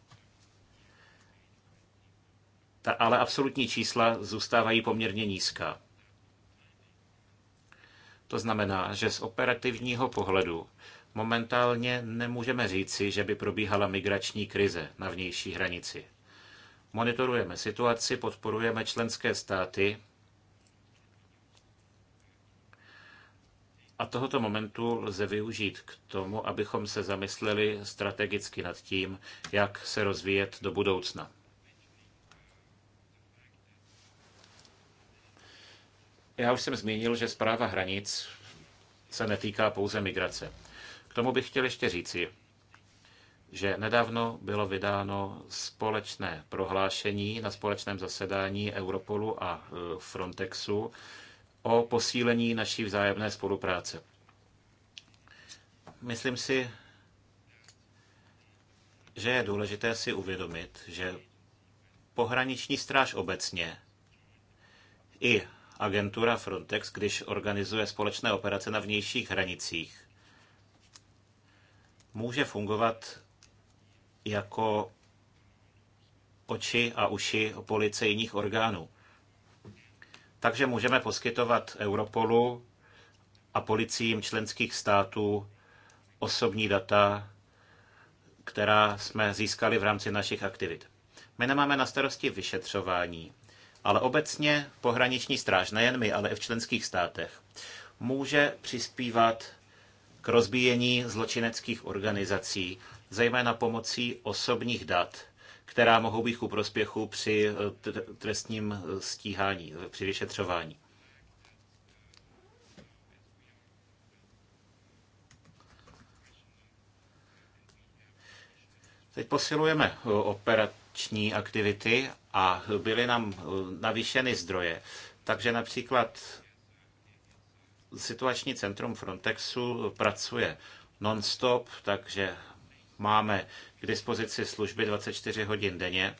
ta, ale absolutní čísla zůstávají poměrně nízká. To znamená, že z operativního pohledu momentálně nemůžeme říci, že by probíhala migrační krize na vnější hranici. Monitorujeme situaci, podporujeme členské státy a tohoto momentu lze využít k tomu, abychom se zamysleli strategicky nad tím, jak se rozvíjet do budoucna. Já už jsem zmínil, že zpráva hranic se netýká pouze migrace. K tomu bych chtěl ještě říci, že nedávno bylo vydáno společné prohlášení na společném zasedání Europolu a e, Frontexu o posílení naší vzájemné spolupráce. Myslím si, že je důležité si uvědomit, že pohraniční stráž obecně i agentura Frontex, když organizuje společné operace na vnějších hranicích, může fungovat jako oči a uši policejních orgánů. Takže můžeme poskytovat Europolu a policiím členských států osobní data, která jsme získali v rámci našich aktivit. My nemáme na starosti vyšetřování ale obecně pohraniční stráž, nejen my, ale i v členských státech, může přispívat k rozbíjení zločineckých organizací, zejména pomocí osobních dat, která mohou být ku prospěchu při eh, trestním eh, stíhání, eh, při vyšetřování. Teď posilujeme operativní ční aktivity a byly nám eh, navýšeny zdroje. Takže například situační centrum Frontexu pracuje non-stop, takže máme k dispozici služby 24 hodin denně.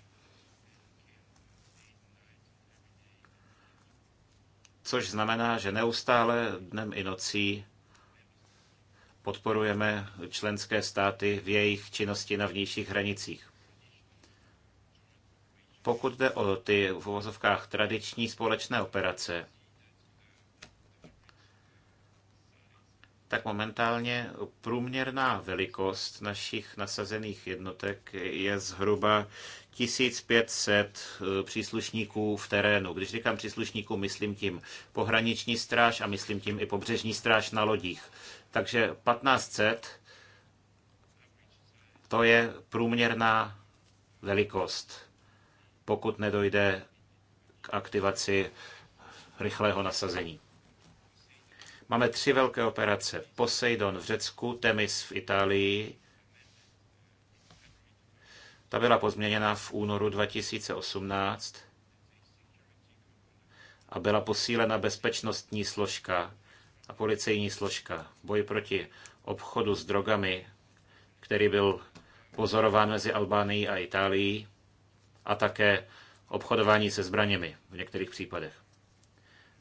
Což znamená, že neustále dnem i nocí podporujeme členské státy v jejich činnosti na vnějších hranicích. Pokud jde o ty v uvozovkách tradiční společné operace, tak momentálně průměrná velikost našich nasazených jednotek je zhruba 1500 eh, příslušníků v terénu. Když říkám příslušníků, myslím tím pohraniční stráž a myslím tím i pobřežní stráž na lodích. Takže 1500 to je průměrná velikost pokud nedojde k aktivaci rychlého nasazení. Máme tři velké operace. Poseidon v Řecku, Temis v Itálii. Ta byla pozměněna v únoru 2018 a byla posílena bezpečnostní složka a policejní složka. Boj proti obchodu s drogami, který byl pozorován mezi Albánií a Itálií a také obchodování se zbraněmi v některých případech.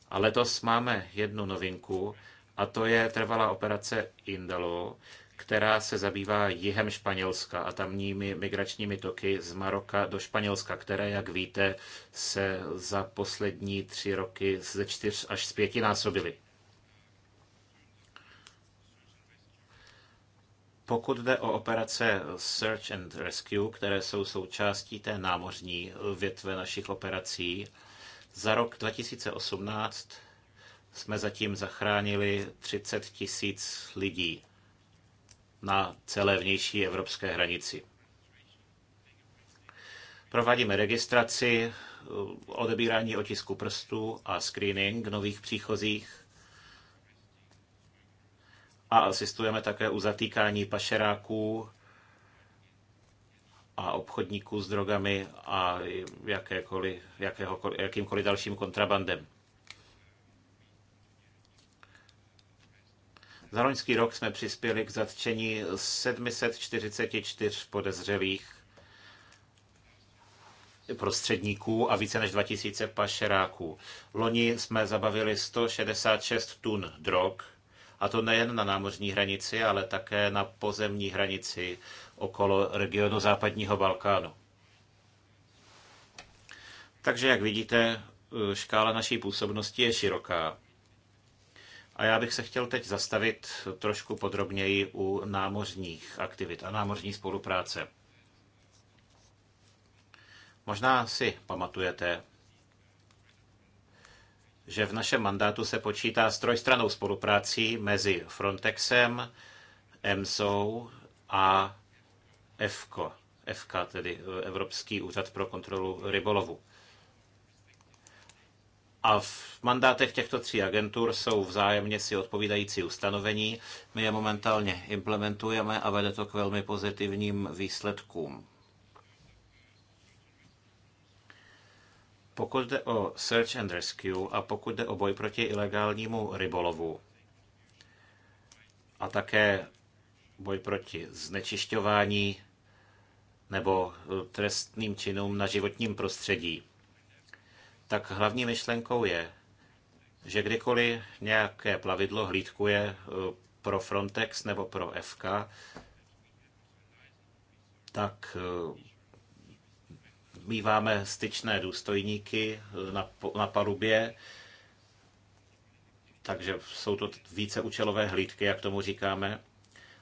A letos máme jednu novinku, a to je trvalá operace Indalo, která se zabývá jihem Španělska a tamními migračními toky z Maroka do Španělska, které, jak víte, se za poslední tři roky ze čtyř až z pěti násobily. Pokud jde o operace Search and Rescue, které jsou součástí té námořní větve našich operací, za rok 2018 jsme zatím zachránili 30 tisíc lidí na celé vnější evropské hranici. Provádíme registraci, odebírání otisku prstů a screening nových příchozích a asistujeme také u zatýkání pašeráků a obchodníků s drogami a jakékoliv, jakýmkoliv dalším kontrabandem. Za loňský rok jsme přispěli k zatčení 744 podezřelých prostředníků a více než 2000 pašeráků. Loni jsme zabavili 166 tun drog, a to nejen na námořní hranici, ale také na pozemní hranici okolo regionu západního Balkánu. Takže, jak vidíte, škála naší působnosti je široká. A já bych se chtěl teď zastavit trošku podrobněji u námořních aktivit a námořní spolupráce. Možná si pamatujete, že v našem mandátu se počítá s trojstranou spoluprácí mezi Frontexem, EMSO a EFKO, FK, tedy e, Evropský úřad pro kontrolu rybolovu. A v mandátech těchto tří agentur jsou vzájemně si odpovídající ustanovení. My je momentálně implementujeme a vede to k velmi pozitivním výsledkům. Pokud jde o search and rescue a pokud jde o boj proti ilegálnímu rybolovu a také boj proti znečišťování nebo e, trestným činům na životním prostředí, tak hlavní myšlenkou je, že kdykoliv nějaké plavidlo hlídkuje e, pro Frontex nebo pro FK, tak e, Míváme styčné důstojníky na, na palubě, takže jsou to více účelové hlídky, jak tomu říkáme.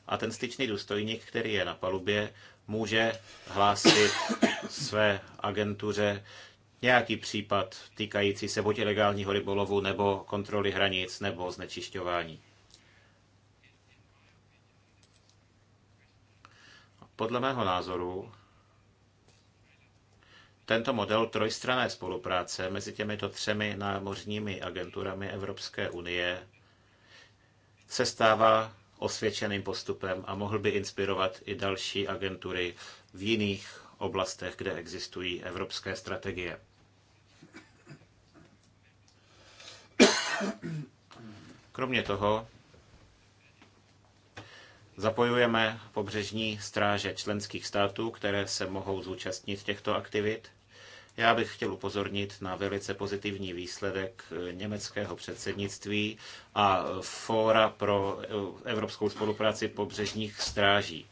A ten styčný důstojník, který je na palubě, může hlásit své agentuře nějaký případ týkající se buď ilegálního rybolovu, nebo kontroly hranic, nebo znečišťování. Podle mého názoru tento model trojstrané spolupráce mezi těmito třemi námořními agenturami Evropské unie se stává osvědčeným postupem a mohl by inspirovat i další agentury v jiných oblastech, kde existují evropské strategie. Kromě toho Zapojujeme pobřežní stráže členských států, které se mohou zúčastnit těchto aktivit. Já bych chtěl upozornit na velice pozitivní výsledek eh, německého předsednictví a eh, Fóra pro eh, evropskou spolupráci pobřežních stráží,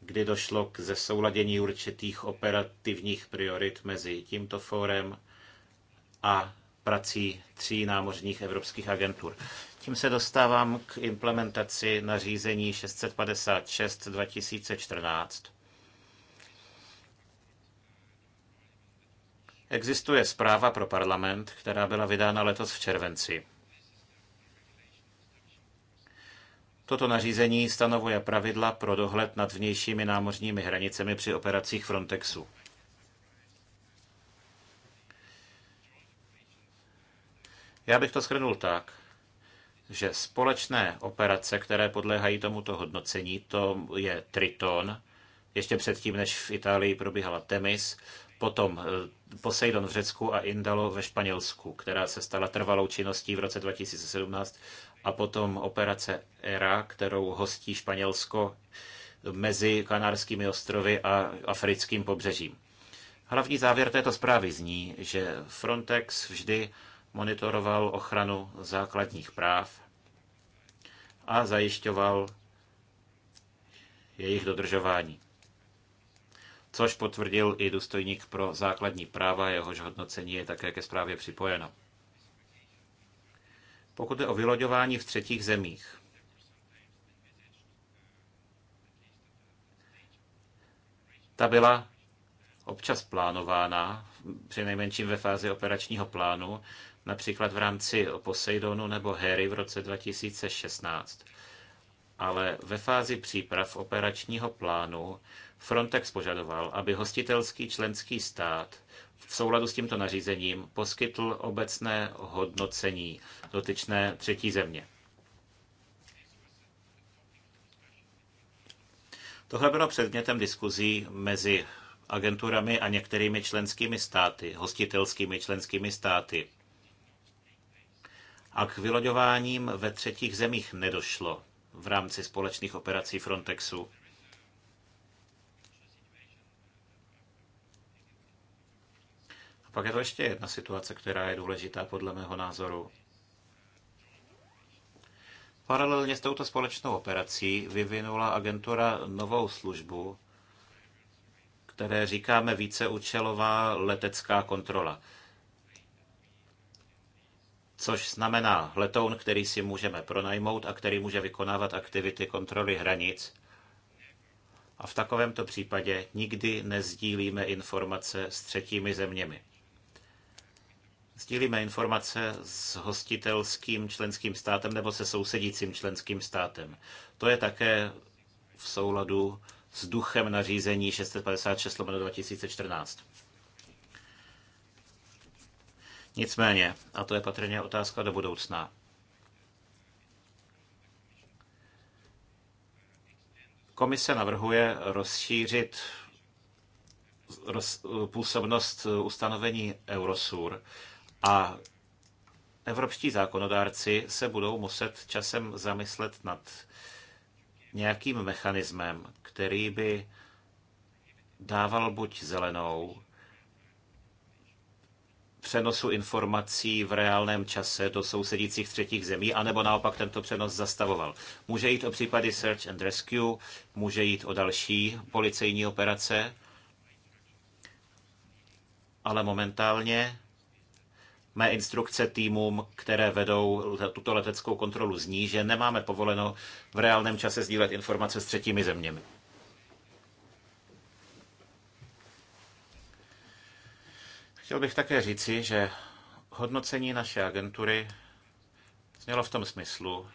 kdy došlo k zesouladění určitých operativních priorit mezi tímto fórem a prací tří námořních evropských agentur. Tím se dostávám k implementaci nařízení 656 2014. Existuje zpráva pro parlament, která byla vydána letos v červenci. Toto nařízení stanovuje pravidla pro dohled nad vnějšími námořními hranicemi při operacích Frontexu. Já bych to shrnul tak, že společné operace, které podléhají tomuto hodnocení, to je Triton, ještě předtím, než v Itálii probíhala Temis, potom eh, Poseidon v Řecku a Indalo ve Španělsku, která se stala trvalou činností v roce 2017, a potom operace ERA, kterou hostí Španělsko mezi Kanárskými ostrovy a africkým pobřežím. Hlavní závěr této zprávy zní, že Frontex vždy monitoroval ochranu základních práv a zajišťoval jejich dodržování. Což potvrdil i důstojník pro základní práva, jehož hodnocení je také ke zprávě připojeno. Pokud je o vyloďování v třetích zemích, ta byla občas plánována, při nejmenším ve fázi operačního plánu, například v rámci Poseidonu nebo Harry v roce 2016. Ale ve fázi příprav operačního plánu Frontex požadoval, aby hostitelský členský stát v souladu s tímto nařízením poskytl obecné hodnocení dotyčné třetí země. Tohle bylo předmětem diskuzí mezi agenturami a některými členskými státy, hostitelskými členskými státy a k vyloďováním ve třetích zemích nedošlo v rámci společných operací Frontexu. A pak je to ještě jedna situace, která je důležitá podle mého názoru. Paralelně s touto společnou operací vyvinula agentura novou službu, které říkáme víceúčelová letecká kontrola což znamená letoun, který si můžeme pronajmout a který může vykonávat aktivity kontroly hranic. A v takovémto případě nikdy nezdílíme informace s třetími zeměmi. Sdílíme informace s hostitelským členským státem nebo se sousedícím členským státem. To je také v souladu s duchem nařízení 656 2014. Nicméně, a to je patrně otázka do budoucna, Komise navrhuje rozšířit roz, působnost ustanovení Eurosur a evropští zákonodárci se budou muset časem zamyslet nad nějakým mechanismem, který by dával buď zelenou, přenosu informací v reálném čase do sousedících třetích zemí, anebo naopak tento přenos zastavoval. Může jít o případy search and rescue, může jít o další policejní operace, ale momentálně mé instrukce týmům, které vedou tuto leteckou kontrolu, zní, že nemáme povoleno v reálném čase sdílet informace s třetími zeměmi. Chtěl bych také říci, že hodnocení naší agentury znělo v tom smyslu,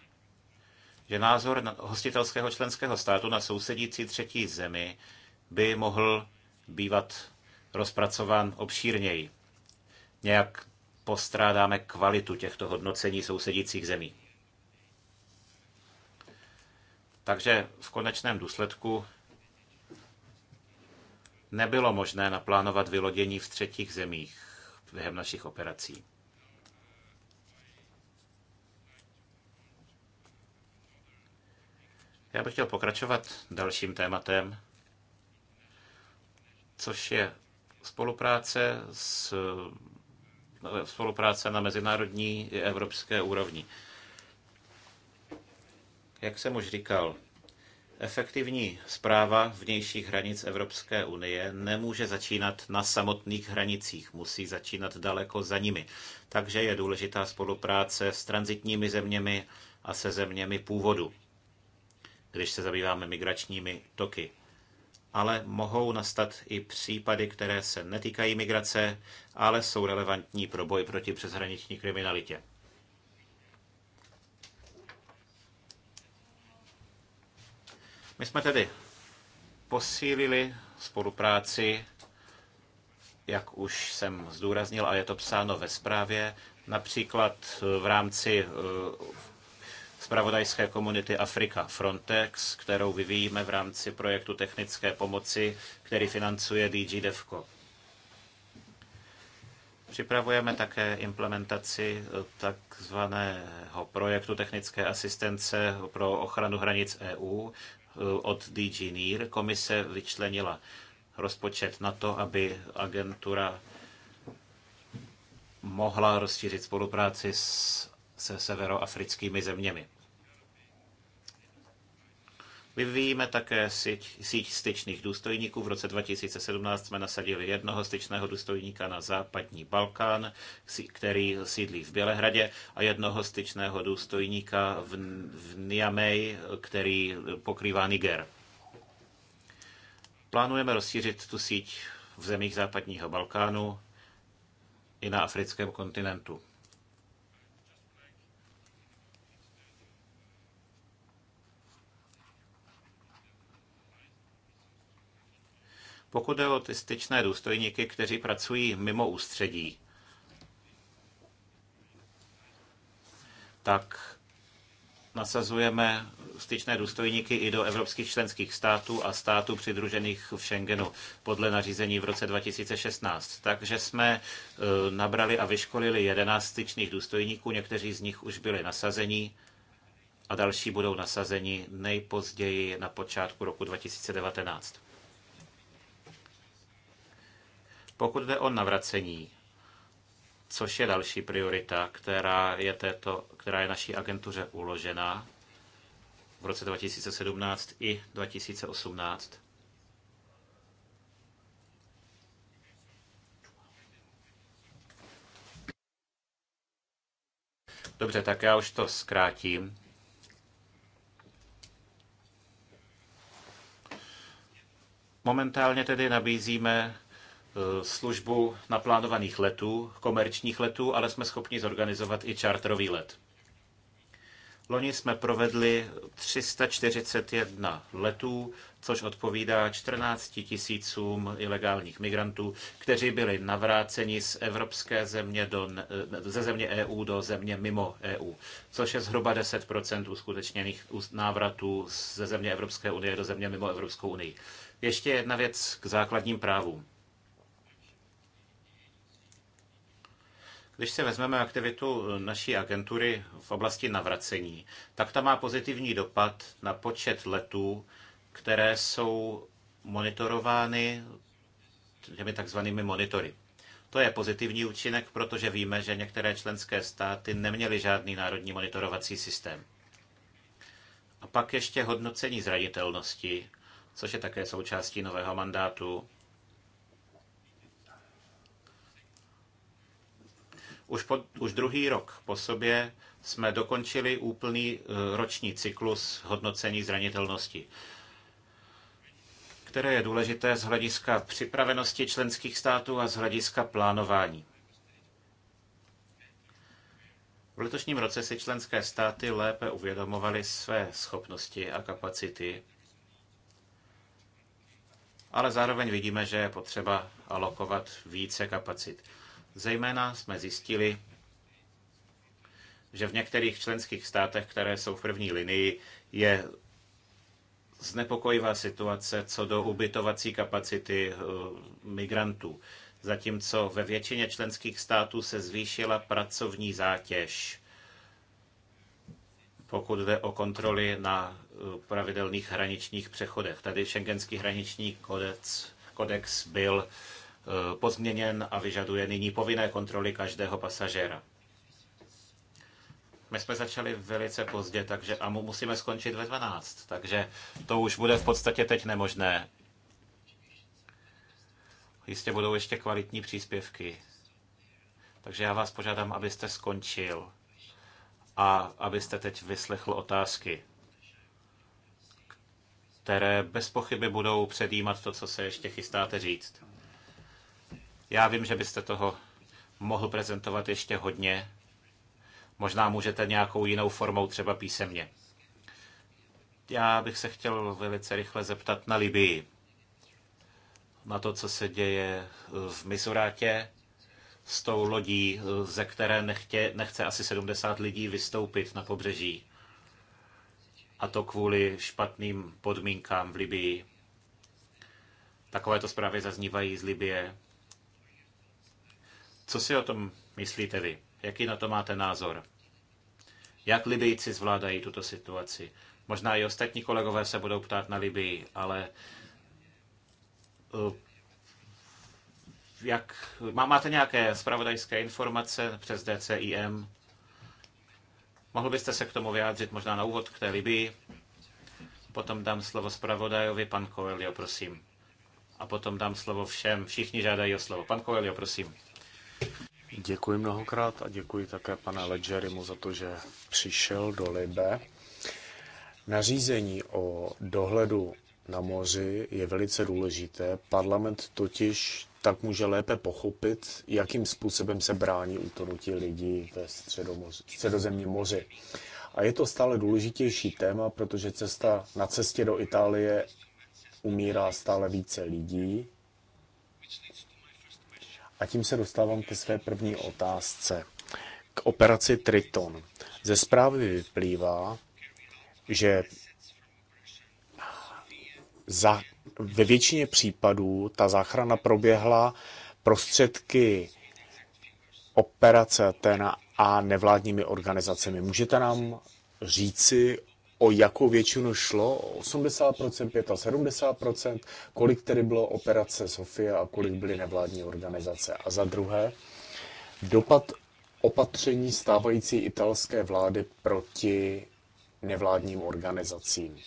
že názor hostitelského členského státu na sousedící třetí zemi by mohl bývat rozpracován obšírněji. Nějak postrádáme kvalitu těchto hodnocení sousedících zemí. Takže v konečném důsledku nebylo možné naplánovat vylodění v třetích zemích během našich operací. Já bych chtěl pokračovat dalším tématem, což je spolupráce, s, spolupráce na mezinárodní i evropské úrovni. Jak jsem už říkal, Efektivní zpráva vnějších hranic Evropské unie nemůže začínat na samotných hranicích, musí začínat daleko za nimi. Takže je důležitá spolupráce s transitními zeměmi a se zeměmi původu, když se zabýváme migračními toky. Ale mohou nastat i případy, které se netýkají migrace, ale jsou relevantní pro boj proti přeshraniční kriminalitě. My jsme tedy posílili spolupráci, jak už jsem zdůraznil, a je to psáno ve zprávě, například eh, v rámci spravodajské eh, komunity Afrika Frontex, kterou vyvíjíme v rámci projektu technické pomoci, který financuje DG DEVCO. Připravujeme také implementaci eh, takzvaného projektu technické asistence pro ochranu hranic EU, Eh, od DG NIR. Komise vyčlenila rozpočet na to, aby agentura mohla rozšířit spolupráci s, se severoafrickými zeměmi. Vyvíjíme také síť, síť styčných důstojníků. V roce 2017 jsme nasadili jednoho styčného důstojníka na západní Balkán, který sídlí v Bělehradě, a jednoho styčného důstojníka v, v Niamey, který pokrývá Niger. Plánujeme rozšířit tu síť v zemích západního Balkánu i na africkém kontinentu. Pokud jde o ty styčné důstojníky, kteří pracují mimo ústředí, tak nasazujeme styčné důstojníky i do evropských členských států a států přidružených v Schengenu podle nařízení v roce 2016. Takže jsme e, nabrali a vyškolili 11 styčných důstojníků, někteří z nich už byli nasazení a další budou nasazeni nejpozději na počátku roku 2019. Pokud jde o navracení, což je další priorita, která je, této, která je naší agentuře uložena v roce 2017 i 2018. Dobře, tak já už to zkrátím. Momentálně tedy nabízíme Eh, službu naplánovaných letů, komerčních letů, ale jsme schopni zorganizovat i čárterový let. Loni jsme provedli 341 letů, což odpovídá 14 tisícům ilegálních migrantů, kteří byli navráceni z evropské země do, eh, ze země EU do země mimo EU, což je zhruba 10 uskutečněných návratů ze země Evropské unie do země mimo Evropskou unii. Ještě jedna věc k základním právům. Když si vezmeme aktivitu naší agentury v oblasti navracení, tak ta má pozitivní dopad na počet letů, které jsou monitorovány těmi takzvanými monitory. To je pozitivní účinek, protože víme, že některé členské státy neměly žádný národní monitorovací systém. A pak ještě hodnocení zranitelnosti, což je také součástí nového mandátu Už, po, už druhý rok po sobě jsme dokončili úplný e, roční cyklus hodnocení zranitelnosti které je důležité z hlediska připravenosti členských států a z hlediska plánování. V letošním roce si členské státy lépe uvědomovaly své schopnosti a kapacity, ale zároveň vidíme, že je potřeba alokovat více kapacit. Zejména jsme zjistili, že v některých členských státech, které jsou v první linii, je znepokojivá situace co do ubytovací kapacity eh, migrantů. Zatímco ve většině členských států se zvýšila pracovní zátěž, pokud jde o kontroly na eh, pravidelných hraničních přechodech. Tady šengenský hraniční kodec, kodex byl Eh, pozměněn a vyžaduje nyní povinné kontroly každého pasažéra. My jsme začali velice pozdě, takže a musíme skončit ve 12, takže to už bude v podstatě teď nemožné. Jistě budou ještě kvalitní příspěvky. Takže já vás požádám, abyste skončil a abyste teď vyslechl otázky, které bez pochyby budou předjímat to, co se ještě chystáte říct. Já vím, že byste toho mohl prezentovat ještě hodně. Možná můžete nějakou jinou formou, třeba písemně. Já bych se chtěl velice rychle zeptat na Libii. Na to, co se děje eh, v Mizurátě s tou lodí, eh, ze které nechtě, nechce asi 70 lidí vystoupit na pobřeží. A to kvůli špatným podmínkám v Libii. Takovéto zprávy zaznívají z Libie co si o tom myslíte vy? Jaký na to máte názor? Jak Libijci zvládají tuto situaci? Možná i ostatní kolegové se budou ptát na Libii, ale eh, jak, máte nějaké spravodajské informace přes DCIM? Mohl byste se k tomu vyjádřit možná na úvod k té Libii? Potom dám slovo zpravodajovi, pan Coelho, prosím. A potom dám slovo všem. Všichni žádají o slovo. Pan Coelho, prosím. Děkuji mnohokrát a děkuji také pane Ledgerimu za to, že přišel do Libe. Nařízení o dohledu na moři je velice důležité. Parlament totiž tak může lépe pochopit, jakým způsobem se brání utonutí lidí ve středomoři, středozemním moři. A je to stále důležitější téma, protože cesta na cestě do Itálie umírá stále více lidí a tím se dostávám ke své první otázce. K operaci Triton. Ze zprávy vyplývá, že za, ve většině případů ta záchrana proběhla prostředky operace Atena a nevládními organizacemi. Můžete nám říci o jakou většinu šlo, 80%, 75%, kolik tedy bylo operace Sofia a kolik byly nevládní organizace. A za druhé, dopad opatření stávající italské vlády proti nevládním organizacím.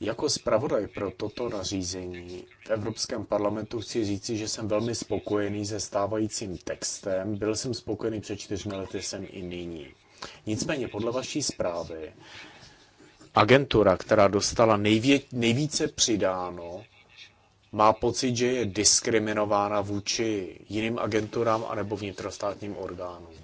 Jako zpravodaj pro toto nařízení v Evropském parlamentu chci říci, že jsem velmi spokojený se stávajícím textem. Byl jsem spokojený před čtyřmi lety, jsem i nyní. Nicméně podle vaší zprávy agentura, která dostala nejvě, nejvíce přidáno, má pocit, že je diskriminována vůči jiným agenturám anebo vnitrostátním orgánům.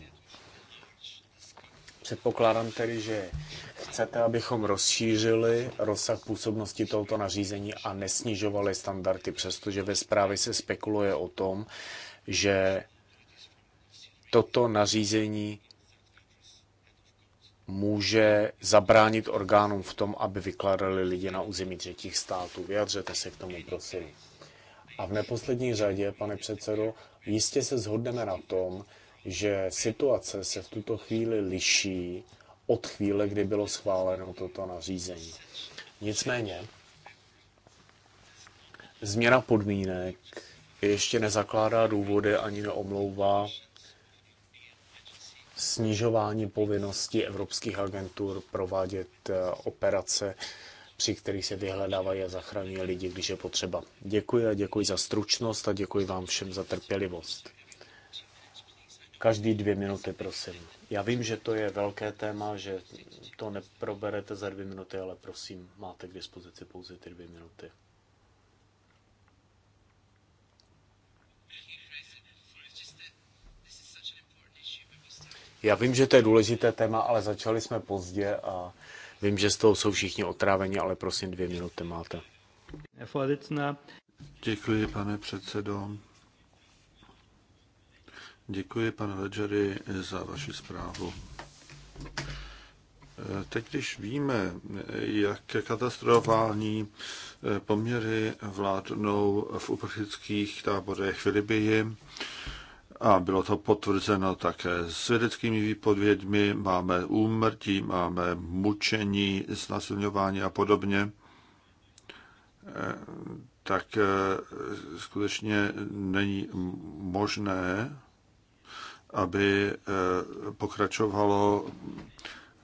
Předpokládám tedy, že chcete, abychom rozšířili rozsah působnosti tohoto nařízení a nesnižovali standardy, přestože ve zprávě se spekuluje o tom, že toto nařízení může zabránit orgánům v tom, aby vykládali lidi na území třetích států. Vyjadřete se k tomu, prosím. A v neposlední řadě, pane předsedo, jistě se zhodneme na tom, že situace se v tuto chvíli liší od chvíle, kdy bylo schváleno toto nařízení. Nicméně, změna podmínek ještě nezakládá důvody ani neomlouvá snižování povinnosti evropských agentur provádět eh, operace, při kterých se vyhledávají a zachraňují lidi, když je potřeba. Děkuji a děkuji za stručnost a děkuji vám všem za trpělivost. Každý dvě minuty, prosím. Já vím, že to je velké téma, že to neproberete za dvě minuty, ale prosím, máte k dispozici pouze ty dvě minuty. Já vím, že to je důležité téma, ale začali jsme pozdě a vím, že z toho jsou všichni otráveni, ale prosím, dvě minuty máte. Děkuji, pane předsedo. Děkuji, pane Ledžery, za vaši zprávu. Teď, když víme, jak katastrofální poměry vládnou v uprchlických táborech v Libii, a bylo to potvrzeno také svědeckými výpovědmi, máme úmrtí, máme mučení, znasilňování a podobně, e, tak e, skutečně není možné, aby e, pokračovalo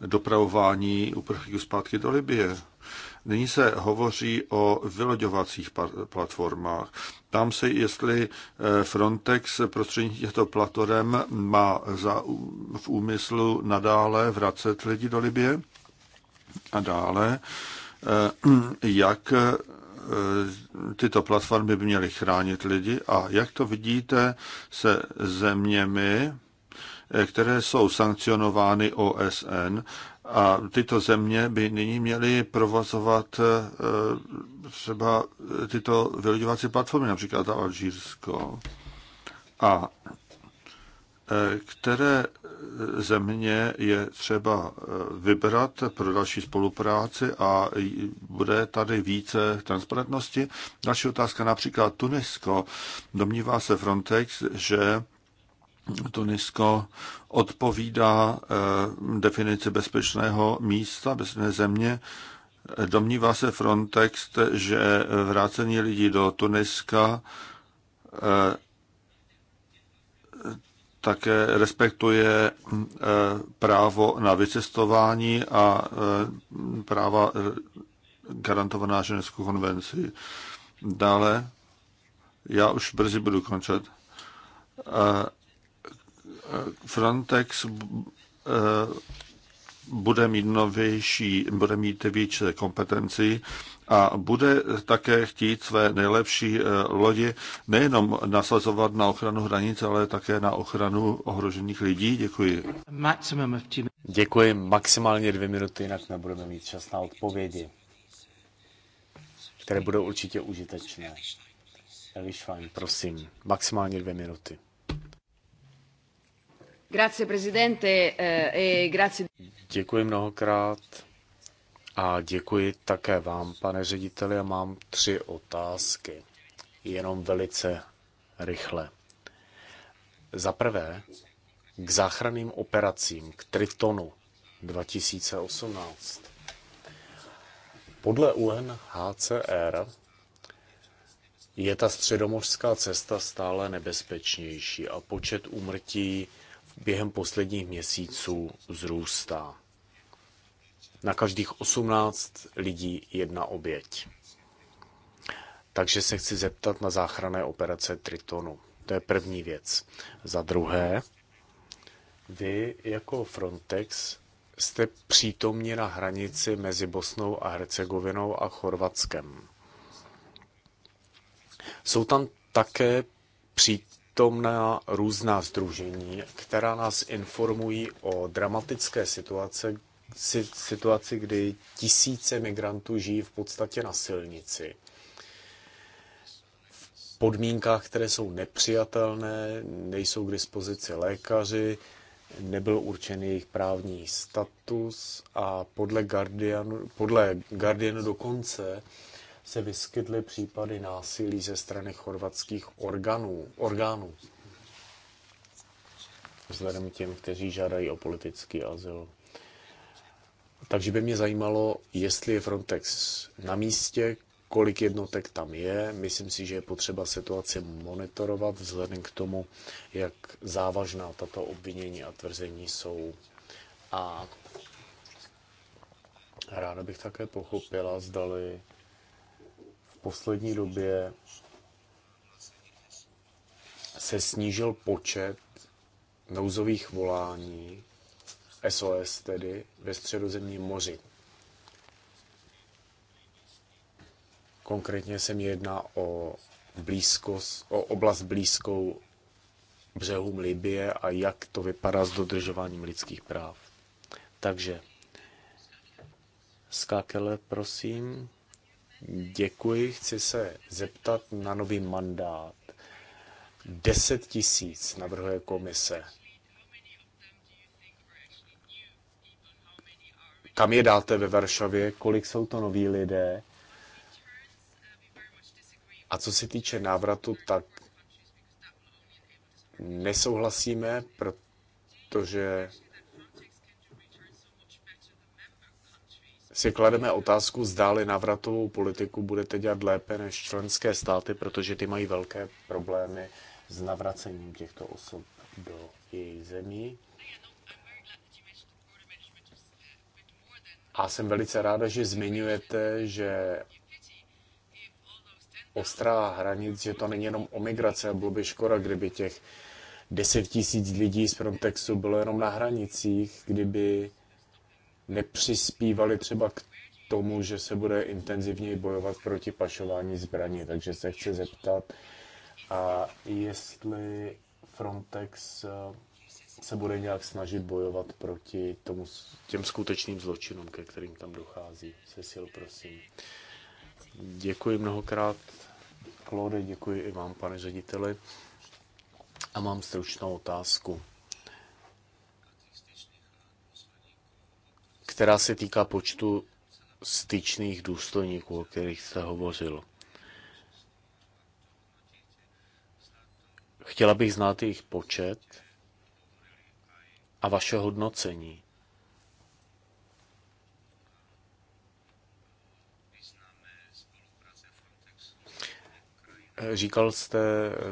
dopravování uprchlíků zpátky do Libie. Nyní se hovoří o vyloďovacích platformách. Tam se, jestli eh, Frontex prostřednictvím těchto platform má za, v úmyslu nadále vracet lidi do Libie a dále, eh, jak eh, tyto platformy by měly chránit lidi a jak to vidíte se zeměmi, které jsou sankcionovány OSN a tyto země by nyní měly provozovat eh, třeba eh, tyto vyloďovací platformy, například ta Alžírsko. A eh, které země je třeba vybrat pro další spolupráci a bude tady více transparentnosti. Další otázka, například Tunisko. Domnívá se Frontex, že Tunisko odpovídá eh, definici bezpečného místa, bezpečné země. Domnívá se Frontex, že vrácení lidí do Tuniska eh, také respektuje eh, právo na vycestování a práva garantovaná ženskou konvenci. Dále, já už brzy budu končet. Frontex eh, bude mít novější, bude mít více kompetenci a bude také chtít své nejlepší eh, lodi nejenom nasazovat na ochranu hranic, ale také na ochranu ohrožených lidí. Děkuji. Děkuji. Maximálně dvě minuty, jinak nebudeme mít čas na odpovědi, které budou určitě užitečné. Elišvajn, prosím, maximálně dvě minuty. Eh, e děkuji mnohokrát a děkuji také vám, pane řediteli, a mám tři otázky, jenom velice rychle. Za prvé, k záchranným operacím, k Tritonu 2018. Podle UNHCR je ta středomořská cesta stále nebezpečnější a počet úmrtí během posledních měsíců zrůstá. Na každých 18 lidí jedna oběť. Takže se chci zeptat na záchranné operace Tritonu. To je první věc. Za druhé, vy jako Frontex jste přítomni na hranici mezi Bosnou a Hercegovinou a Chorvatskem. Jsou tam také při, přítomná různá združení, která nás informují o dramatické situace, situaci, kdy tisíce migrantů žijí v podstatě na silnici. V podmínkách, které jsou nepřijatelné, nejsou k dispozici lékaři, nebyl určen jejich právní status a podle Guardianu, podle Guardianu dokonce se vyskytly případy násilí ze strany chorvatských organů, orgánů. Vzhledem těm, kteří žádají o politický azyl. Takže by mě zajímalo, jestli je Frontex na místě, kolik jednotek tam je. Myslím si, že je potřeba situaci monitorovat vzhledem k tomu, jak závažná tato obvinění a tvrzení jsou. A ráda bych také pochopila, zdali poslední době se snížil počet nouzových volání, SOS tedy, ve středozemním moři. Konkrétně se mi jedná o, blízkost, o oblast blízkou břehům Libie a jak to vypadá s dodržováním lidských práv. Takže Skákele, prosím. Děkuji, chci se zeptat na nový mandát. 10 tisíc navrhuje komise. Kam je dáte ve Varšavě? Kolik jsou to noví lidé? A co se týče návratu, tak nesouhlasíme, protože si klademe otázku, zdáli návratovou politiku budete dělat lépe než členské státy, protože ty mají velké problémy s navracením těchto osob do jejich zemí. A jsem velice ráda, že zmiňujete, že ostrá hranic, že to není jenom o migraci a bylo by škoda, kdyby těch 10 tisíc lidí z Frontexu bylo jenom na hranicích, kdyby nepřispívaly třeba k tomu, že se bude intenzivněji bojovat proti pašování zbraní. Takže se chci zeptat, a jestli Frontex eh, se bude nějak snažit bojovat proti tomu, těm skutečným zločinům, ke kterým tam dochází. Cecil, prosím. Děkuji mnohokrát, Klode, děkuji i vám, pane řediteli. A mám stručnou otázku. která se týká počtu styčných důstojníků, o kterých jste hovořil. Chtěla bych znát jejich počet a vaše hodnocení. Říkal jste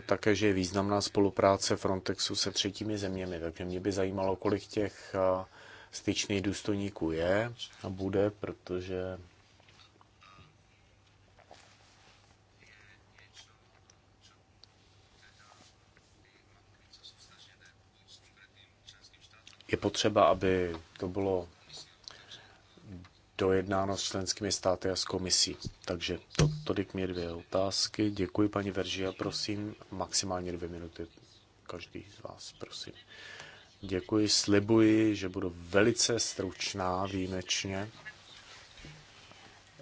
také, že je významná spolupráce Frontexu se třetími zeměmi, takže mě by zajímalo, kolik těch styčný důstojníků je a bude, protože je potřeba, aby to bylo dojednáno s členskými státy a s komisí. Takže to, tolik mě dvě otázky. Děkuji, paní Veržia, prosím, maximálně dvě minuty každý z vás, prosím. Děkuji, slibuji, že budu velice stručná výjimečně.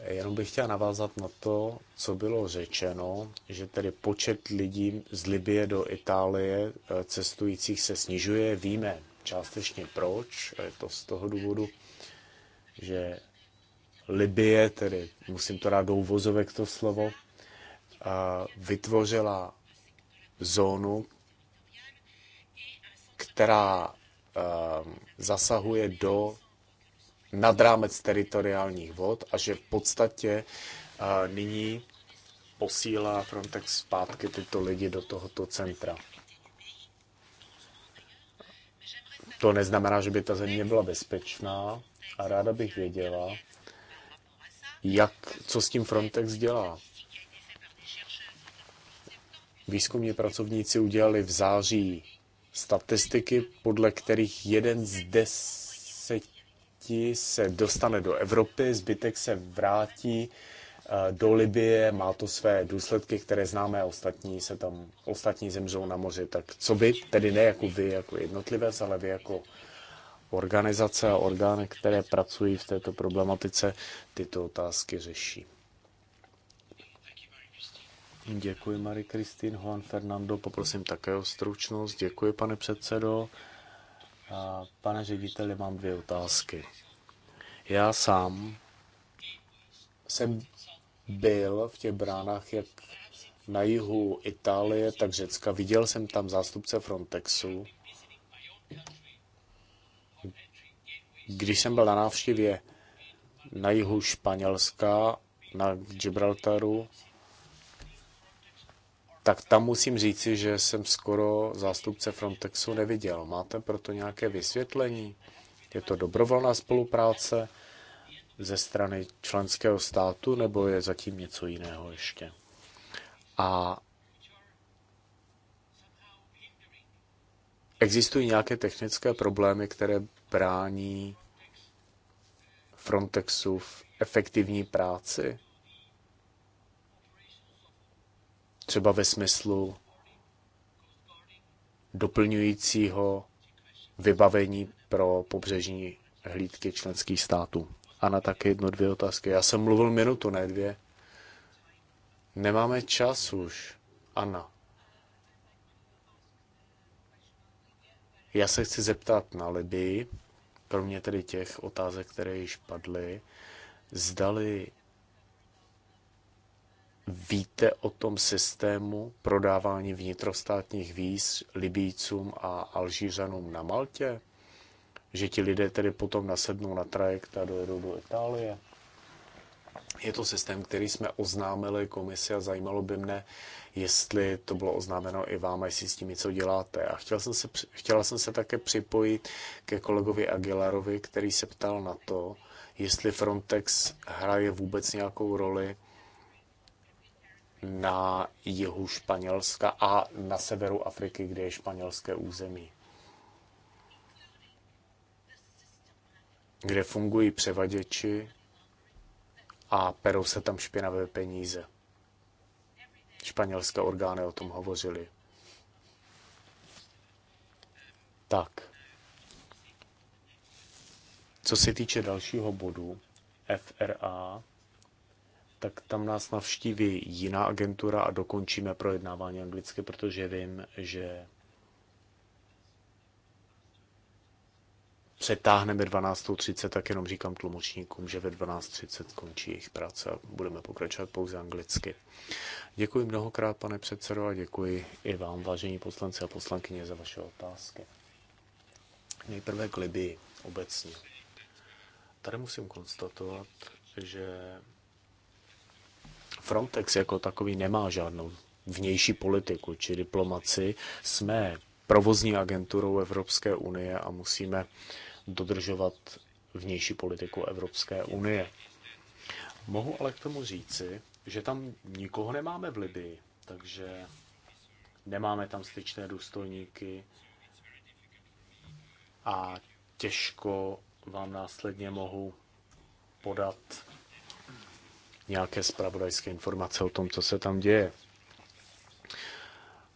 Jenom bych chtěl navázat na to, co bylo řečeno, že tedy počet lidí z Libie do Itálie eh, cestujících se snižuje. Víme částečně proč. Je to z toho důvodu, že Libie, tedy musím to dát do uvozovek to slovo, eh, vytvořila zónu, která ehm, zasahuje do nadrámec teritoriálních vod a že v podstatě eh, nyní posílá Frontex zpátky tyto lidi do tohoto centra. To neznamená, že by ta země byla bezpečná a ráda bych věděla, jak, co s tím Frontex dělá. Výzkumní pracovníci udělali v září statistiky, podle kterých jeden z deseti se dostane do Evropy, zbytek se vrátí eh, do Libie, má to své důsledky, které známe, ostatní se tam, ostatní zemřou na moři, tak co by, tedy ne jako vy jako jednotlivec, ale vy jako organizace a orgány, které pracují v této problematice, tyto otázky řeší. Děkuji, Marie Kristýn. Juan Fernando, poprosím také o stručnost. Děkuji, pane předsedo. A pane řediteli, mám dvě otázky. Já sám jsem byl v těch bránách jak na jihu Itálie, tak Řecka. Viděl jsem tam zástupce Frontexu. Když jsem byl na návštěvě na jihu Španělska, na Gibraltaru, tak tam musím říci, že jsem skoro zástupce Frontexu neviděl. Máte proto nějaké vysvětlení? Je to dobrovolná spolupráce ze strany členského státu, nebo je zatím něco jiného ještě? A existují nějaké technické problémy, které brání Frontexu v efektivní práci? třeba ve smyslu doplňujícího vybavení pro pobřežní hlídky členských států. A na také jedno, dvě otázky. Já jsem mluvil minutu, ne dvě. Nemáme čas už. Anna. Já se chci zeptat na Libii, kromě tedy těch otázek, které již padly, zdali víte o tom systému prodávání vnitrostátních víz Libícům a Alžířanům na Maltě? Že ti lidé tedy potom nasednou na trajekt a dojedou do Itálie? Je to systém, který jsme oznámili komisi a zajímalo by mne, jestli to bylo oznámeno i vám a jestli s tím něco děláte. A chtěl jsem se, chtěla jsem se také připojit ke kolegovi Aguilarovi, který se ptal na to, jestli Frontex hraje vůbec nějakou roli na jihu Španělska a na severu Afriky, kde je španělské území. Kde fungují převaděči a perou se tam špinavé peníze. Španělské orgány o tom hovořily. Tak. Co se týče dalšího bodu, FRA tak tam nás navštíví jiná agentura a dokončíme projednávání anglicky, protože vím, že přetáhneme 12.30, tak jenom říkám tlumočníkům, že ve 12.30 končí jejich práce a budeme pokračovat pouze anglicky. Děkuji mnohokrát, pane předsedo, a děkuji i vám, vážení poslanci a poslankyně, za vaše otázky. Nejprve k Libii obecně. Tady musím konstatovat, že Frontex jako takový nemá žádnou vnější politiku či diplomaci. Jsme provozní agenturou Evropské unie a musíme dodržovat vnější politiku Evropské unie. Mohu ale k tomu říci, že tam nikoho nemáme v Libii, takže nemáme tam styčné důstojníky a těžko vám následně mohu podat nějaké spravodajské informace o tom, co se tam děje.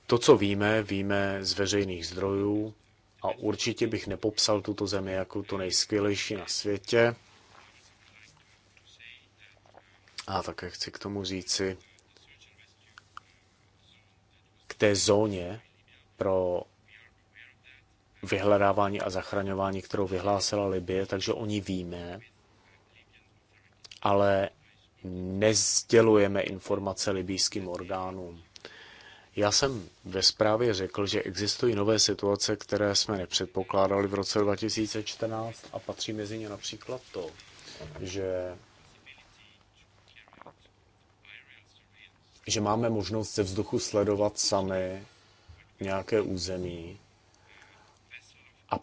To, co víme, víme z veřejných zdrojů a určitě bych nepopsal tuto zemi jako to nejskvělejší na světě. A také chci k tomu říci, k té zóně pro vyhledávání a zachraňování, kterou vyhlásila Libie, takže oni víme, ale nezdělujeme informace libýským orgánům. Já jsem ve zprávě řekl, že existují nové situace, které jsme nepředpokládali v roce 2014 a patří mezi ně například to, že že máme možnost ze vzduchu sledovat sami nějaké území a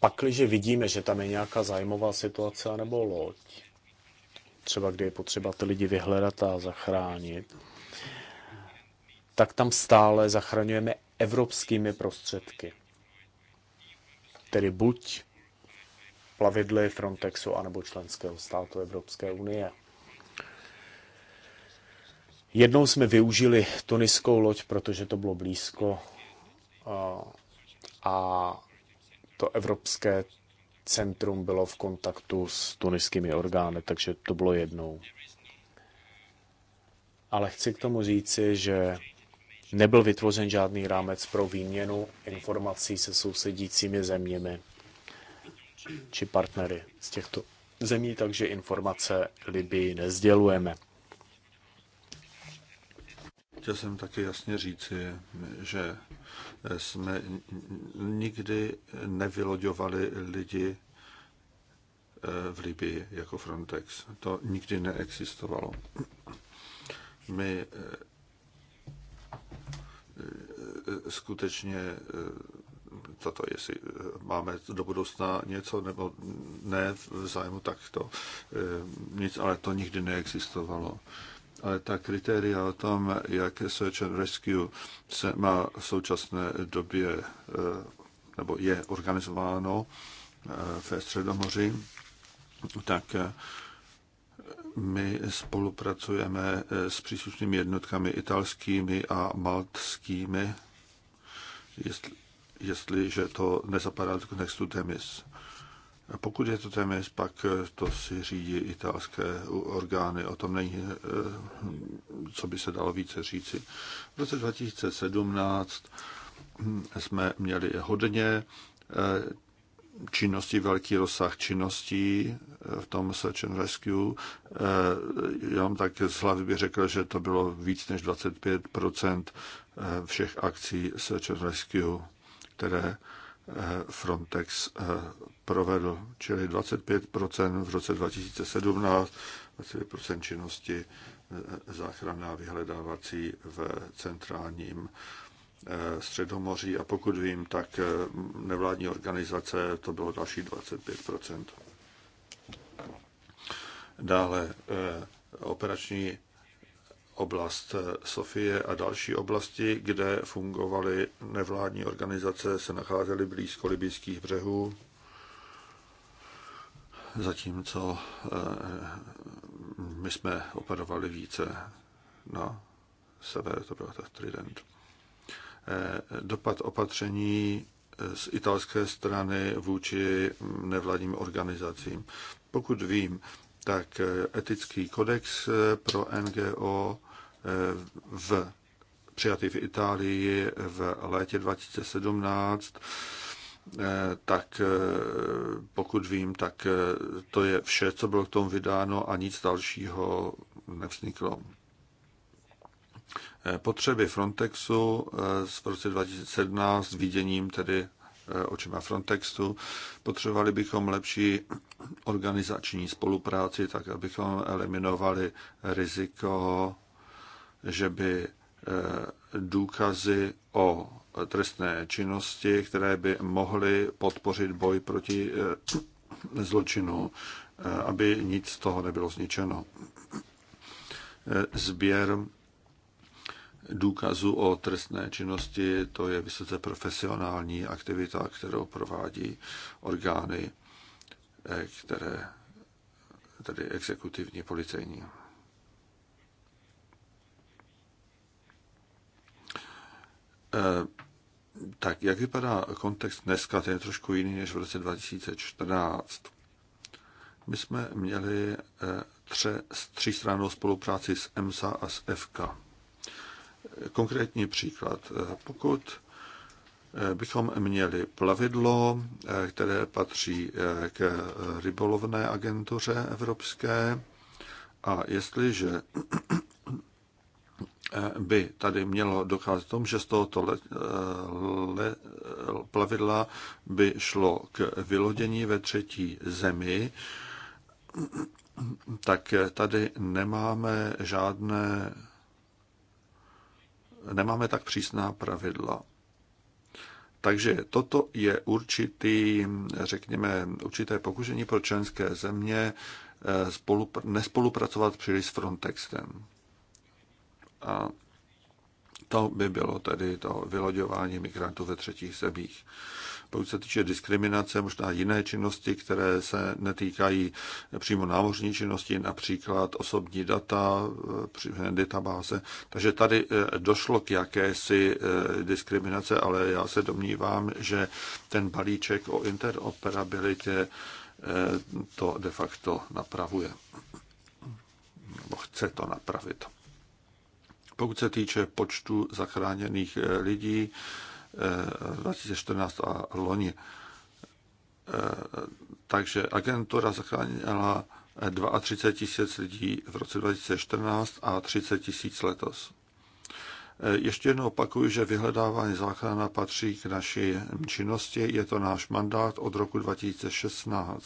pakliže vidíme, že tam je nějaká zajímavá situace nebo loď, třeba kde je potřeba ty lidi vyhledat a zachránit, tak tam stále zachraňujeme evropskými prostředky. Tedy buď plavidly Frontexu anebo členského státu Evropské unie. Jednou jsme využili tuniskou loď, protože to bylo blízko a to evropské centrum bylo v kontaktu s tuniskými orgány, takže to bylo jednou. Ale chci k tomu říci, že nebyl vytvořen žádný rámec pro výměnu informací se sousedícími zeměmi či partnery z těchto zemí, takže informace Libii nezdělujeme. Chtěl jsem taky jasně říci, že jsme nikdy nevyloďovali lidi eh, v Libii jako Frontex. To nikdy neexistovalo. My eh, eh, skutečně toto, jestli máme do budoucna něco nebo ne v zájmu, tak to nic, ale to nikdy neexistovalo ale ta kritéria o tom, jak Search and Rescue se má v současné době eh, nebo je organizováno eh, ve Středomoři, tak eh, my spolupracujeme s příslušnými jednotkami italskými a maltskými, jestli, jestliže to nezapadá do kontextu Demis. Pokud je to téměř, pak eh, to si řídí italské orgány. O tom není, eh, co by se dalo více říci. V roce 2017 hm, jsme měli hodně eh, činností, velký rozsah činností v tom Search and Rescue. Já vám tak z hlavy bych řekl, že to bylo víc než 25 všech akcí Search and Rescue, které Frontex eh, provedl, čili 25% v roce 2017, 25% činnosti eh, záchranná vyhledávací v centrálním eh, Středomoří a pokud vím, tak nevládní organizace to bylo další 25%. Dále operační oblast eh, Sofie a další oblasti, kde fungovaly nevládní organizace, se nacházely blízko libijských břehů, zatímco eh, my jsme operovali více na sever, to byl tak Trident. Eh, dopad opatření z italské strany vůči nevládním organizacím. Pokud vím, tak etický kodex pro NGO v, přijatý v Itálii v létě 2017, eh, tak eh, pokud vím, tak eh, to je vše, co bylo k tomu vydáno a nic dalšího nevzniklo. Potřeby Frontexu z roce 2017 viděním tedy očima Frontexu. Potřebovali bychom lepší organizační spolupráci, tak abychom eliminovali riziko že by eh, důkazy o trestné činnosti, které by mohly podpořit boj proti eh, zločinu, eh, aby nic z toho nebylo zničeno. Sběr důkazu o trestné činnosti, to je vysoce profesionální aktivita, kterou provádí orgány, které tedy exekutivní policejní. Eh, tak jak vypadá kontext dneska, ten je trošku jiný než v roce 2014. My jsme měli eh, tře, stranou spolupráci s EMSA a s FK. Konkrétní příklad. Eh, pokud bychom měli plavidlo, které patří k rybolovné agentuře evropské, a jestliže by tady mělo docházet k tomu, že z tohoto le, le, plavidla by šlo k vylodění ve třetí zemi, tak tady nemáme žádné, nemáme tak přísná pravidla. Takže toto je určitý, řekněme, určité pokušení pro členské země eh, nespolupracovat příliš s Frontexem. A to by bylo tedy to vyloďování migrantů ve třetích zemích. Pokud se týče diskriminace, možná jiné činnosti, které se netýkají přímo námořní činnosti, například osobní data, eh, databáze. Takže tady eh, došlo k jakési eh, diskriminace, ale já se domnívám, že ten balíček o interoperabilitě to de facto napravuje. Nebo chce to napravit. Pokud se týče počtu zachráněných eh, lidí 2014 eh, a loni. Eh, takže agentura zachránila 32 tisíc lidí v roce 2014 a 30 tisíc letos. Eh, ještě jednou opakuju, že vyhledávání záchrana patří k naší činnosti, je to náš mandát od roku 2016.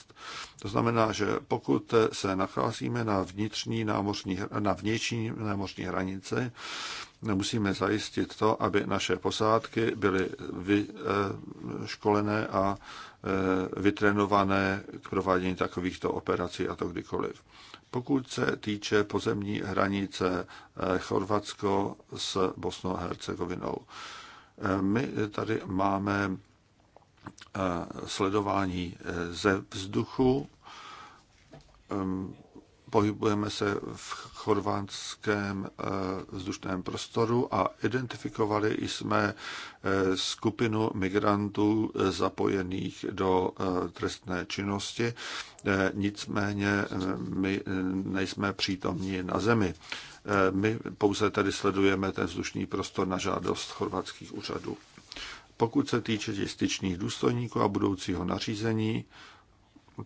To znamená, že pokud se nacházíme na vnitřní námořní, na vnější námořní hranici, musíme zajistit to, aby naše posádky byly vyškolené eh, a eh, vytrénované k provádění takovýchto operací a to kdykoliv. Pokud se týče pozemní hranice eh, Chorvatsko s Bosnou a Hercegovinou, eh, my tady máme eh, sledování ze vzduchu, ehm, pohybujeme se v chorvánském eh, vzdušném prostoru a identifikovali jsme eh, skupinu migrantů eh, zapojených do trestné činnosti. Nicméně my nejsme přítomní na zemi. My pouze tedy sledujeme ten vzdušný prostor na žádost chorvatských úřadů. Pokud se týče těch styčných důstojníků a budoucího nařízení,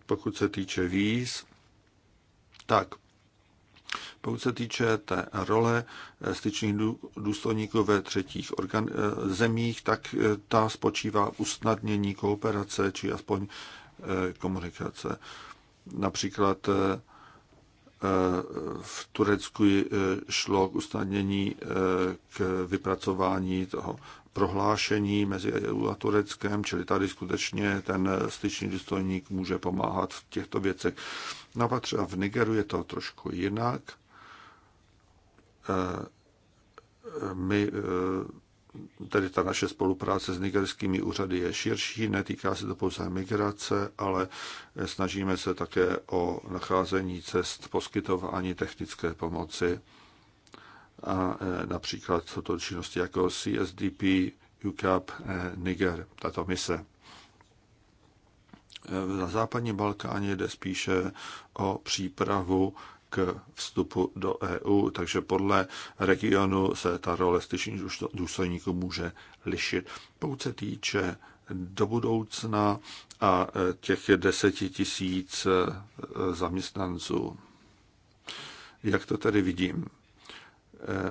pokud se týče víz, tak, pokud se týče té role eh, styčných důstojníků ve třetích organ- eh, zemích, tak eh, ta spočívá v usnadnění kooperace či aspoň komunikace. Například v Turecku šlo k usnadnění k vypracování toho prohlášení mezi EU a Tureckem, čili tady skutečně ten styčný důstojník může pomáhat v těchto věcech. No a třeba v Nigeru je to trošku jinak. Eh, eh, my, eh, tedy ta naše spolupráce s nigerskými úřady je širší, netýká se to pouze migrace, ale snažíme se také o nacházení cest poskytování technické pomoci a například jsou to činnosti jako CSDP, UCAP, Niger, tato mise v západní Balkáně jde spíše o přípravu k vstupu do EU, takže podle regionu se ta role styčných důstojníků může lišit. Pokud se týče do budoucna a těch deseti tisíc e, zaměstnanců. Jak to tedy vidím? E,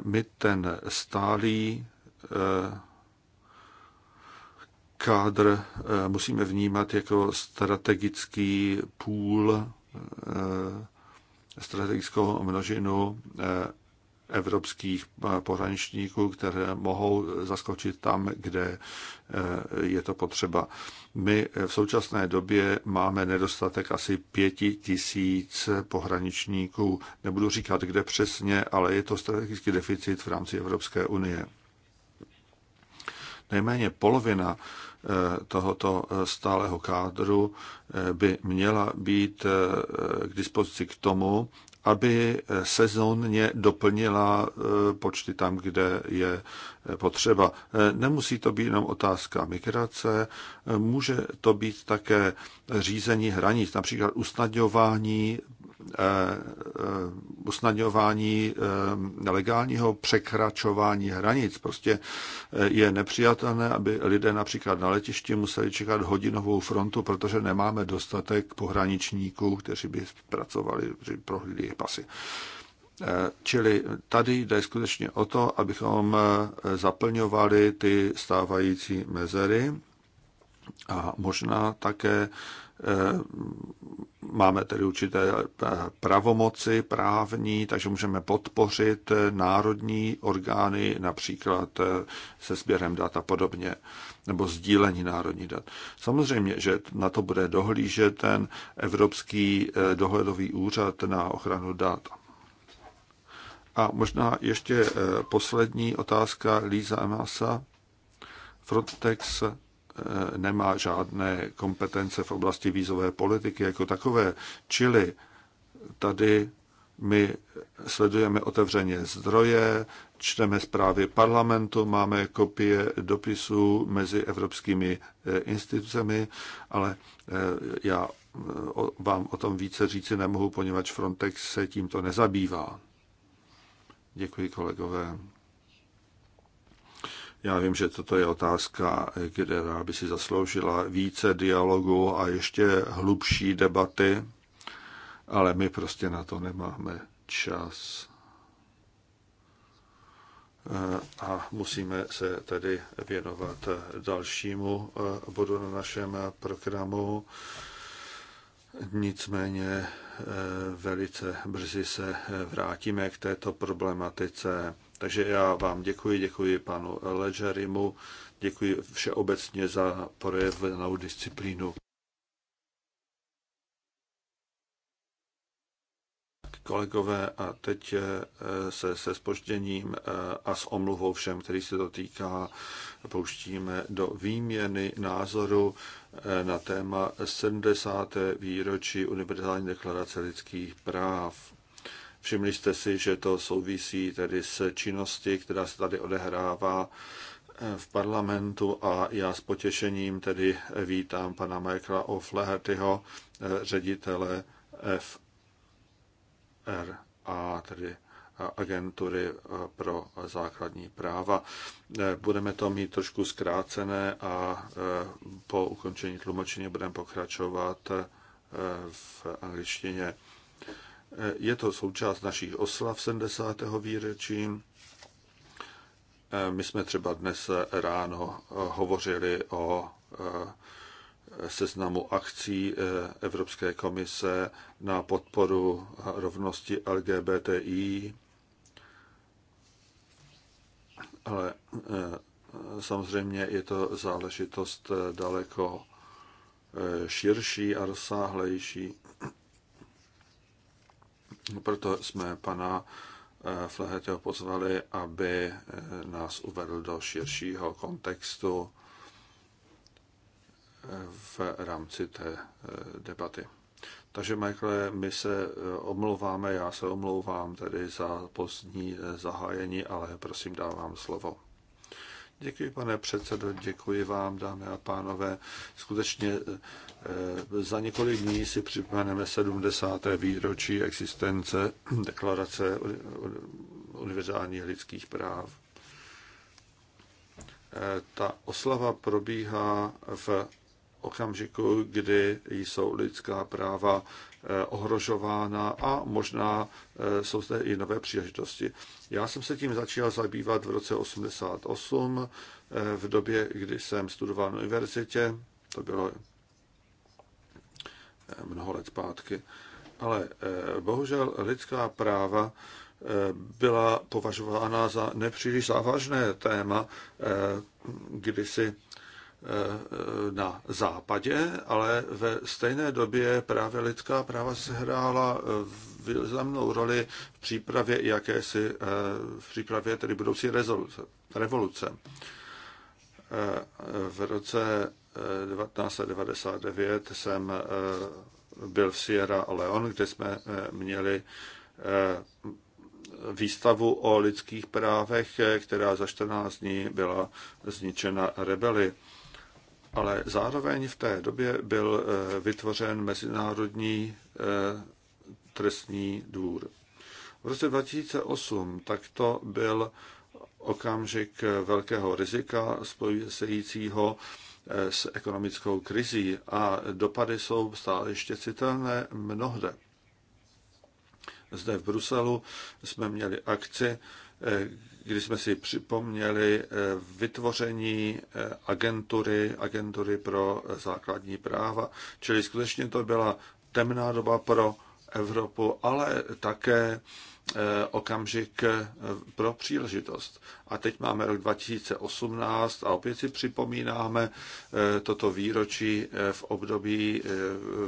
my ten stálý e, kádr eh, musíme vnímat jako strategický půl, eh, strategickou množinu eh, evropských pohraničníků, které mohou zaskočit tam, kde je to potřeba. My v současné době máme nedostatek asi pěti tisíc pohraničníků. Nebudu říkat, kde přesně, ale je to strategický deficit v rámci Evropské unie. Nejméně polovina Eh, tohoto eh, stáleho kádru eh, by měla být k dispozici k tomu, aby sezónně doplnila počty tam, kde je potřeba. Nemusí to být jenom otázka migrace, může to být také řízení hranic, například usnadňování Eh, eh, usnadňování eh, nelegálního překračování hranic. Prostě je nepřijatelné, aby lidé například na letišti museli čekat hodinovou frontu, protože nemáme dostatek pohraničníků, kteří by pracovali, kteří prohlídli jejich pasy. Čili tady jde skutečně o to, abychom zaplňovali ty stávající mezery a možná také Eh, máme tedy určité eh, pravomoci právní, takže můžeme podpořit eh, národní orgány, například se sběrem dat a podobně, nebo sdílení národních dat. Samozřejmě, že na to bude dohlížet ten Evropský dohledový úřad na ochranu dat. A možná ještě poslední otázka Líza Emasa. Frontex Eh, nemá žádné kompetence v oblasti vízové politiky jako takové. Čili tady my sledujeme otevřeně zdroje, čteme zprávy parlamentu, máme kopie dopisů mezi evropskými eh, institucemi, ale eh, já vám o tom více říci nemohu, poněvadž Frontex se tímto nezabývá. Děkuji kolegové. Já vím, že toto je otázka, která by si zasloužila více dialogu a ještě hlubší debaty, ale my prostě na to nemáme čas. Eh, a musíme se tedy věnovat dalšímu eh, bodu na našem programu. Nicméně eh, velice brzy se vrátíme k této problematice. Takže já vám děkuji, děkuji panu Ledgerimu, děkuji všeobecně za projevenou disciplínu. Kolegové, a teď eh, se se spožděním eh, a s omluvou všem, který se to týká, pouštíme do výměny názoru eh, na téma 70. výročí Univerzální deklarace lidských práv. Všimli jste si, že to souvisí tedy s činnosti, která se tady odehrává eh, v parlamentu a já s potěšením tedy vítám pana Michaela O'Flahertyho, eh, ředitele FRA, tedy eh, agentury pro základní práva. Budeme to mít trošku zkrácené a po ukončení tlumočení budeme pokračovat v angličtině. Eh, je to součást našich oslav 70. výročí. Eh, my jsme třeba dnes ráno eh, hovořili o seznamu akcí Evropské komise na podporu rovnosti LGBTI, ale samozřejmě je to záležitost daleko širší a rozsáhlejší. Proto jsme pana eh, Fleheteho pozvali, aby eh, nás uvedl do širšího kontextu eh, v rámci té debaty. Takže, Michael, my se omlouváme, já se omlouvám tedy za pozdní zahájení, ale prosím, dávám slovo. Děkuji, pane předsedo, děkuji vám, dámy a pánové. Skutečně Eh, za několik dní si připomeneme 70. výročí existence deklarace univerzálních lidských práv. Eh, ta oslava probíhá v okamžiku, kdy jsou lidská práva eh, ohrožována a možná jsou zde i nové příležitosti. Já jsem se tím začal zabývat v roce 88, v době, kdy jsem studoval na univerzitě, to bylo mnoho let zpátky. Ale eh, bohužel lidská práva eh, byla považována za nepříliš závažné téma eh, kdysi na západě, ale ve stejné době právě lidská práva sehrála významnou roli v přípravě jakési, v přípravě tedy budoucí rezoluce, revoluce. V roce 1999 jsem eh, byl v Sierra Leone, kde jsme eh, měli eh, výstavu o lidských právech, která za 14 dní byla zničena rebeli. Ale zároveň v té době byl vytvořen Mezinárodní trestní dvůr. V roce 2008 takto byl okamžik velkého rizika spojujícího Eh, s ekonomickou krizí a dopady jsou stále ještě citelné mnohde. Zde v Bruselu jsme měli akci, eh, kdy jsme si připomněli eh, vytvoření agentury, agentury pro základní práva, čili skutečně to byla temná doba pro Evropu, ale také Eh, okamžik eh, pro příležitost. A teď máme rok 2018 a opět si připomínáme eh, toto výročí v období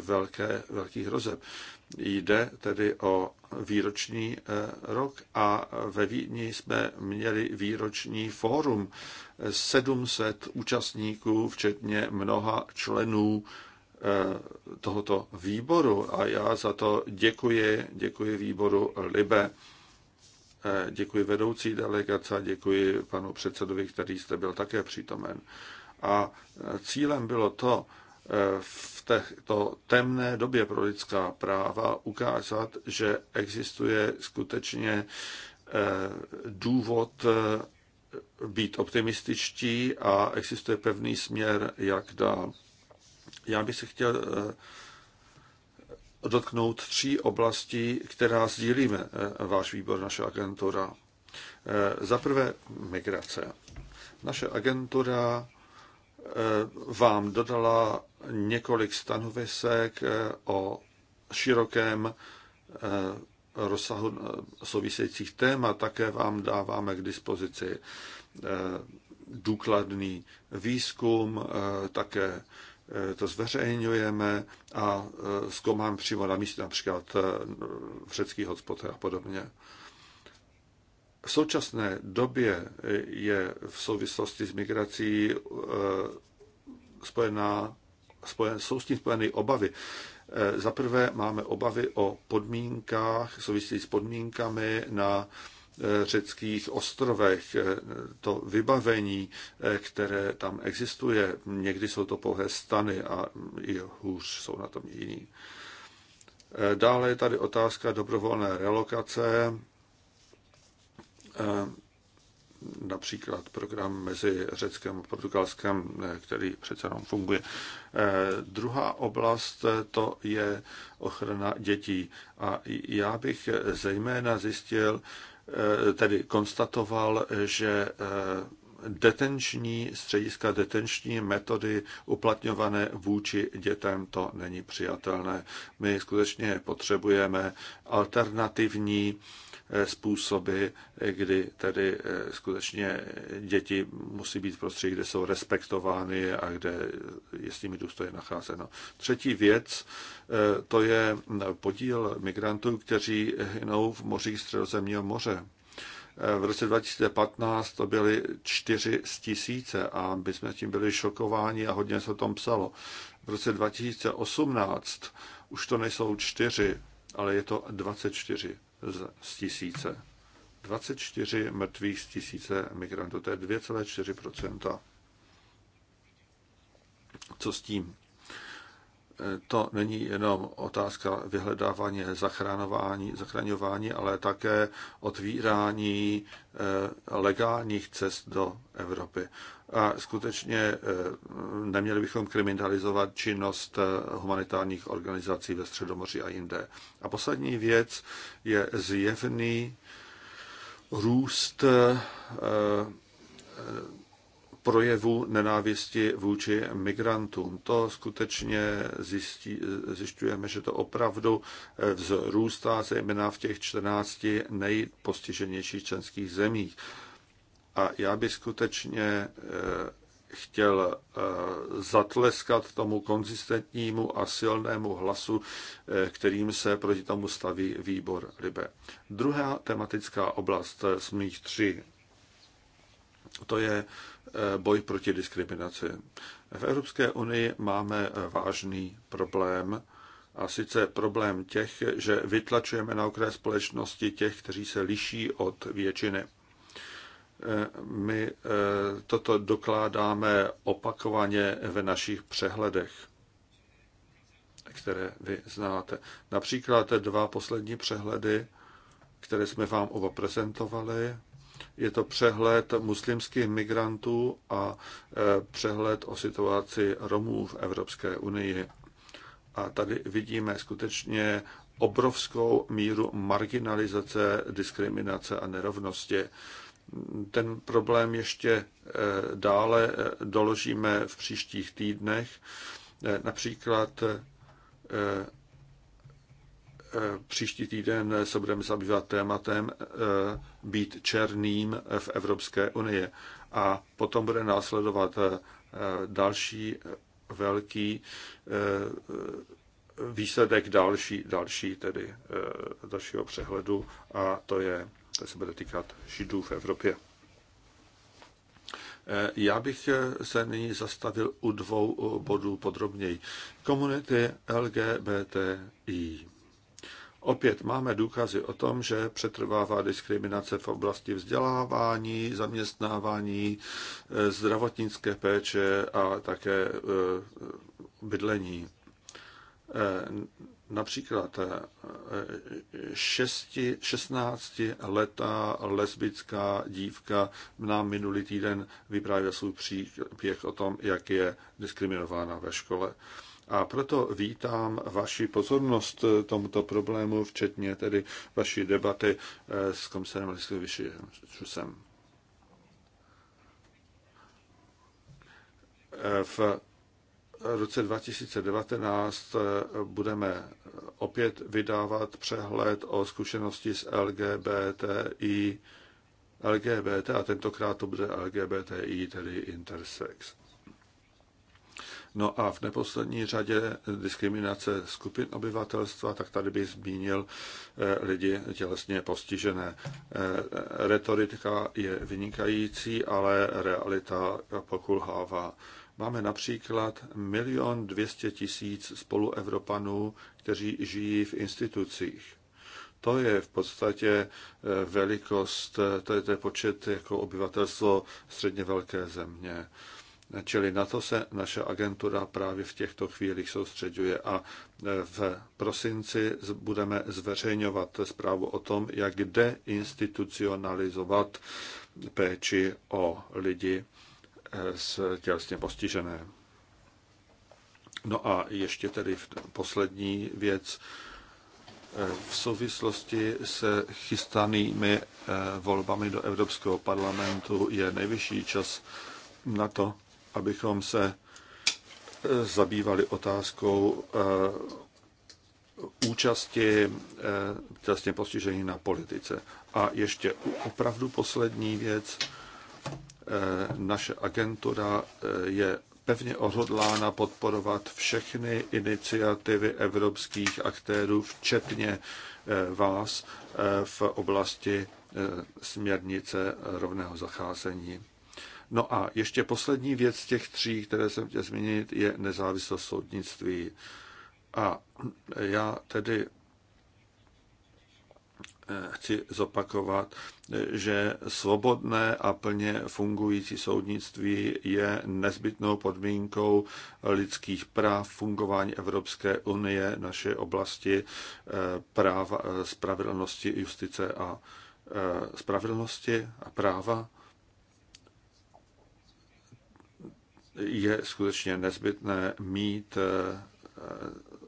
velké, velkých hrozeb. Jde tedy o výroční rok a ve Vídni jsme měli výroční fórum 700 účastníků, včetně mnoha členů Eh, tohoto výboru a já za to děkuji, děkuji výboru Libe, eh, děkuji vedoucí delegace, děkuji panu předsedovi, který jste byl také přítomen. A eh, cílem bylo to, v této temné době pro lidská práva ukázat, že existuje skutečně důvod být optimističtí a existuje pevný směr, jak dál. Já bych se chtěl eh, dotknout tří oblastí, která sdílíme eh, váš výbor, naše agentura. Eh, za prvé migrace. Naše agentura vám dodala několik stanovisek o širokém rozsahu souvisejících témat. Také vám dáváme k dispozici důkladný výzkum, také Eh, to zveřejňujeme a eh, zkoumáme přímo na místě například eh, v řeckých hotspotech a podobně. V současné době je v souvislosti s migrací spojená, spojen, jsou s tím spojeny obavy. Za prvé máme obavy o podmínkách, souvisí s podmínkami na Eh, řeckých ostrovech, eh, to vybavení, eh, které tam existuje, někdy jsou to pouhé stany a i hůř jsou na tom jiní. Dále je tady otázka dobrovolné relokace, například program mezi Řeckem a Portugalskem, který přece jenom funguje. Druhá oblast to je ochrana dětí. A já bych zejména zjistil, Eh, tedy konstatoval, že eh, detenční střediska, detenční metody uplatňované vůči dětem, to není přijatelné. My skutečně potřebujeme alternativní způsoby, kdy tedy eh, skutečně děti musí být v prostředí, kde jsou respektovány a kde je s nimi důstojně nacházeno. Třetí věc, eh, to je podíl migrantů, kteří hynou v mořích Středozemního moře. Eh, v roce 2015 to byly čtyři z tisíce a my jsme tím byli šokováni a hodně se o tom psalo. V roce 2018 už to nejsou čtyři, ale je to 24 z tisíce. 24 mrtvých z tisíce migrantů, to je 2,4 Co s tím? E, to není jenom otázka vyhledávání, zachraňování, zachraňování, ale také otvírání e, legálních cest do Evropy. A skutečně eh, neměli bychom kriminalizovat činnost eh, humanitárních organizací ve Středomoří a jinde. A poslední věc je zjevný růst eh, projevu nenávisti vůči migrantům. To skutečně zjistí, zjišťujeme, že to opravdu vzrůstá, zejména v těch 14 nejpostiženějších členských zemích. A já bych skutečně eh, chtěl eh, zatleskat tomu konzistentnímu a silnému hlasu, eh, kterým se proti tomu staví výbor Libe. Druhá tematická oblast z mých tři, to je boj proti diskriminaci. V Evropské unii máme vážný problém, a sice problém těch, že vytlačujeme na okraj společnosti těch, kteří se liší od většiny. Eh, my eh, toto dokládáme opakovaně ve našich přehledech, které vy znáte. Například dva poslední přehledy, které jsme vám oba prezentovali. Je to přehled muslimských migrantů a eh, přehled o situaci Romů v Evropské unii. A tady vidíme skutečně obrovskou míru marginalizace, diskriminace a nerovnosti. Ten problém ještě eh, dále eh, doložíme v příštích týdnech. Eh, například příští týden se budeme zabývat tématem být černým v Evropské unii. A potom bude následovat další velký výsledek další, další tedy, dalšího přehledu a to je to se bude týkat Židů v Evropě. Eh, já bych eh, se nyní zastavil u dvou eh, bodů podrobněji. Komunity LGBTI. Opět máme důkazy o tom, že přetrvává diskriminace v oblasti vzdělávání, zaměstnávání, zdravotnické péče a také bydlení například 16 eh, letá lesbická dívka nám minulý týden vyprávěla svůj příběh o tom, jak je diskriminována ve škole. A proto vítám vaši pozornost tomuto problému, včetně tedy vaší debaty eh, s komisarem Leslie Vyšším. Eh, v roce 2019 eh, budeme opět vydávat přehled o zkušenosti s LGBTI, LGBT a tentokrát to bude LGBTI, tedy intersex. No a v neposlední řadě diskriminace skupin obyvatelstva, tak tady bych zmínil eh, lidi tělesně postižené. Eh, retorika je vynikající, ale realita pokulhává. Máme například milion dvěstě tisíc spoluevropanů, kteří žijí v institucích. To je v podstatě eh, velikost, eh, to je, to je počet jako obyvatelstvo středně velké země. Čili na to se naše agentura právě v těchto chvílích soustředuje a eh, v prosinci budeme zveřejňovat zprávu o tom, jak deinstitucionalizovat péči o lidi s tělesně postižené. No a ještě tedy poslední věc. V souvislosti se chystanými eh, volbami do Evropského parlamentu je nejvyšší čas na to, abychom se eh, zabývali otázkou eh, účasti tělesně postižení na politice. A ještě opravdu poslední věc Eh, naše agentura eh, je pevně odhodlána podporovat všechny iniciativy evropských aktérů, včetně eh, vás, v oblasti směrnice rovného zacházení. No a ještě poslední věc z těch tří, které jsem chtěl zmínit, je nezávislost soudnictví. A já tedy chci zopakovat, že svobodné a plně fungující soudnictví je nezbytnou podmínkou lidských práv, fungování Evropské unie, naše oblasti eh, práva, eh, spravedlnosti, justice a eh, spravedlnosti a práva je skutečně nezbytné mít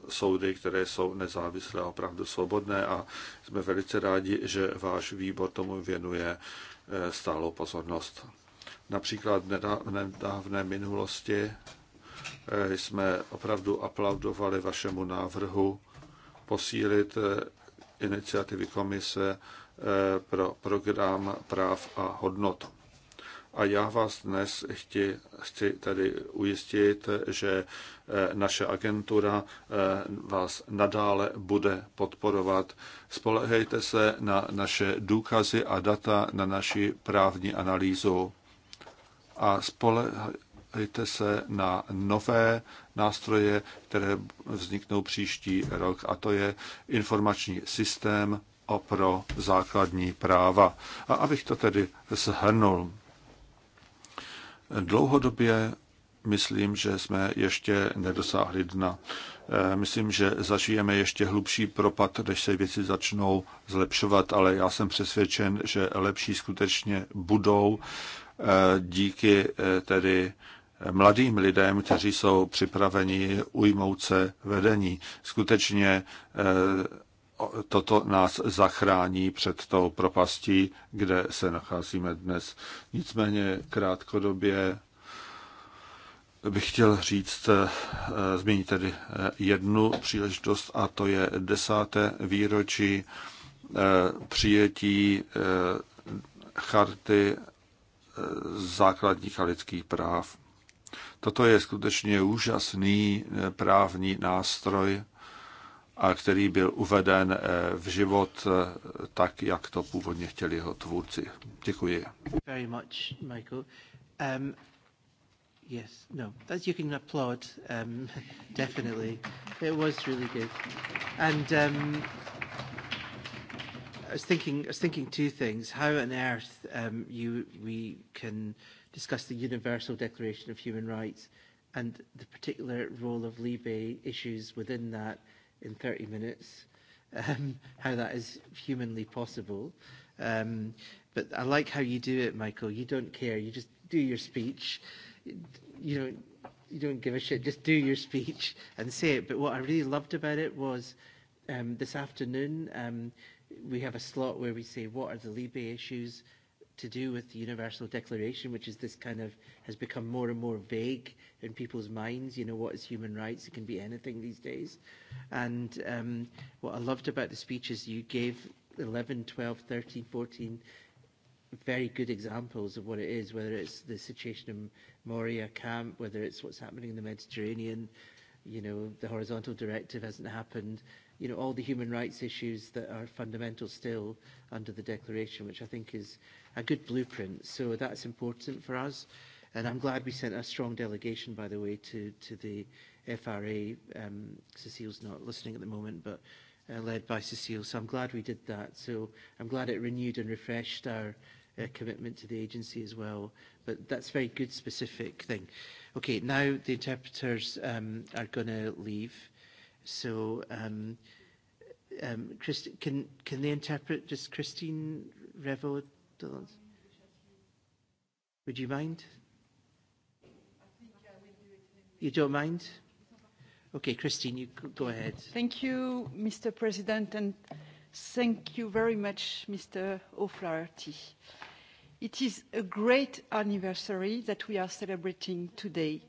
soudy, které jsou nezávislé a opravdu svobodné a jsme velice rádi, že váš výbor tomu věnuje eh, stálou pozornost. Například v nedávné minulosti eh, jsme opravdu aplaudovali vašemu návrhu posílit eh, iniciativy komise pro program práv a hodnot. A já vás dnes chci, chci tady ujistit, že eh, naše agentura eh, vás nadále bude podporovat. Spolehejte se na naše důkazy a data, na naši právní analýzu a spolehejte se na nové nástroje, které vzniknou příští rok, a to je informační systém o pro základní práva. A abych to tedy zhrnul. Dlouhodobě myslím, že jsme ještě nedosáhli dna. Eh, myslím, že zažijeme ještě hlubší propad, než se věci začnou zlepšovat, ale já jsem přesvědčen, že lepší skutečně budou eh, díky eh, tedy mladým lidem, kteří jsou připraveni ujmout se vedení. Skutečně toto nás zachrání před tou propastí, kde se nacházíme dnes. Nicméně krátkodobě bych chtěl říct, eh, zmínit tedy eh, jednu příležitost a to je desáté výročí eh, přijetí charty základních a lidských práv. Toto je skutečně úžasný právní nástroj, a který byl uveden eh, v život eh, tak, jak to původně chtěli jeho tvůrci. Děkuji. Very much, Michael. Um, yes, no, that you can applaud, um, definitely. It was really good. And um, I was thinking, I was thinking two things. How on earth um, you, we can discuss the Universal Declaration of Human Rights and the particular role of issues within that – in 30 minutes, um, how that is humanly possible. Um, but I like how you do it, Michael. You don't care. You just do your speech. You don't, you don't give a shit. Just do your speech and say it. But what I really loved about it was um, this afternoon um, we have a slot where we say, what are the Libe issues? to do with the Universal Declaration, which is this kind of has become more and more vague in people's minds. You know, what is human rights? It can be anything these days. And um, what I loved about the speech is you gave 11, 12, 13, 14 very good examples of what it is, whether it's the situation in Moria camp, whether it's what's happening in the Mediterranean, you know, the horizontal directive hasn't happened, you know, all the human rights issues that are fundamental still under the declaration, which I think is a good blueprint. So that's important for us. And I'm glad we sent a strong delegation, by the way, to, to the FRA. Um, Cecile's not listening at the moment, but uh, led by Cecile. So I'm glad we did that. So I'm glad it renewed and refreshed our uh, commitment to the agency as well. But that's a very good specific thing. Okay, now the interpreters um, are going to leave. So um, um, Christ- can, can they interpret? Does Christine Revel to those? Would you mind? You don't mind? Okay, Christine, you go ahead. Thank you, Mr. President, and thank you very much, Mr. O'Flaherty. It is a great anniversary that we are celebrating today,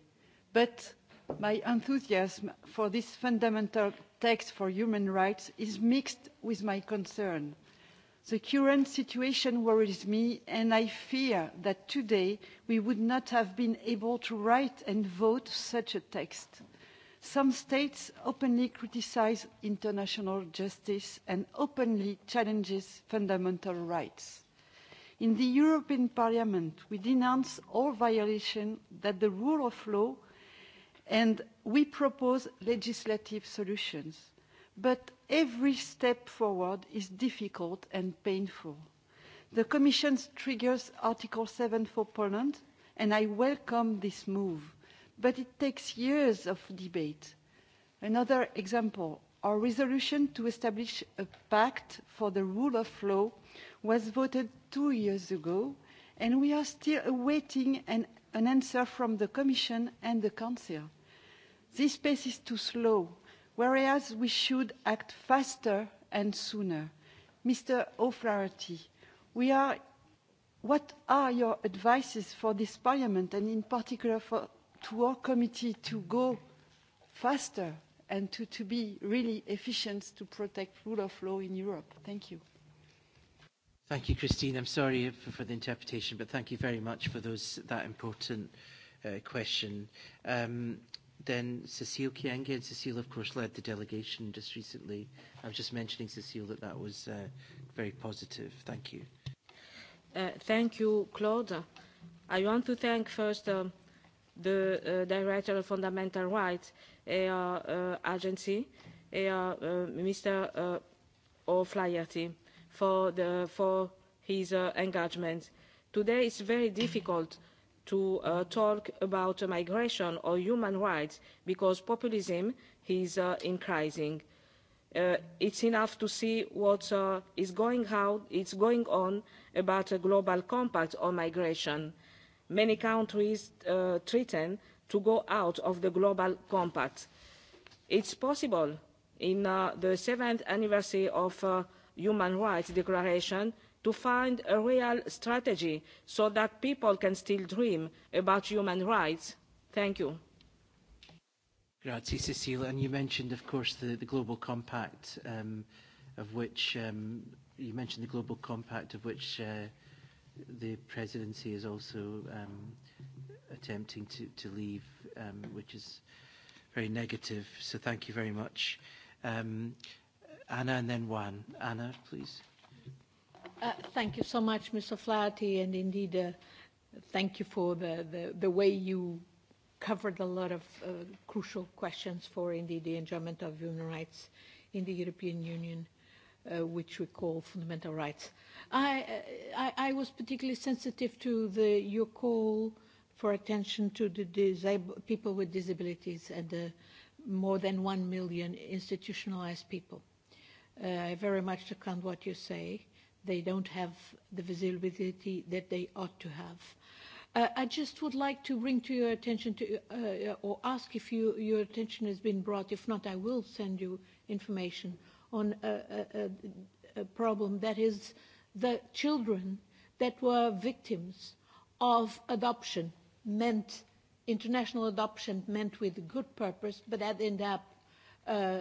but my enthusiasm for this fundamental text for human rights is mixed with my concern The current situation worries me, and I fear that today we would not have been able to write and vote such a text. Some states openly criticise international justice and openly challenges fundamental rights. In the European Parliament, we denounce all violation that the rule of law and we propose legislative solutions. But every step forward is difficult and painful. The Commission triggers Article 7 for Poland, and I welcome this move, but it takes years of debate. Another example, our resolution to establish a pact for the rule of law was voted two years ago, and we are still awaiting an, an answer from the Commission and the Council. This pace is too slow, whereas we should act faster and sooner. Mr. O'Flaherty, we are, what are your advices for this Parliament and in particular for, to our committee to go faster and to, to be really efficient to protect rule of law in Europe? Thank you. Thank you, Christine. I'm sorry for, for the interpretation, but thank you very much for those that important uh, question. Um, then Cecile Kienge, and Cecile, of course, led the delegation just recently. I was just mentioning, Cecile, that that was uh, very positive. Thank you. Uh, thank you, Claude. I want to thank first uh, the uh, Director of Fundamental Rights uh, uh, Agency, uh, uh, Mr. Uh, O'Flaherty, for, for his uh, engagement. Today it's very difficult to uh, talk about uh, migration or human rights because populism is uh, increasing. Uh, it's enough to see what uh, is going out, it's going on about a global compact on migration. Many countries uh, threaten to go out of the global compact. It's possible in uh, the seventh anniversary of uh, Human Rights Declaration to find a real strategy so that people can still dream about human rights. Thank you. Grazie, Cecile. And you mentioned, of course, the, the Global Compact, um, of which um, you mentioned the Global Compact, of which uh, the presidency is also um, attempting to, to leave, um, which is very negative. So thank you very much. Um, Anna and then Juan. Anna, please. Uh, thank you so much, Mr. Flaherty, and indeed, uh, thank you for the, the, the way you covered a lot of uh, crucial questions for indeed the enjoyment of human rights in the European Union, uh, which we call fundamental rights. I, uh, I, I was particularly sensitive to the, your call for attention to the disabled, people with disabilities and the more than one million institutionalized people. Uh, I very much second what you say. Uh, they don't have the visibility that they ought to have. Uh, I just would like to bring to your attention to, uh, or ask if you, your attention has been brought. If not, I will send you information on a, a, a, a problem that is the children that were victims of adoption meant international adoption meant with good purpose, but that end up uh,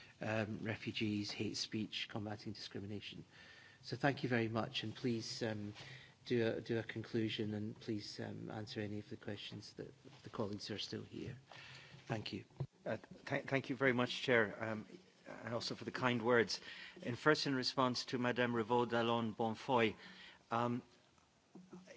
um, refugees, hate speech, combating discrimination. So thank you very much, and please um, do, a, do a conclusion and please um, answer any of the questions that the colleagues who are still here. Thank you. Uh, th thank you very much, Chair, um, and also for the kind words. And first, in response to Madame Revaud-Dallon-Bonfoy, um,